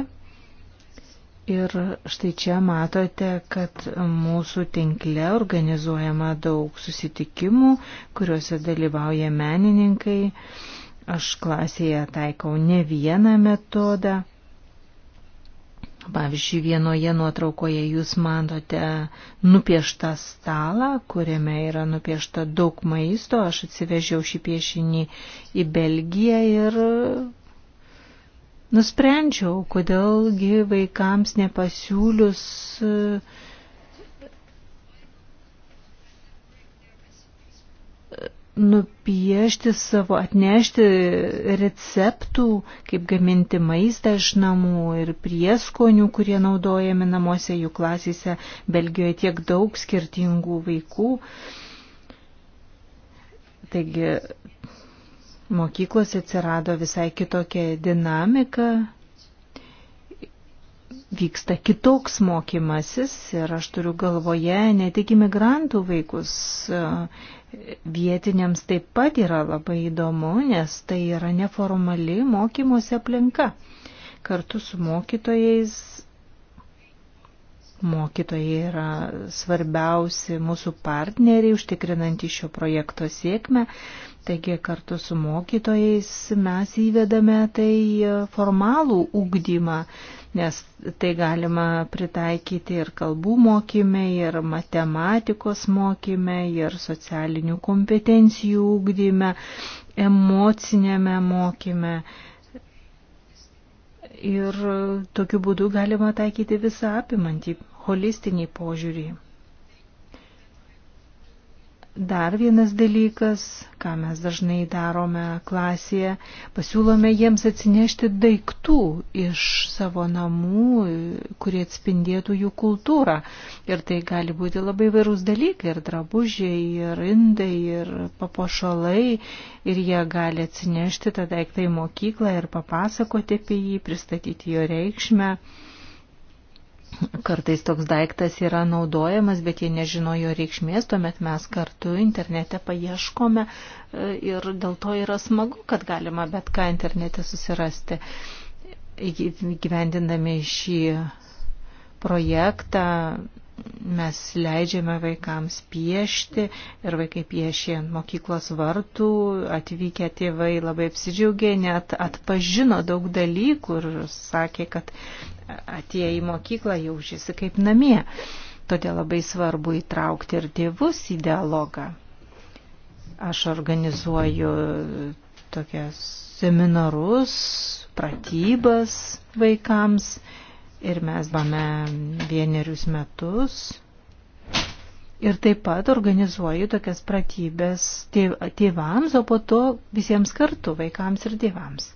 Ir štai čia matote, kad mūsų tinkle organizuojama daug susitikimų, kuriuose dalyvauja menininkai. Aš klasėje taikau ne vieną metodą. Pavyzdžiui, vienoje nuotraukoje jūs matote nupieštą stalą, kuriame yra nupiešta daug maisto. Aš atsivežiau šį piešinį į Belgiją ir nusprendžiau, kodėlgi vaikams nepasiūlius uh, nupiešti savo, atnešti receptų, kaip gaminti maistą iš namų ir prieskonių, kurie naudojami namuose jų klasėse. Belgijoje tiek daug skirtingų vaikų. Taigi mokyklose atsirado visai kitokia dinamika, vyksta kitoks mokymasis ir aš turiu galvoje ne tik imigrantų vaikus, vietiniams taip pat yra labai įdomu, nes tai yra neformali mokymosi aplinka. Kartu su mokytojais Mokytojai yra svarbiausi mūsų partneriai, užtikrinanti šio projekto sėkmę. Taigi kartu su mokytojais mes įvedame tai e, formalų ūkdymą, nes tai galima pritaikyti ir kalbų mokymė, ir matematikos mokymė, ir socialinių kompetencijų ūkdyme, emocinėme mokymė ir tokiu būdu galima taikyti visą apimantį holistinį požiūrį. Dar vienas dalykas, ką mes dažnai darome klasėje, pasiūlome jiems atsinešti daiktų iš savo namų, kurie atspindėtų jų kultūrą. Ir tai gali būti labai vairūs dalykai, ir drabužiai, ir indai, ir papošalai. Ir jie gali atsinešti tą daiktą į mokyklą ir papasakoti apie jį, pristatyti jo reikšmę. Kartais toks daiktas yra naudojamas, bet jie nežino jo reikšmės, tuomet mes kartu internete paieškome e, ir dėl to yra smagu, kad galima bet ką internete susirasti. Gyvendindami šį projektą mes leidžiame vaikams piešti ir vaikai piešė ant mokyklos vartų, atvykę tėvai labai apsidžiaugė, net atpažino daug dalykų ir sakė, kad atėję į mokyklą jaučiasi kaip namie. Todėl labai svarbu įtraukti ir tėvus į dialogą. Aš organizuoju tokias seminarus, pratybas vaikams ir mes bame vienerius metus. Ir taip pat organizuoju tokias pratybės tėvams, o po to visiems kartu, vaikams ir tėvams.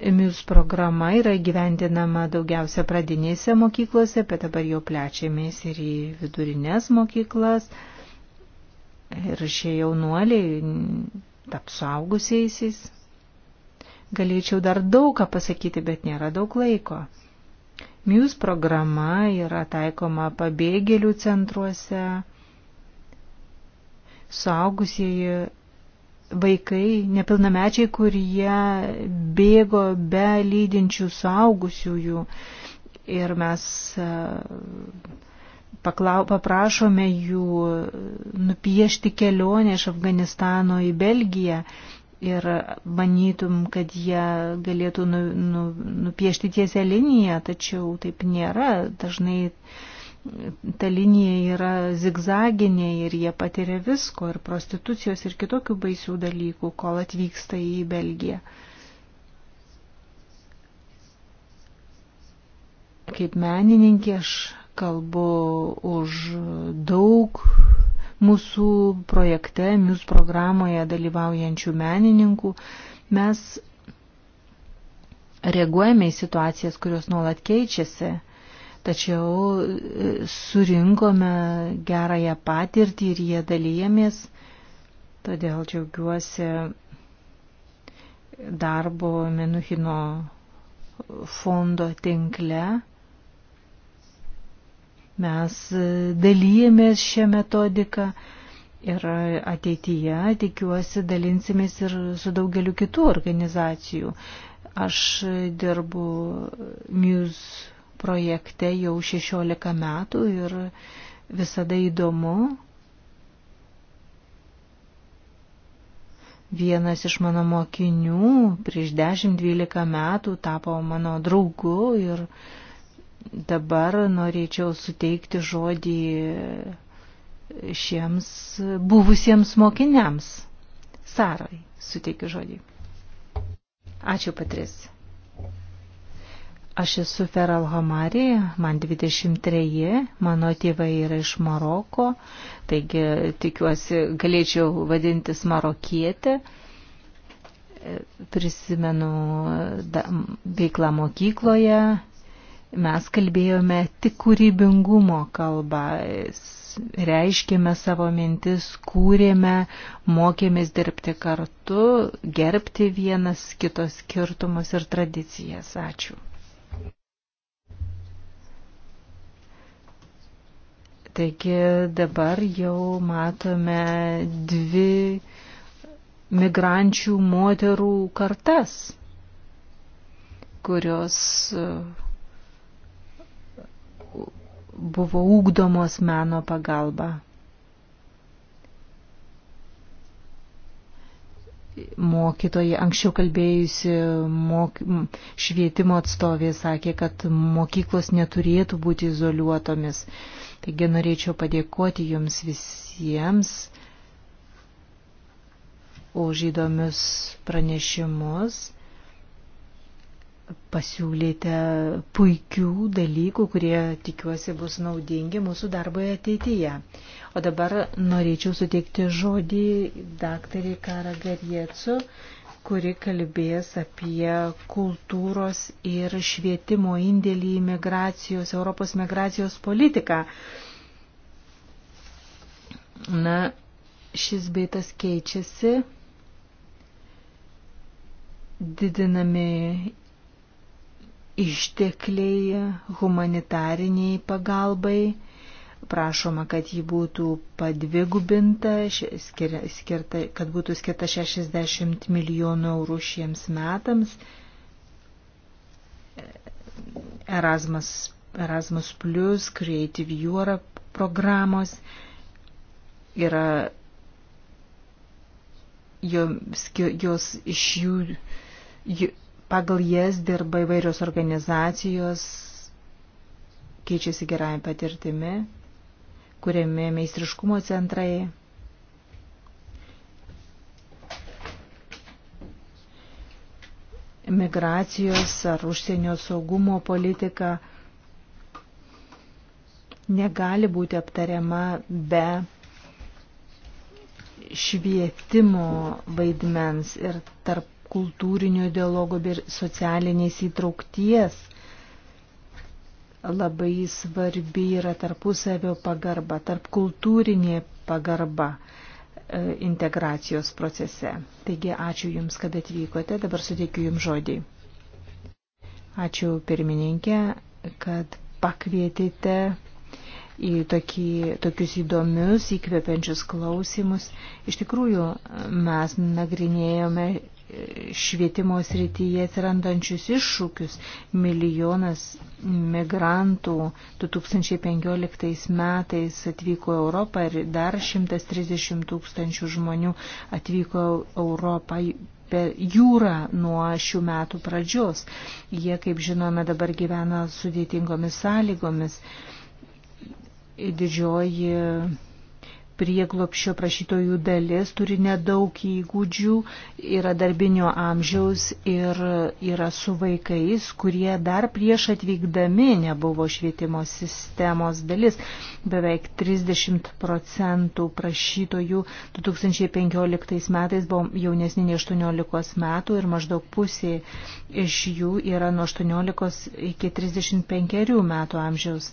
MIUS programa yra gyvendinama daugiausia pradinėse mokyklose, bet dabar jau plečiamės ir į vidurinės mokyklas. Ir šie jaunuoliai taps suaugusiaisiais. Galėčiau dar daug ką pasakyti, bet nėra daug laiko. MIUS programa yra taikoma pabėgėlių centruose. Suaugusieji vaikai, nepilnamečiai, kurie bėgo be lydinčių suaugusiųjų. Ir mes e, paklau, paprašome jų nupiešti kelionę iš Afganistano į Belgiją. Ir manytum, kad jie galėtų nu, nu, nupiešti tiesią liniją, tačiau taip nėra. Dažnai uh, ta linija yra zigzaginė ir jie patiria visko ir prostitucijos ir kitokių baisių dalykų, kol atvyksta į Belgiją. Kaip menininkė aš kalbu už daug mūsų projekte, mūsų programoje dalyvaujančių menininkų. Mes reaguojame į situacijas, kurios nuolat keičiasi tačiau e, surinkome gerąją patirtį ir jie dalyjamės, todėl džiaugiuosi darbo Menuhino fondo tinkle. Mes e, dalyjamės šią metodiką ir ateityje tikiuosi dalinsimės ir su daugeliu kitų organizacijų. Aš dirbu Muse projekte jau 16 metų ir visada įdomu. Vienas iš mano mokinių prieš 10-12 metų tapo mano draugu ir dabar norėčiau suteikti žodį šiems buvusiems mokiniams. Sarai suteikiu žodį. Ačiū, Patris. Aš esu Feral Hamari, man 23, mano tėvai yra iš Maroko, taigi tikiuosi galėčiau vadintis marokietė. Prisimenu da, veiklą mokykloje, mes kalbėjome tik kūrybingumo kalbą, reiškėme savo mintis, kūrėme, mokėmės dirbti kartu, gerbti vienas kitos skirtumus ir tradicijas. Ačiū. Taigi dabar jau matome dvi migrančių moterų kartas, kurios e, buvo ūkdomos meno pagalba. mokytojai, anksčiau kalbėjusi mok, švietimo atstovė sakė, kad mokyklos neturėtų būti izoliuotomis. Taigi norėčiau padėkoti jums visiems už įdomius pranešimus. Pasiūlėte puikių dalykų, kurie tikiuosi bus naudingi mūsų darboje ateityje. O dabar norėčiau suteikti žodį daktarį Karagariecu kuri kalbės apie kultūros ir švietimo indėlį į migracijos, Europos migracijos politiką. Na, šis beitas keičiasi, didinami ištekliai humanitariniai pagalbai prašoma, kad ji būtų padvigubinta, skirta, kad būtų skirta 60 milijonų eurų šiems metams. Erasmus, Erasmus Plus, Creative Europe programos yra jos, jos iš jų, jų, pagal jas dirba įvairios organizacijos, keičiasi gerąją patirtimi kuriami meistriškumo centrai. Migracijos ar užsienio saugumo politika negali būti aptariama be švietimo vaidmens ir tarp kultūrinio dialogo ir socialinės įtraukties labai svarbi yra tarpusavio pagarba, tarp kultūrinė pagarba e, integracijos procese. Taigi ačiū Jums, kad atvykote, dabar suteikiu Jums žodį. Ačiū pirmininkė, kad pakvietėte į tokį, tokius įdomius, įkvepiančius klausimus. Iš tikrųjų, mes nagrinėjome švietimo srityje atsirandančius iššūkius. Milijonas migrantų 2015 metais atvyko į Europą ir dar 130 tūkstančių žmonių atvyko Europą per jūrą nuo šių metų pradžios. Jie, kaip žinome, dabar gyvena sudėtingomis sąlygomis. Didžioji prieglopšio prašytojų dalis turi nedaug įgūdžių, yra darbinio amžiaus ir yra su vaikais, kurie dar prieš atvykdami nebuvo švietimo sistemos dalis. Beveik 30 procentų prašytojų 2015 metais buvo jaunesni nei 18 metų ir maždaug pusė iš jų yra nuo 18 iki 35 metų amžiaus.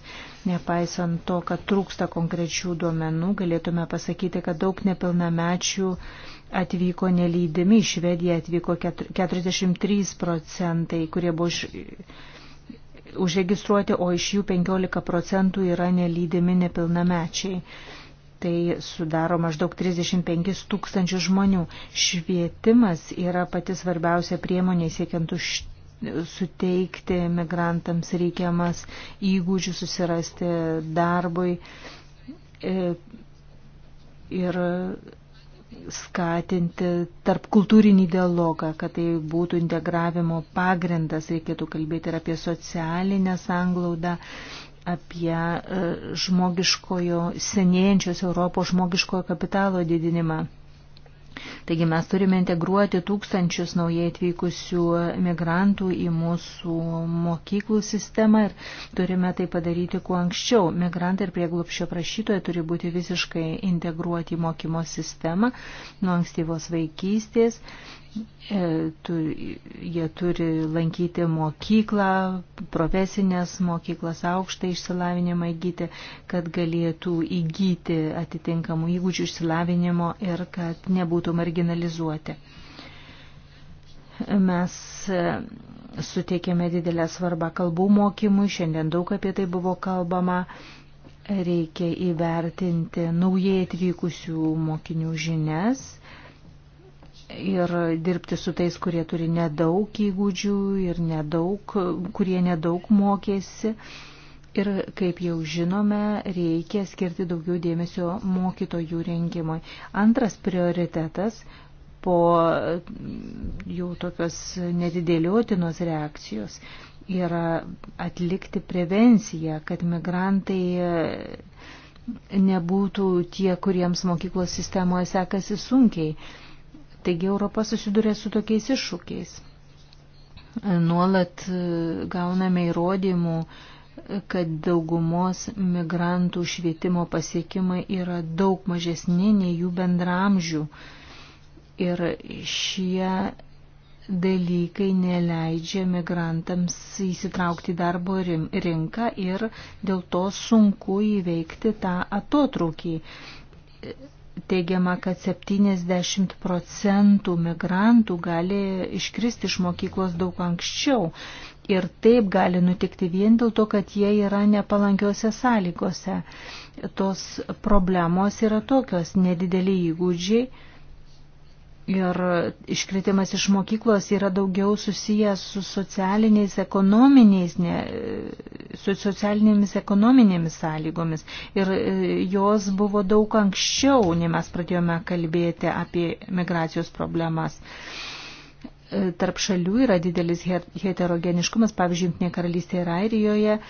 Nepaisant to, kad trūksta konkrečių duomenų, galėtume galime pasakyti, kad daug nepilnamečių atvyko nelydimi. Į Švediją atvyko 43 procentai, kurie buvo iš, užregistruoti, o iš jų 15 procentų yra nelydimi nepilnamečiai. Tai sudaro maždaug 35 tūkstančių žmonių. Švietimas yra pati svarbiausia priemonė siekiant užtikrinti suteikti migrantams reikiamas įgūdžių susirasti darbui, e, ir skatinti tarp kultūrinį dialogą, kad tai būtų integravimo pagrindas, reikėtų kalbėti ir apie socialinę sanglaudą, apie e, žmogiškojo, senėjančios Europos žmogiškojo kapitalo didinimą. Taigi mes turime integruoti tūkstančius naujai atvykusių migrantų į mūsų mokyklų sistemą ir turime tai padaryti kuo anksčiau. Migrantai ir prieglupščio prašytojai turi būti visiškai integruoti į mokymo sistemą nuo ankstyvos vaikystės E, tu, jie turi lankyti mokyklą, profesinės mokyklas, aukštą išsilavinimą įgyti, kad galėtų įgyti atitinkamų įgūdžių išsilavinimo ir kad nebūtų marginalizuoti. Mes e, suteikėme didelę svarbą kalbų mokymui, šiandien daug apie tai buvo kalbama. Reikia įvertinti naujai atvykusių mokinių žinias ir dirbti su tais, kurie turi nedaug įgūdžių ir nedaug, kurie nedaug mokėsi. Ir kaip jau žinome, reikia skirti daugiau dėmesio mokytojų rengimui. Antras prioritetas po jau tokios nedidėliotinos reakcijos yra atlikti prevenciją, kad migrantai nebūtų tie, kuriems mokyklos sistemoje sekasi sunkiai Taigi Europa susiduria su tokiais iššūkiais. Nuolat e, gauname įrodymų, e, kad daugumos migrantų švietimo pasiekimai yra daug mažesni nei jų bendramžių. Ir šie dalykai neleidžia migrantams įsitraukti į darbo rinką ir dėl to sunku įveikti tą atotrūkį teigiama, kad 70 procentų migrantų gali iškristi iš mokyklos daug anksčiau. Ir taip gali nutikti vien dėl to, kad jie yra nepalankiose sąlygose. Tos problemos yra tokios - nedideli įgūdžiai, Ir iškritimas iš mokyklos yra daugiau susijęs su socialiniais, ekonominiais, ne, su socialinėmis ekonominėmis sąlygomis. Ir e, jos buvo daug anksčiau, nei mes pradėjome kalbėti apie migracijos problemas. E, tarp šalių yra didelis heterogeniškumas, pavyzdžiui, Junktinė karalystė ir Airijoje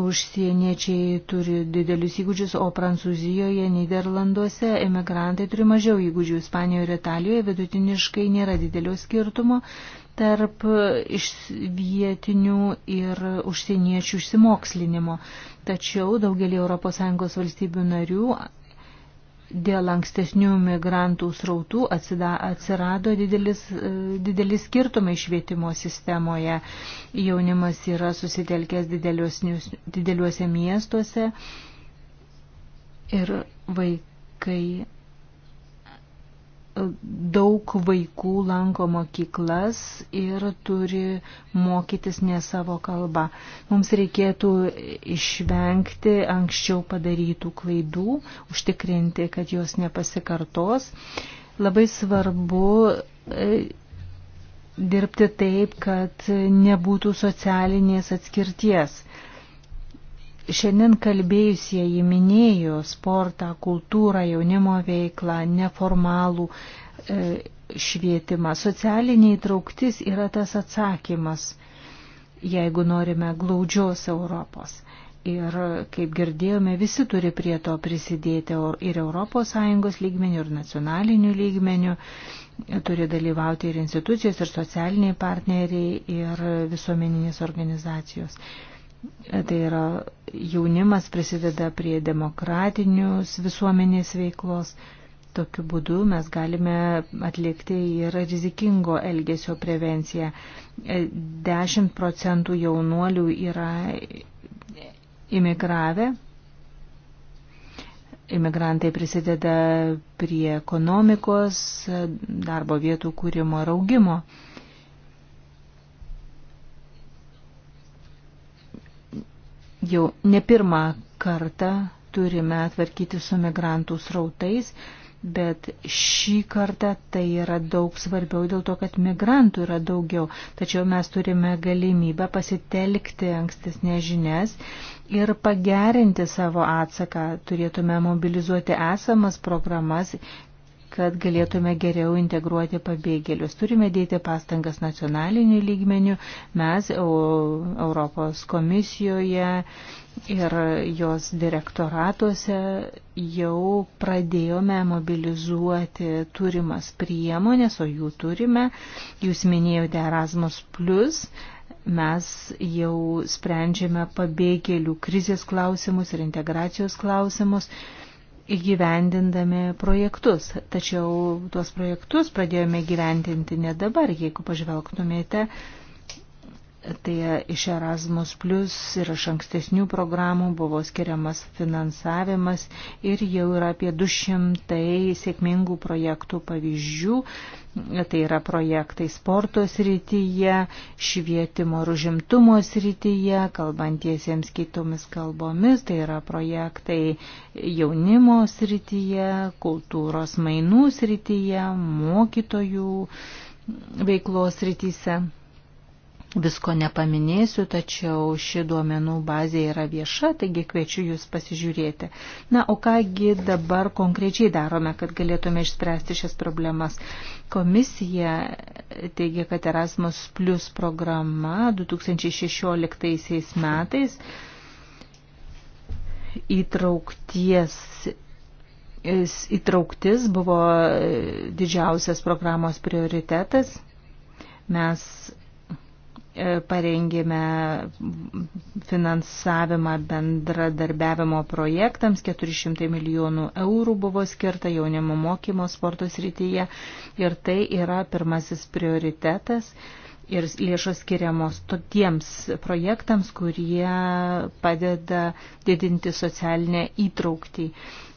užsieniečiai turi didelius įgūdžius, o Prancūzijoje, Niderlanduose emigrantai turi mažiau įgūdžių. Ispanijoje ir Italijoje vidutiniškai nėra didelio skirtumo tarp vietinių ir užsieniečių išsimokslinimo. Tačiau daugelį ES valstybių narių dėl ankstesnių migrantų srautų atsirado didelis, e, didelis skirtumai švietimo sistemoje. Jaunimas yra susitelkęs dideliuose miestuose ir vaikai daug vaikų lanko mokyklas ir turi mokytis ne savo kalbą. Mums reikėtų išvengti anksčiau padarytų klaidų, užtikrinti, kad jos nepasikartos. Labai svarbu e, dirbti taip, kad nebūtų socialinės atskirties. Šiandien kalbėjusieji minėjo sportą, kultūrą, jaunimo veiklą, neformalų e, švietimą. Socialinė įtrauktis yra tas atsakymas, jeigu norime glaudžios Europos. Ir kaip girdėjome, visi turi prie to prisidėti ir ES lygmenių, ir nacionalinių lygmenių. Turi dalyvauti ir institucijos, ir socialiniai partneriai, ir visuomeninės organizacijos. E, tai yra jaunimas prisideda prie demokratinius visuomenės veiklos. Tokiu būdu mes galime atlikti ir rizikingo elgesio prevenciją. 10 e, procentų jaunuolių yra imigravę. Imigrantai prisideda prie ekonomikos, darbo vietų kūrimo ir augimo. jau ne pirmą kartą turime tvarkyti su migrantų srautais, bet šį kartą tai yra daug svarbiau dėl to, kad migrantų yra daugiau. Tačiau mes turime galimybę pasitelkti ankstesnės žinias ir pagerinti savo atsaką. Turėtume mobilizuoti esamas programas kad galėtume geriau integruoti pabėgėlius. Turime dėti pastangas nacionaliniu lygmeniu, mes Europos komisijoje ir jos direktoratuose jau pradėjome mobilizuoti turimas priemonės, o jų turime. Jūs minėjote Erasmus, mes jau sprendžiame pabėgėlių krizės klausimus ir integracijos klausimus įgyvendindami projektus. Tačiau tuos projektus pradėjome gyvendinti ne dabar, jeigu pažvelgtumėte Tai iš Erasmus Plus ir iš ankstesnių programų buvo skiriamas finansavimas ir jau yra apie 200 sėkmingų projektų pavyzdžių. Tai yra projektai sporto srityje, švietimo ir užimtumo srityje, kalbantiesiems kitomis kalbomis, tai yra projektai jaunimo srityje, kultūros mainų srityje, mokytojų veiklos srityse. Visko nepaminėsiu, tačiau ši duomenų bazė yra vieša, taigi kviečiu Jūs pasižiūrėti. Na, o kągi dabar konkrečiai darome, kad galėtume išspręsti šias problemas? Komisija teigia, kad Erasmus Plus programa 2016 metais įtraukties įtrauktis buvo didžiausias programos prioritetas. Mes E, parengėme finansavimą bendradarbiavimo projektams, 400 milijonų eurų buvo skirta jaunimo mokymo sporto srityje ir tai yra pirmasis prioritetas ir lėšos skiriamos tiems projektams, kurie padeda didinti socialinę įtraukti.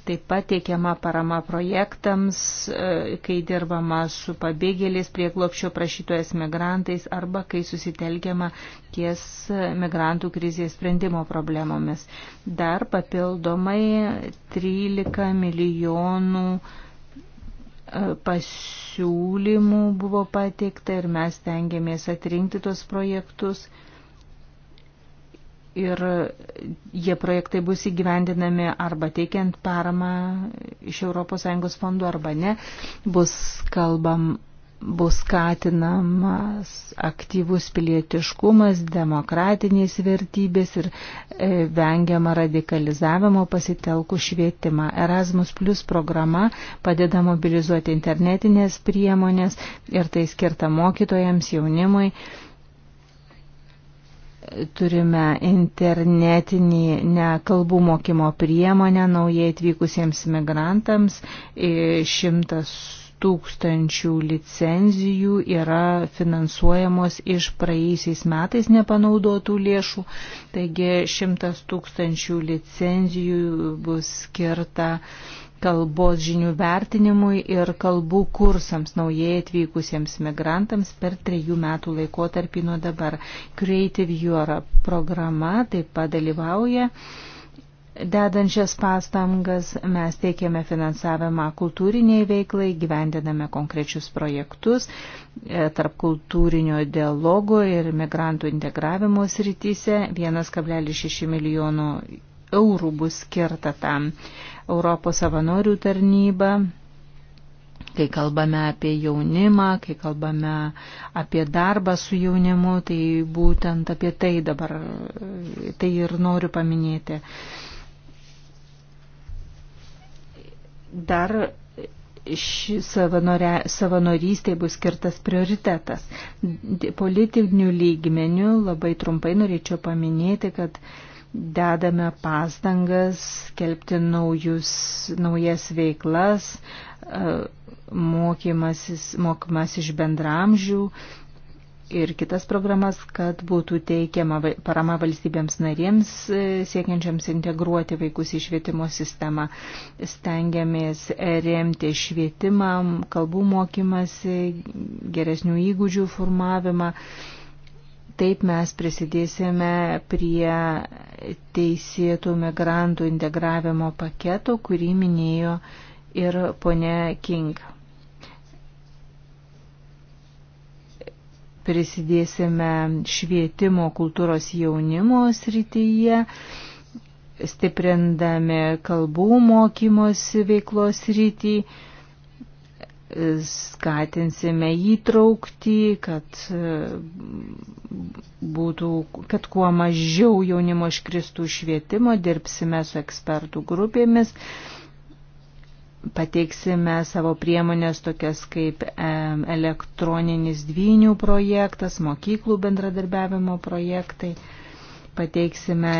Taip pat teikiama parama projektams, e, kai dirbama su pabėgėliais, prieglopščio prašytojas migrantais arba kai susitelkiama ties migrantų krizės sprendimo problemomis. Dar papildomai 13 milijonų e, pasiūlymų buvo pateikta ir mes tengiamės atrinkti tos projektus ir jie projektai bus įgyvendinami arba teikiant paramą iš ES fondų arba ne, bus kalbam, bus skatinamas aktyvus pilietiškumas, demokratinės vertybės ir e, vengiama radikalizavimo pasitelkų švietimą. Erasmus Plus programa padeda mobilizuoti internetinės priemonės ir tai skirta mokytojams, jaunimui. E, Turime internetinį nekalbų mokymo priemonę naujai atvykusiems migrantams. E, šimtas tūkstančių licenzijų yra finansuojamos iš praeisiais metais nepanaudotų lėšų. Taigi šimtas tūkstančių licenzijų bus skirta uh, kalbos žinių vertinimui ir kalbų kursams naujai atvykusiems migrantams per trejų metų laikotarpį nuo dabar. Creative Europe programa taip pat dalyvauja. Dedančias pastangas mes teikiame finansavimą kultūriniai veiklai, gyvendiname konkrečius projektus e, tarp kultūrinio dialogo ir migrantų integravimo srityse. 1,6 milijonų eurų bus skirta tam. Europos savanorių tarnybą, kai kalbame apie jaunimą, kai kalbame apie darbą su jaunimu, tai būtent apie tai dabar tai ir noriu paminėti. Dar ši savanore, savanorystė bus skirtas prioritetas. Politinių lygmenių labai trumpai norėčiau paminėti, kad uh, dedame pastangas skelbti naujus, naujas veiklas, e, mokymasis, mokymas iš bendramžių ir kitas programas, kad būtų teikiama parama valstybėms narėms e, siekiančiams integruoti vaikus į švietimo sistemą. Stengiamės remti švietimą, kalbų mokymasi, geresnių įgūdžių formavimą. Taip mes prisidėsime prie teisėtų migrantų integravimo paketo, kurį minėjo ir ponė King. Prisidėsime švietimo kultūros jaunimo srityje, stiprindami kalbų mokymosi veiklos srityje skatinsime įtraukti, kad, e, būtų, kad kuo mažiau jaunimo iškristų švietimo, dirbsime su ekspertų grupėmis, pateiksime savo priemonės tokias kaip e, elektroninis dvinių projektas, mokyklų bendradarbiavimo projektai pateiksime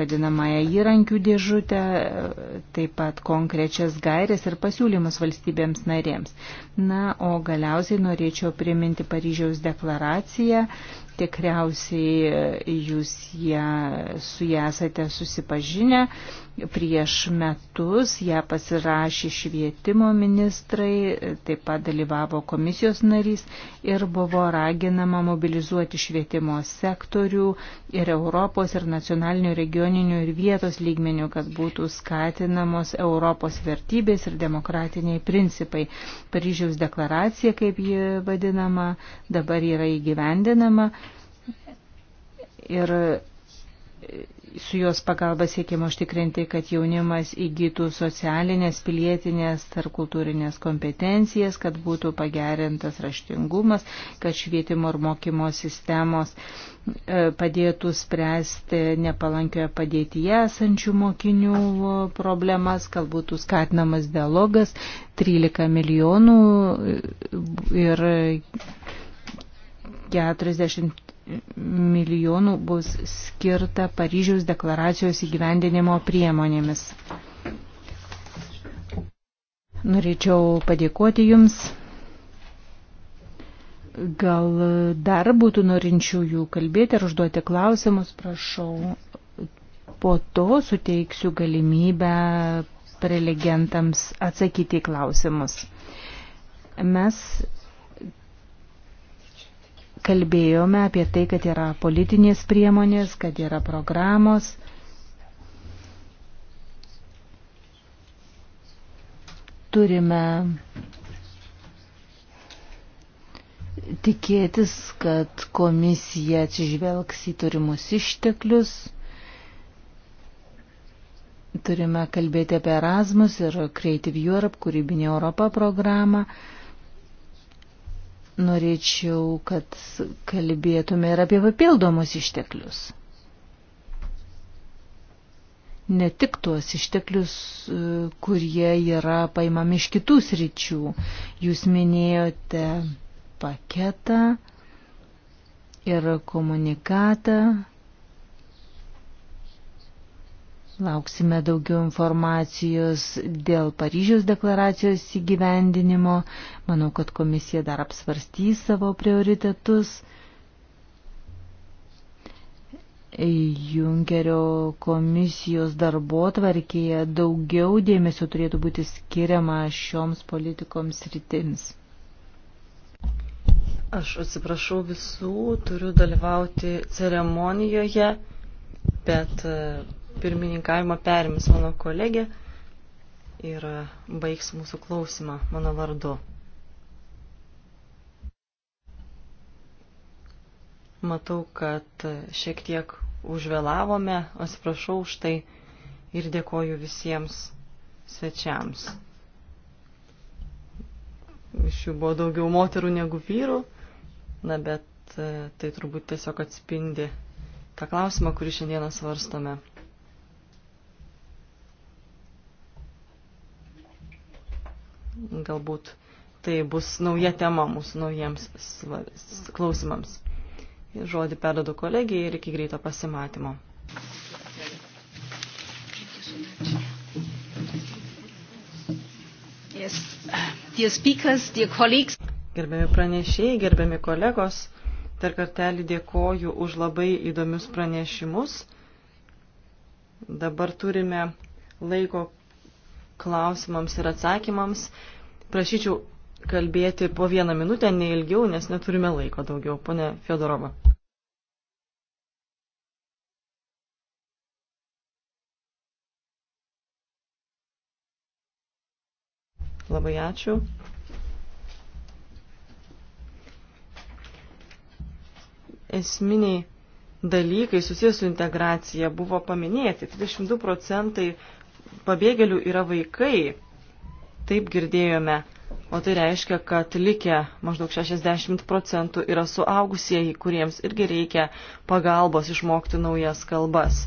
vadinamąją įrankių dėžutę, taip pat konkrečias gairės ir pasiūlymus valstybėms narėms. Na, o galiausiai norėčiau priminti Paryžiaus deklaraciją Tikriausiai jūs ją, su ją esate susipažinę. Prieš metus ją pasirašė švietimo ministrai, taip pat dalyvavo komisijos narys ir buvo raginama mobilizuoti švietimo sektorių ir Europos, ir nacionalinių, regioninių, ir vietos lygmenių, kad būtų skatinamos Europos vertybės ir demokratiniai principai. Paryžiaus deklaracija, kaip ji vadinama, dabar yra įgyvendinama ir su jos pagalba siekiama užtikrinti, kad jaunimas įgytų socialinės, pilietinės, tarkultūrinės kompetencijas, kad būtų pagerintas raštingumas, kad švietimo ir mokymo sistemos e, padėtų spręsti nepalankioje padėtyje esančių mokinių problemas, kad būtų skatinamas dialogas 13 milijonų e, ir 40 milijonų bus skirta Paryžiaus deklaracijos įgyvendinimo priemonėmis. Norėčiau padėkoti Jums. Gal dar būtų norinčiųjų kalbėti ar užduoti klausimus, prašau. Po to suteiksiu galimybę prelegentams atsakyti į klausimus. Mes kalbėjome apie tai, kad yra politinės priemonės, kad yra programos. Turime tikėtis, kad komisija atsižvelgs į turimus išteklius. Turime kalbėti apie Erasmus ir Creative Europe, kūrybinė Europa programą norėčiau, kad kalbėtume ir apie papildomus išteklius. Ne tik tuos išteklius, kurie yra paimami iš kitų sričių. Jūs minėjote paketą ir komunikatą Lauksime daugiau informacijos dėl Paryžiaus deklaracijos įgyvendinimo. Manau, kad komisija dar apsvarstys savo prioritetus. Junkerio komisijos darbo tvarkėje daugiau dėmesio turėtų būti skiriama šioms politikoms rytims. Aš atsiprašau visų, turiu dalyvauti ceremonijoje, bet pirmininkavimą perims mano kolegė ir baigs mūsų klausimą mano vardu. Matau, kad šiek tiek užvėlavome, atsiprašau už tai ir dėkoju visiems svečiams. Iš jų buvo daugiau moterų negu vyrų, na bet e, tai turbūt tiesiog atspindi tą klausimą, kurį šiandieną svarstome. Galbūt tai bus nauja tema mūsų naujiems klausimams. Žodį perdodu kolegijai ir iki greito pasimatymo. Yes. Dear speakers, dear colleagues. Gerbiami pranešėjai, gerbiami kolegos, dar kartelį dėkoju už labai įdomius pranešimus. Dabar turime laiko klausimams ir atsakymams. Prašyčiau kalbėti po vieną minutę, ne ilgiau, nes neturime laiko daugiau. Pone Fiodorova. Labai ačiū. Esminiai dalykai susijęs su integracija buvo paminėti. 32 procentai pabėgėlių yra vaikai, taip girdėjome, o tai reiškia, kad likę maždaug 60 procentų yra suaugusieji, kuriems irgi reikia pagalbos išmokti naujas kalbas.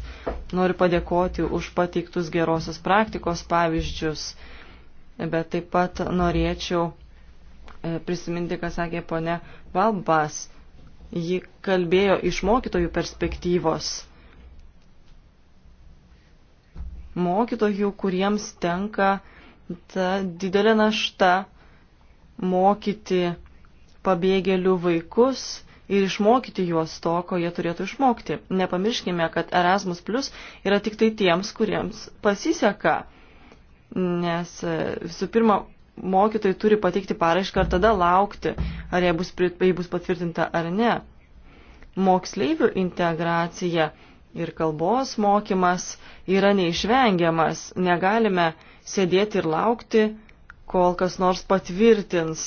Noriu padėkoti už pateiktus gerosios praktikos pavyzdžius, bet taip pat norėčiau e, prisiminti, ką sakė ponė Valbas. Ji kalbėjo iš mokytojų perspektyvos mokytojų, kuriems tenka ta didelė našta mokyti pabėgėlių vaikus ir išmokyti juos to, ko jie turėtų išmokti. Nepamirškime, kad Erasmus Plus yra tik tai tiems, kuriems pasiseka, nes e, visų pirma, mokytojai turi pateikti paraišką ir tada laukti, ar jie bus, jie bus patvirtinta ar ne. Moksleivių integracija ir kalbos mokymas yra neišvengiamas. Negalime sėdėti ir laukti, kol kas nors patvirtins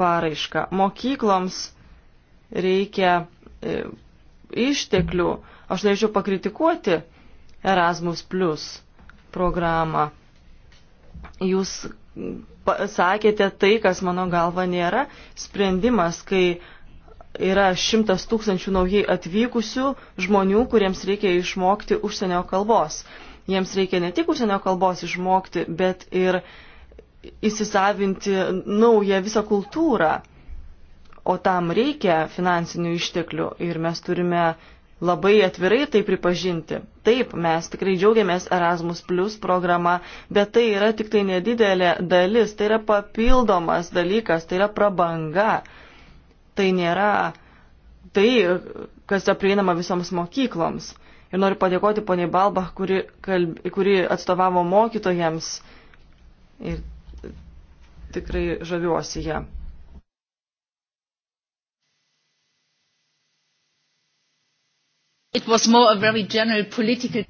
paraišką. Mokykloms reikia e, išteklių. Aš norėčiau pakritikuoti Erasmus Plus programą. Jūs sakėte tai, kas mano galva nėra sprendimas, kai yra šimtas tūkstančių naujai atvykusių žmonių, kuriems reikia išmokti užsienio kalbos. Jiems reikia ne tik užsienio kalbos išmokti, bet ir įsisavinti naują visą kultūrą. O tam reikia finansinių išteklių ir mes turime labai atvirai tai pripažinti. Taip, mes tikrai džiaugiamės Erasmus Plus programa, bet tai yra tik tai nedidelė dalis, tai yra papildomas dalykas, tai yra prabanga tai nėra tai, kas yra prieinama visoms mokykloms. Ir noriu padėkoti poniai Balbach, kuri, kalb, kuri atstovavo mokytojams ir tikrai žaviuosi ją. Political...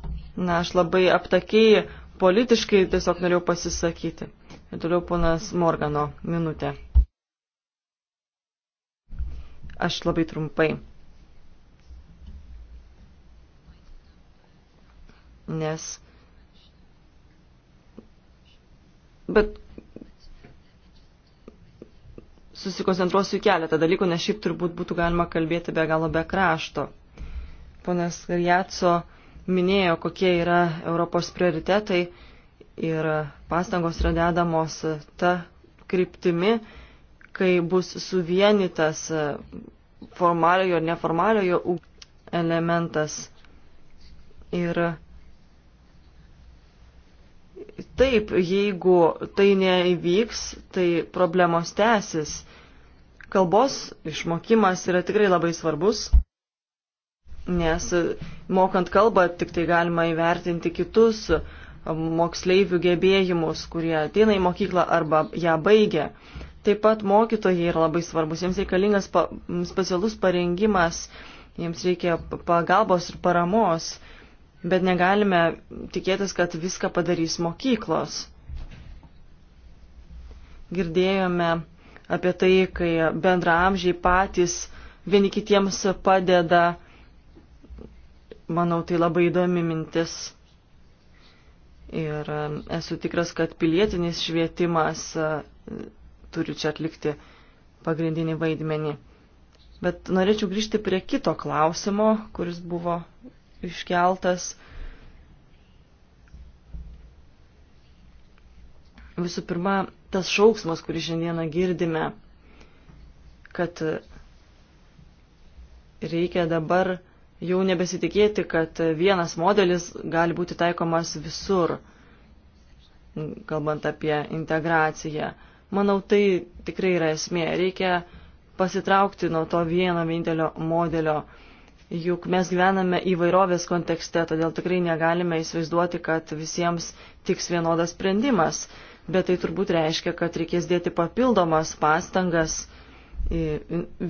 Na, aš labai aptakiai politiškai tiesiog norėjau pasisakyti. Ir toliau ponas Morgano minutė. Aš labai trumpai. Nes. Bet susikoncentruosiu į keletą dalykų, nes šiaip turbūt būtų galima kalbėti be galo be krašto. Ponas Riaco minėjo, kokie yra Europos prioritetai ir pastangos yra dedamos ta kryptimi, kai bus suvienytas e, formaliojo ir neformaliojo elementas. Ir taip, jeigu tai neįvyks, tai problemos tęsis. Kalbos išmokimas yra tikrai labai svarbus, nes mokant kalbą tik tai galima įvertinti kitus moksleivių gebėjimus, kurie ateina į mokyklą arba ją baigia. Taip pat mokytojai yra labai svarbus, jiems reikalingas pa, specialus parengimas, jiems reikia pagalbos ir paramos, bet negalime tikėtis, kad viską padarys mokyklos. Girdėjome apie tai, kai bendramžiai patys vieni kitiems padeda. Manau, tai labai įdomi mintis. Ir esu tikras, kad pilietinis švietimas turi čia atlikti pagrindinį vaidmenį. Bet norėčiau grįžti prie kito klausimo, kuris buvo iškeltas. Visų pirma, tas šauksmas, kurį šiandieną girdime, kad reikia dabar jau nebesitikėti, kad vienas modelis gali būti taikomas visur, kalbant apie integraciją. Manau, tai tikrai yra esmė. Reikia pasitraukti nuo to vieno vienintelio modelio. Juk mes gyvename įvairovės kontekste, todėl tikrai negalime įsivaizduoti, kad visiems tiks vienodas sprendimas. Bet tai turbūt reiškia, kad reikės dėti papildomas pastangas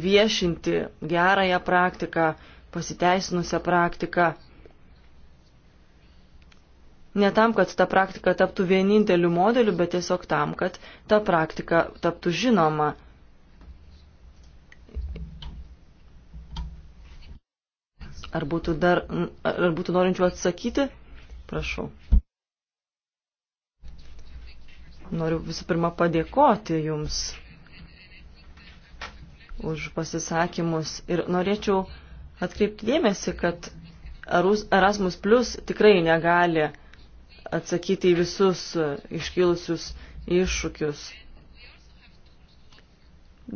viešinti gerąją praktiką, pasiteisinusią praktiką Ne tam, kad ta praktika taptų vieninteliu modeliu, bet tiesiog tam, kad ta praktika taptų žinoma. Ar būtų, dar, ar būtų norinčių atsakyti? Prašau. Noriu visų pirma padėkoti Jums už pasisakymus ir norėčiau atkreipti dėmesį, kad Erasmus Plus tikrai negali atsakyti į visus e, iškilusius iššūkius.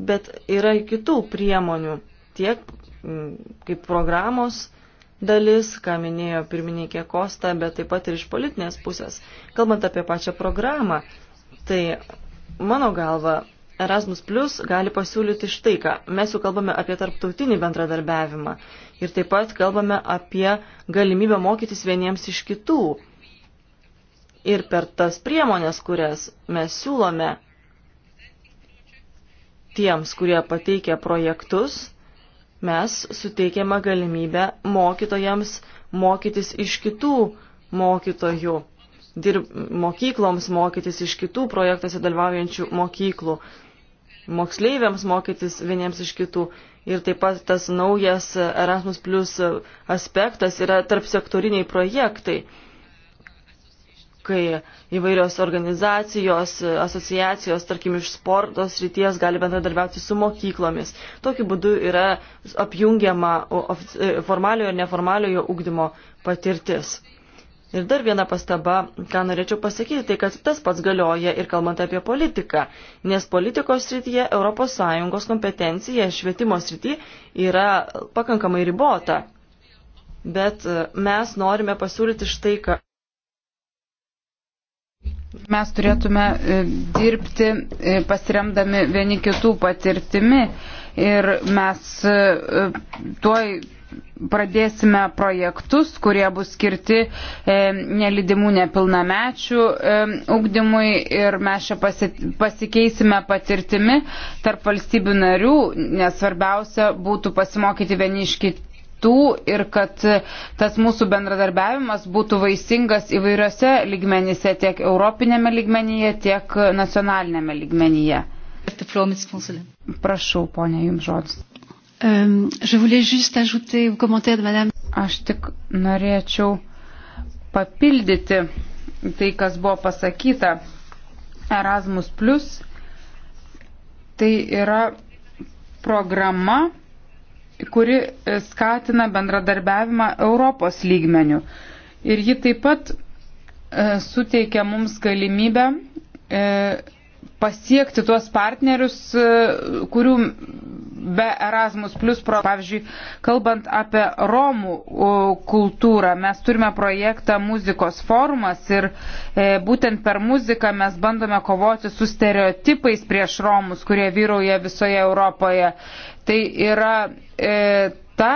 Bet yra kitų priemonių, tiek kaip programos dalis, ką minėjo pirmininkė Kosta, bet taip pat ir iš politinės pusės. Kalbant apie pačią programą, tai mano galva Erasmus Plus gali pasiūlyti štai ką. Mes jau kalbame apie tarptautinį bendradarbiavimą ir taip pat kalbame apie galimybę mokytis vieniems iš kitų ir per tas priemonės, kurias mes siūlome tiems, kurie pateikia projektus, mes suteikiame galimybę mokytojams mokytis iš kitų mokytojų, dirb, mokykloms mokytis iš kitų projektuose dalyvaujančių mokyklų, moksleiviams mokytis vieniems iš kitų. Ir taip pat tas naujas Erasmus Plus aspektas yra tarpsektoriniai projektai kai įvairios organizacijos, asociacijos, tarkim, iš sporto srities gali bendradarbiauti su mokyklomis. Tokiu būdu yra apjungiama e, formaliojo ir neformaliojo ugdymo patirtis. Ir dar viena pastaba, ką norėčiau pasakyti, tai kad tas pats galioja ir kalbant apie politiką, nes politikos srityje ES kompetencija švietimo srity yra pakankamai ribota. Bet e, mes norime pasiūlyti štai ką. Mes turėtume e, dirbti e, pasiremdami vieni kitų patirtimi ir mes e, tuoj pradėsime projektus, kurie bus skirti e, nelidimų nepilnamečių e, ugdymui ir mes čia pasi, pasikeisime patirtimi tarp valstybių narių, nes svarbiausia būtų pasimokyti vieni iš kitų kitų ir kad tas mūsų bendradarbiavimas būtų vaisingas įvairiose lygmenyse, tiek europinėme lygmenyje, tiek nacionalinėme lygmenyje. Prašau, ponė, jums žodis. Um, Aš tik norėčiau papildyti tai, kas buvo pasakyta. Erasmus Plus tai yra programa, kuri e, skatina bendradarbiavimą Europos lygmenių. Ir ji taip pat e, suteikia mums galimybę e, pasiekti tuos partnerius, e, kurių be Erasmus Plus, pro, pavyzdžiui, kalbant apie Romų kultūrą, mes turime projektą muzikos forumas ir e, būtent per muziką mes bandome kovoti su stereotipais prieš Romus, kurie vyrauja visoje Europoje. Tai yra e, ta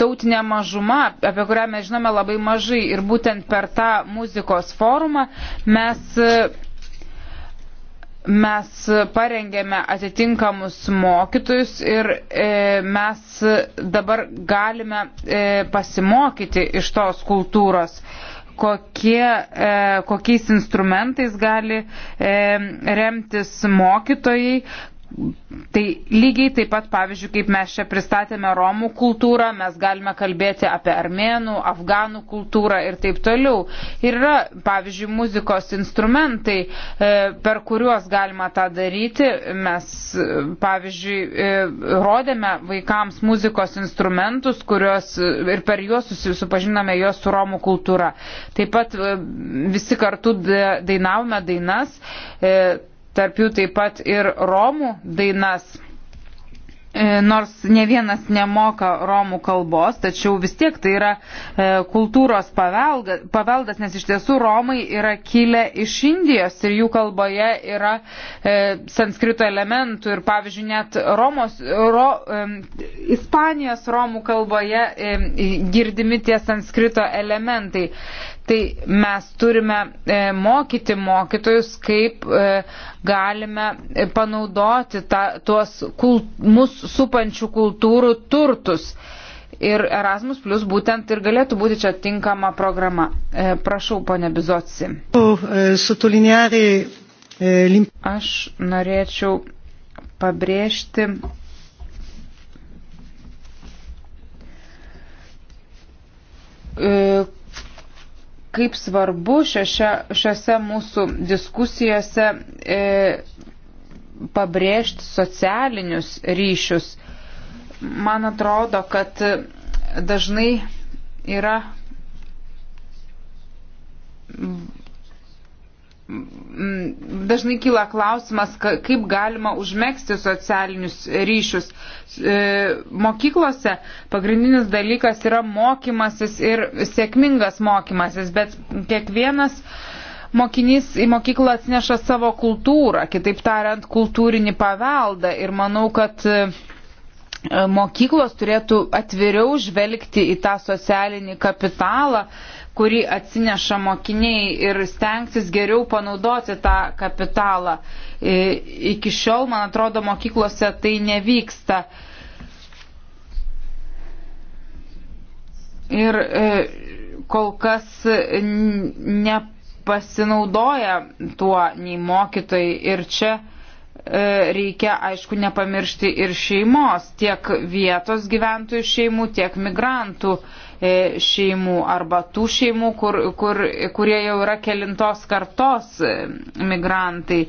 tautinė mažuma, apie kurią mes žinome labai mažai ir būtent per tą muzikos forumą mes e, mes parengėme atitinkamus mokytojus ir e, mes dabar galime e, pasimokyti iš tos kultūros, kokie, e, kokiais instrumentais gali e, remtis mokytojai, Tai lygiai taip pat, pavyzdžiui, kaip mes čia pristatėme Romų kultūrą, mes galime kalbėti apie armėnų, afganų kultūrą ir taip toliau. Ir yra, pavyzdžiui, muzikos instrumentai, e, per kuriuos galima tą daryti. Mes, e, pavyzdžiui, e, rodėme vaikams muzikos instrumentus kurios, ir per juos susipažinome juos su Romų kultūra. Taip pat visi kartu dainavome dainas tarp jų taip pat ir Romų dainas. E, nors ne vienas nemoka romų kalbos, tačiau vis tiek tai yra e, kultūros paveldas, nes iš tiesų romai yra kilę iš Indijos ir jų kalboje yra e, sanskrito elementų ir pavyzdžiui net Romos, ro, e, Ispanijos romų kalboje e, girdimi tie sanskrito elementai. Tai mes turime e, mokyti mokytojus, kaip e, galime e, panaudoti ta, tuos kult, mūsų supančių kultūrų turtus. Ir Erasmus Plus būtent ir galėtų būti čia tinkama programa. Prašau, ponė Bizotsi. Aš norėčiau pabrėžti kaip svarbu šiose, šiose mūsų diskusijose e, pabrėžti socialinius ryšius. Man atrodo, kad dažnai yra Mm, dažnai kyla klausimas, kaip galima užmėgsti socialinius ryšius. E, mokyklose pagrindinis dalykas yra mokymasis ir sėkmingas mokymasis, bet kiekvienas mokinys į mokyklą atneša savo kultūrą, kitaip tariant, kultūrinį paveldą ir manau, kad e, mokyklos turėtų atviriau žvelgti į tą socialinį kapitalą kurį atsineša mokiniai ir stengtis geriau panaudoti tą kapitalą. E, iki šiol, man atrodo, mokyklose tai nevyksta. Ir e, kol kas nepasinaudoja tuo nei mokytojai. Ir čia e, reikia, aišku, nepamiršti ir šeimos, tiek vietos gyventojų šeimų, tiek migrantų E, šeimų arba tų šeimų, kur, kur, kurie jau yra kelintos kartos e, migrantai.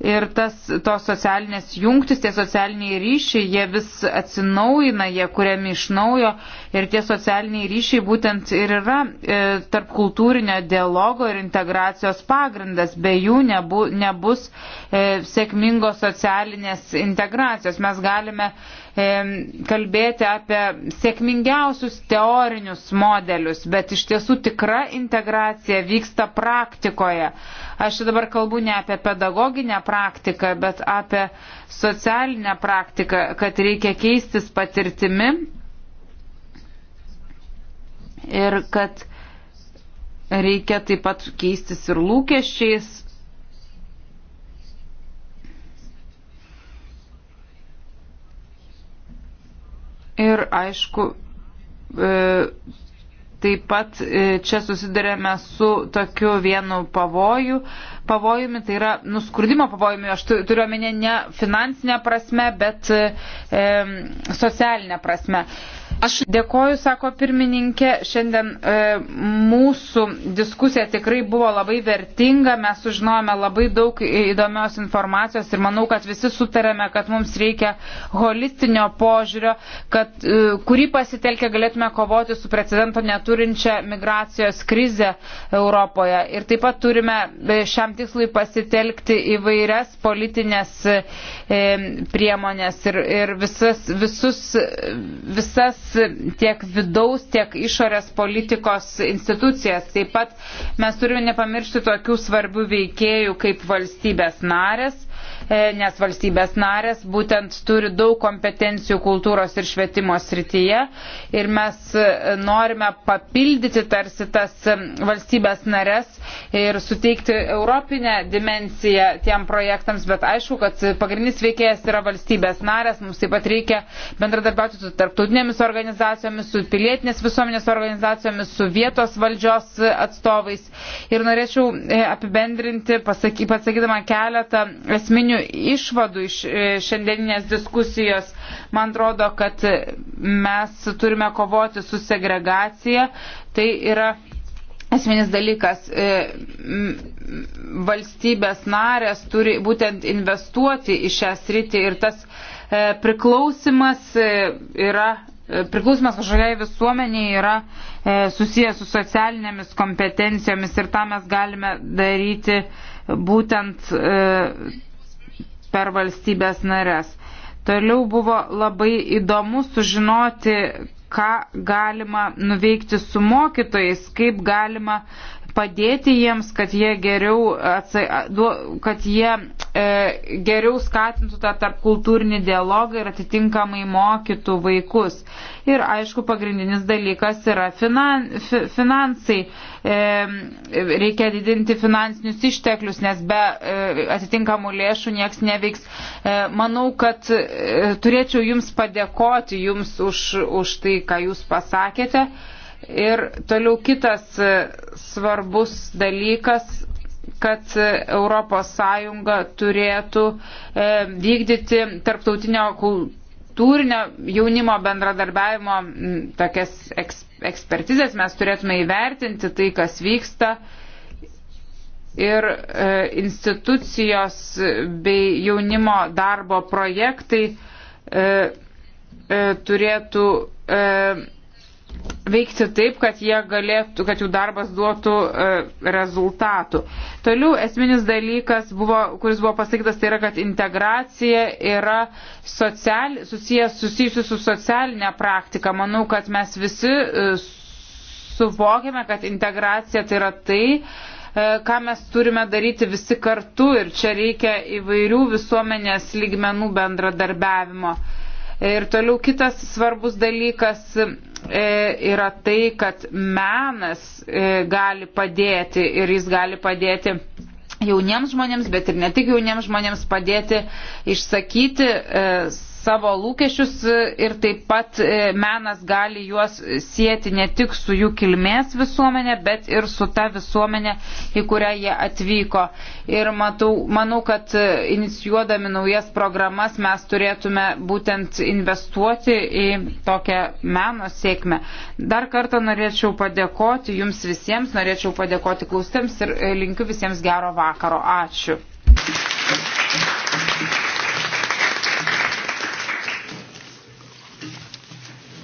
Ir tas, tos socialinės jungtis, tie socialiniai ryšiai, jie vis atsinaujina, jie kuriami iš naujo ir tie socialiniai ryšiai būtent ir yra e, tarp kultūrinio dialogo ir integracijos pagrindas. Be jų nebu, nebus e, sėkmingos socialinės integracijos. Mes galime e, kalbėti apie sėkmingiausius teorinius modelius, bet iš tiesų tikra integracija vyksta praktikoje. Aš dabar kalbu ne apie pedagoginę praktiką, bet apie socialinę praktiką, kad reikia keistis patirtimi ir kad reikia taip pat keistis ir lūkesčiais Ir aišku, e, taip pat e, čia susidurėme su tokiu vienu pavoju, pavojumi, tai yra nuskurdimo pavojumi, aš turiu omenyje ne finansinę prasme, bet e, e socialinę prasme. E, Aš dėkoju, sako pirmininkė, šiandien e, mūsų diskusija tikrai buvo labai vertinga, mes sužinojome labai daug įdomios informacijos ir manau, kad visi sutarėme, kad mums reikia holistinio požiūrio, kad, e, kurį pasitelkę galėtume kovoti su precedento neturinčia migracijos krize Europoje. Ir taip pat turime e, šiam tikslui pasitelkti įvairias politinės e, priemonės ir, ir visas, visus, visas tiek vidaus, tiek išorės politikos institucijas. Taip pat mes turime nepamiršti tokių svarbių veikėjų kaip valstybės narės E, nes valstybės narės būtent turi daug kompetencijų kultūros ir švietimo srityje ir mes e, norime papildyti tarsi tas e, valstybės narės ir suteikti europinę dimenciją tiem projektams, bet aišku, kad pagrindinis veikėjas yra valstybės narės, mums taip pat reikia bendradarbiauti su tarptautinėmis organizacijomis, su pilietinės visuomenės organizacijomis, su vietos valdžios atstovais. Ir norėčiau apibendrinti, pasaky, pasakydama keletą esminių išvadų iš e, šiandieninės diskusijos. Man atrodo, kad mes turime kovoti su segregacija. Tai yra esminis dalykas. E, valstybės narės turi būtent investuoti į šią sritį ir tas e, priklausimas yra. Priklausimas kažkokiai visuomeniai yra e, susijęs su socialinėmis kompetencijomis ir tą mes galime daryti būtent e, per valstybės narės. Toliau buvo labai įdomu sužinoti, ką galima nuveikti su mokytojais, kaip galima padėti jiems, kad jie geriau, atsai, kad jie e, geriau skatintų tą tarp kultūrinį dialogą ir atitinkamai mokytų vaikus. Ir aišku, pagrindinis dalykas yra finan, fi, finansai. E, reikia didinti finansinius išteklius, nes be e, atitinkamų lėšų nieks neveiks. E, manau, kad e, turėčiau Jums padėkoti Jums už, už tai, ką Jūs pasakėte. E, Ir toliau kitas e, svarbus dalykas kad ES turėtų e, vykdyti tarptautinio kultūrinio jaunimo bendradarbiavimo tokias eks, ekspertizės, mes turėtume įvertinti tai, kas vyksta ir e, institucijos bei jaunimo darbo projektai e, e, turėtų e, veikti taip, kad, galėtų, kad jų darbas duotų e, rezultatų. Toliau esminis dalykas, buvo, kuris buvo pasakytas, tai yra, kad integracija yra social, susijęs, susijusi su socialinė praktika. Manau, kad mes visi e, suvokiame, kad integracija tai yra tai, e, ką mes turime daryti visi kartu ir čia reikia įvairių visuomenės lygmenų bendradarbiavimo. E, Ir toliau kitas svarbus dalykas e, yra tai, kad menas e, gali padėti ir jis gali padėti jauniems žmonėms, bet ir ne tik jauniems žmonėms padėti išsakyti e, savo lūkesčius ir taip pat e, menas gali juos sieti ne tik su jų kilmės visuomenė, bet ir su ta visuomenė, į kurią jie atvyko. Ir matau, manau, kad e, inicijuodami naujas programas mes turėtume būtent investuoti į tokią meno sėkmę. Dar kartą norėčiau padėkoti jums visiems, norėčiau padėkoti klausėms ir e, linkiu visiems gero vakaro. Ačiū.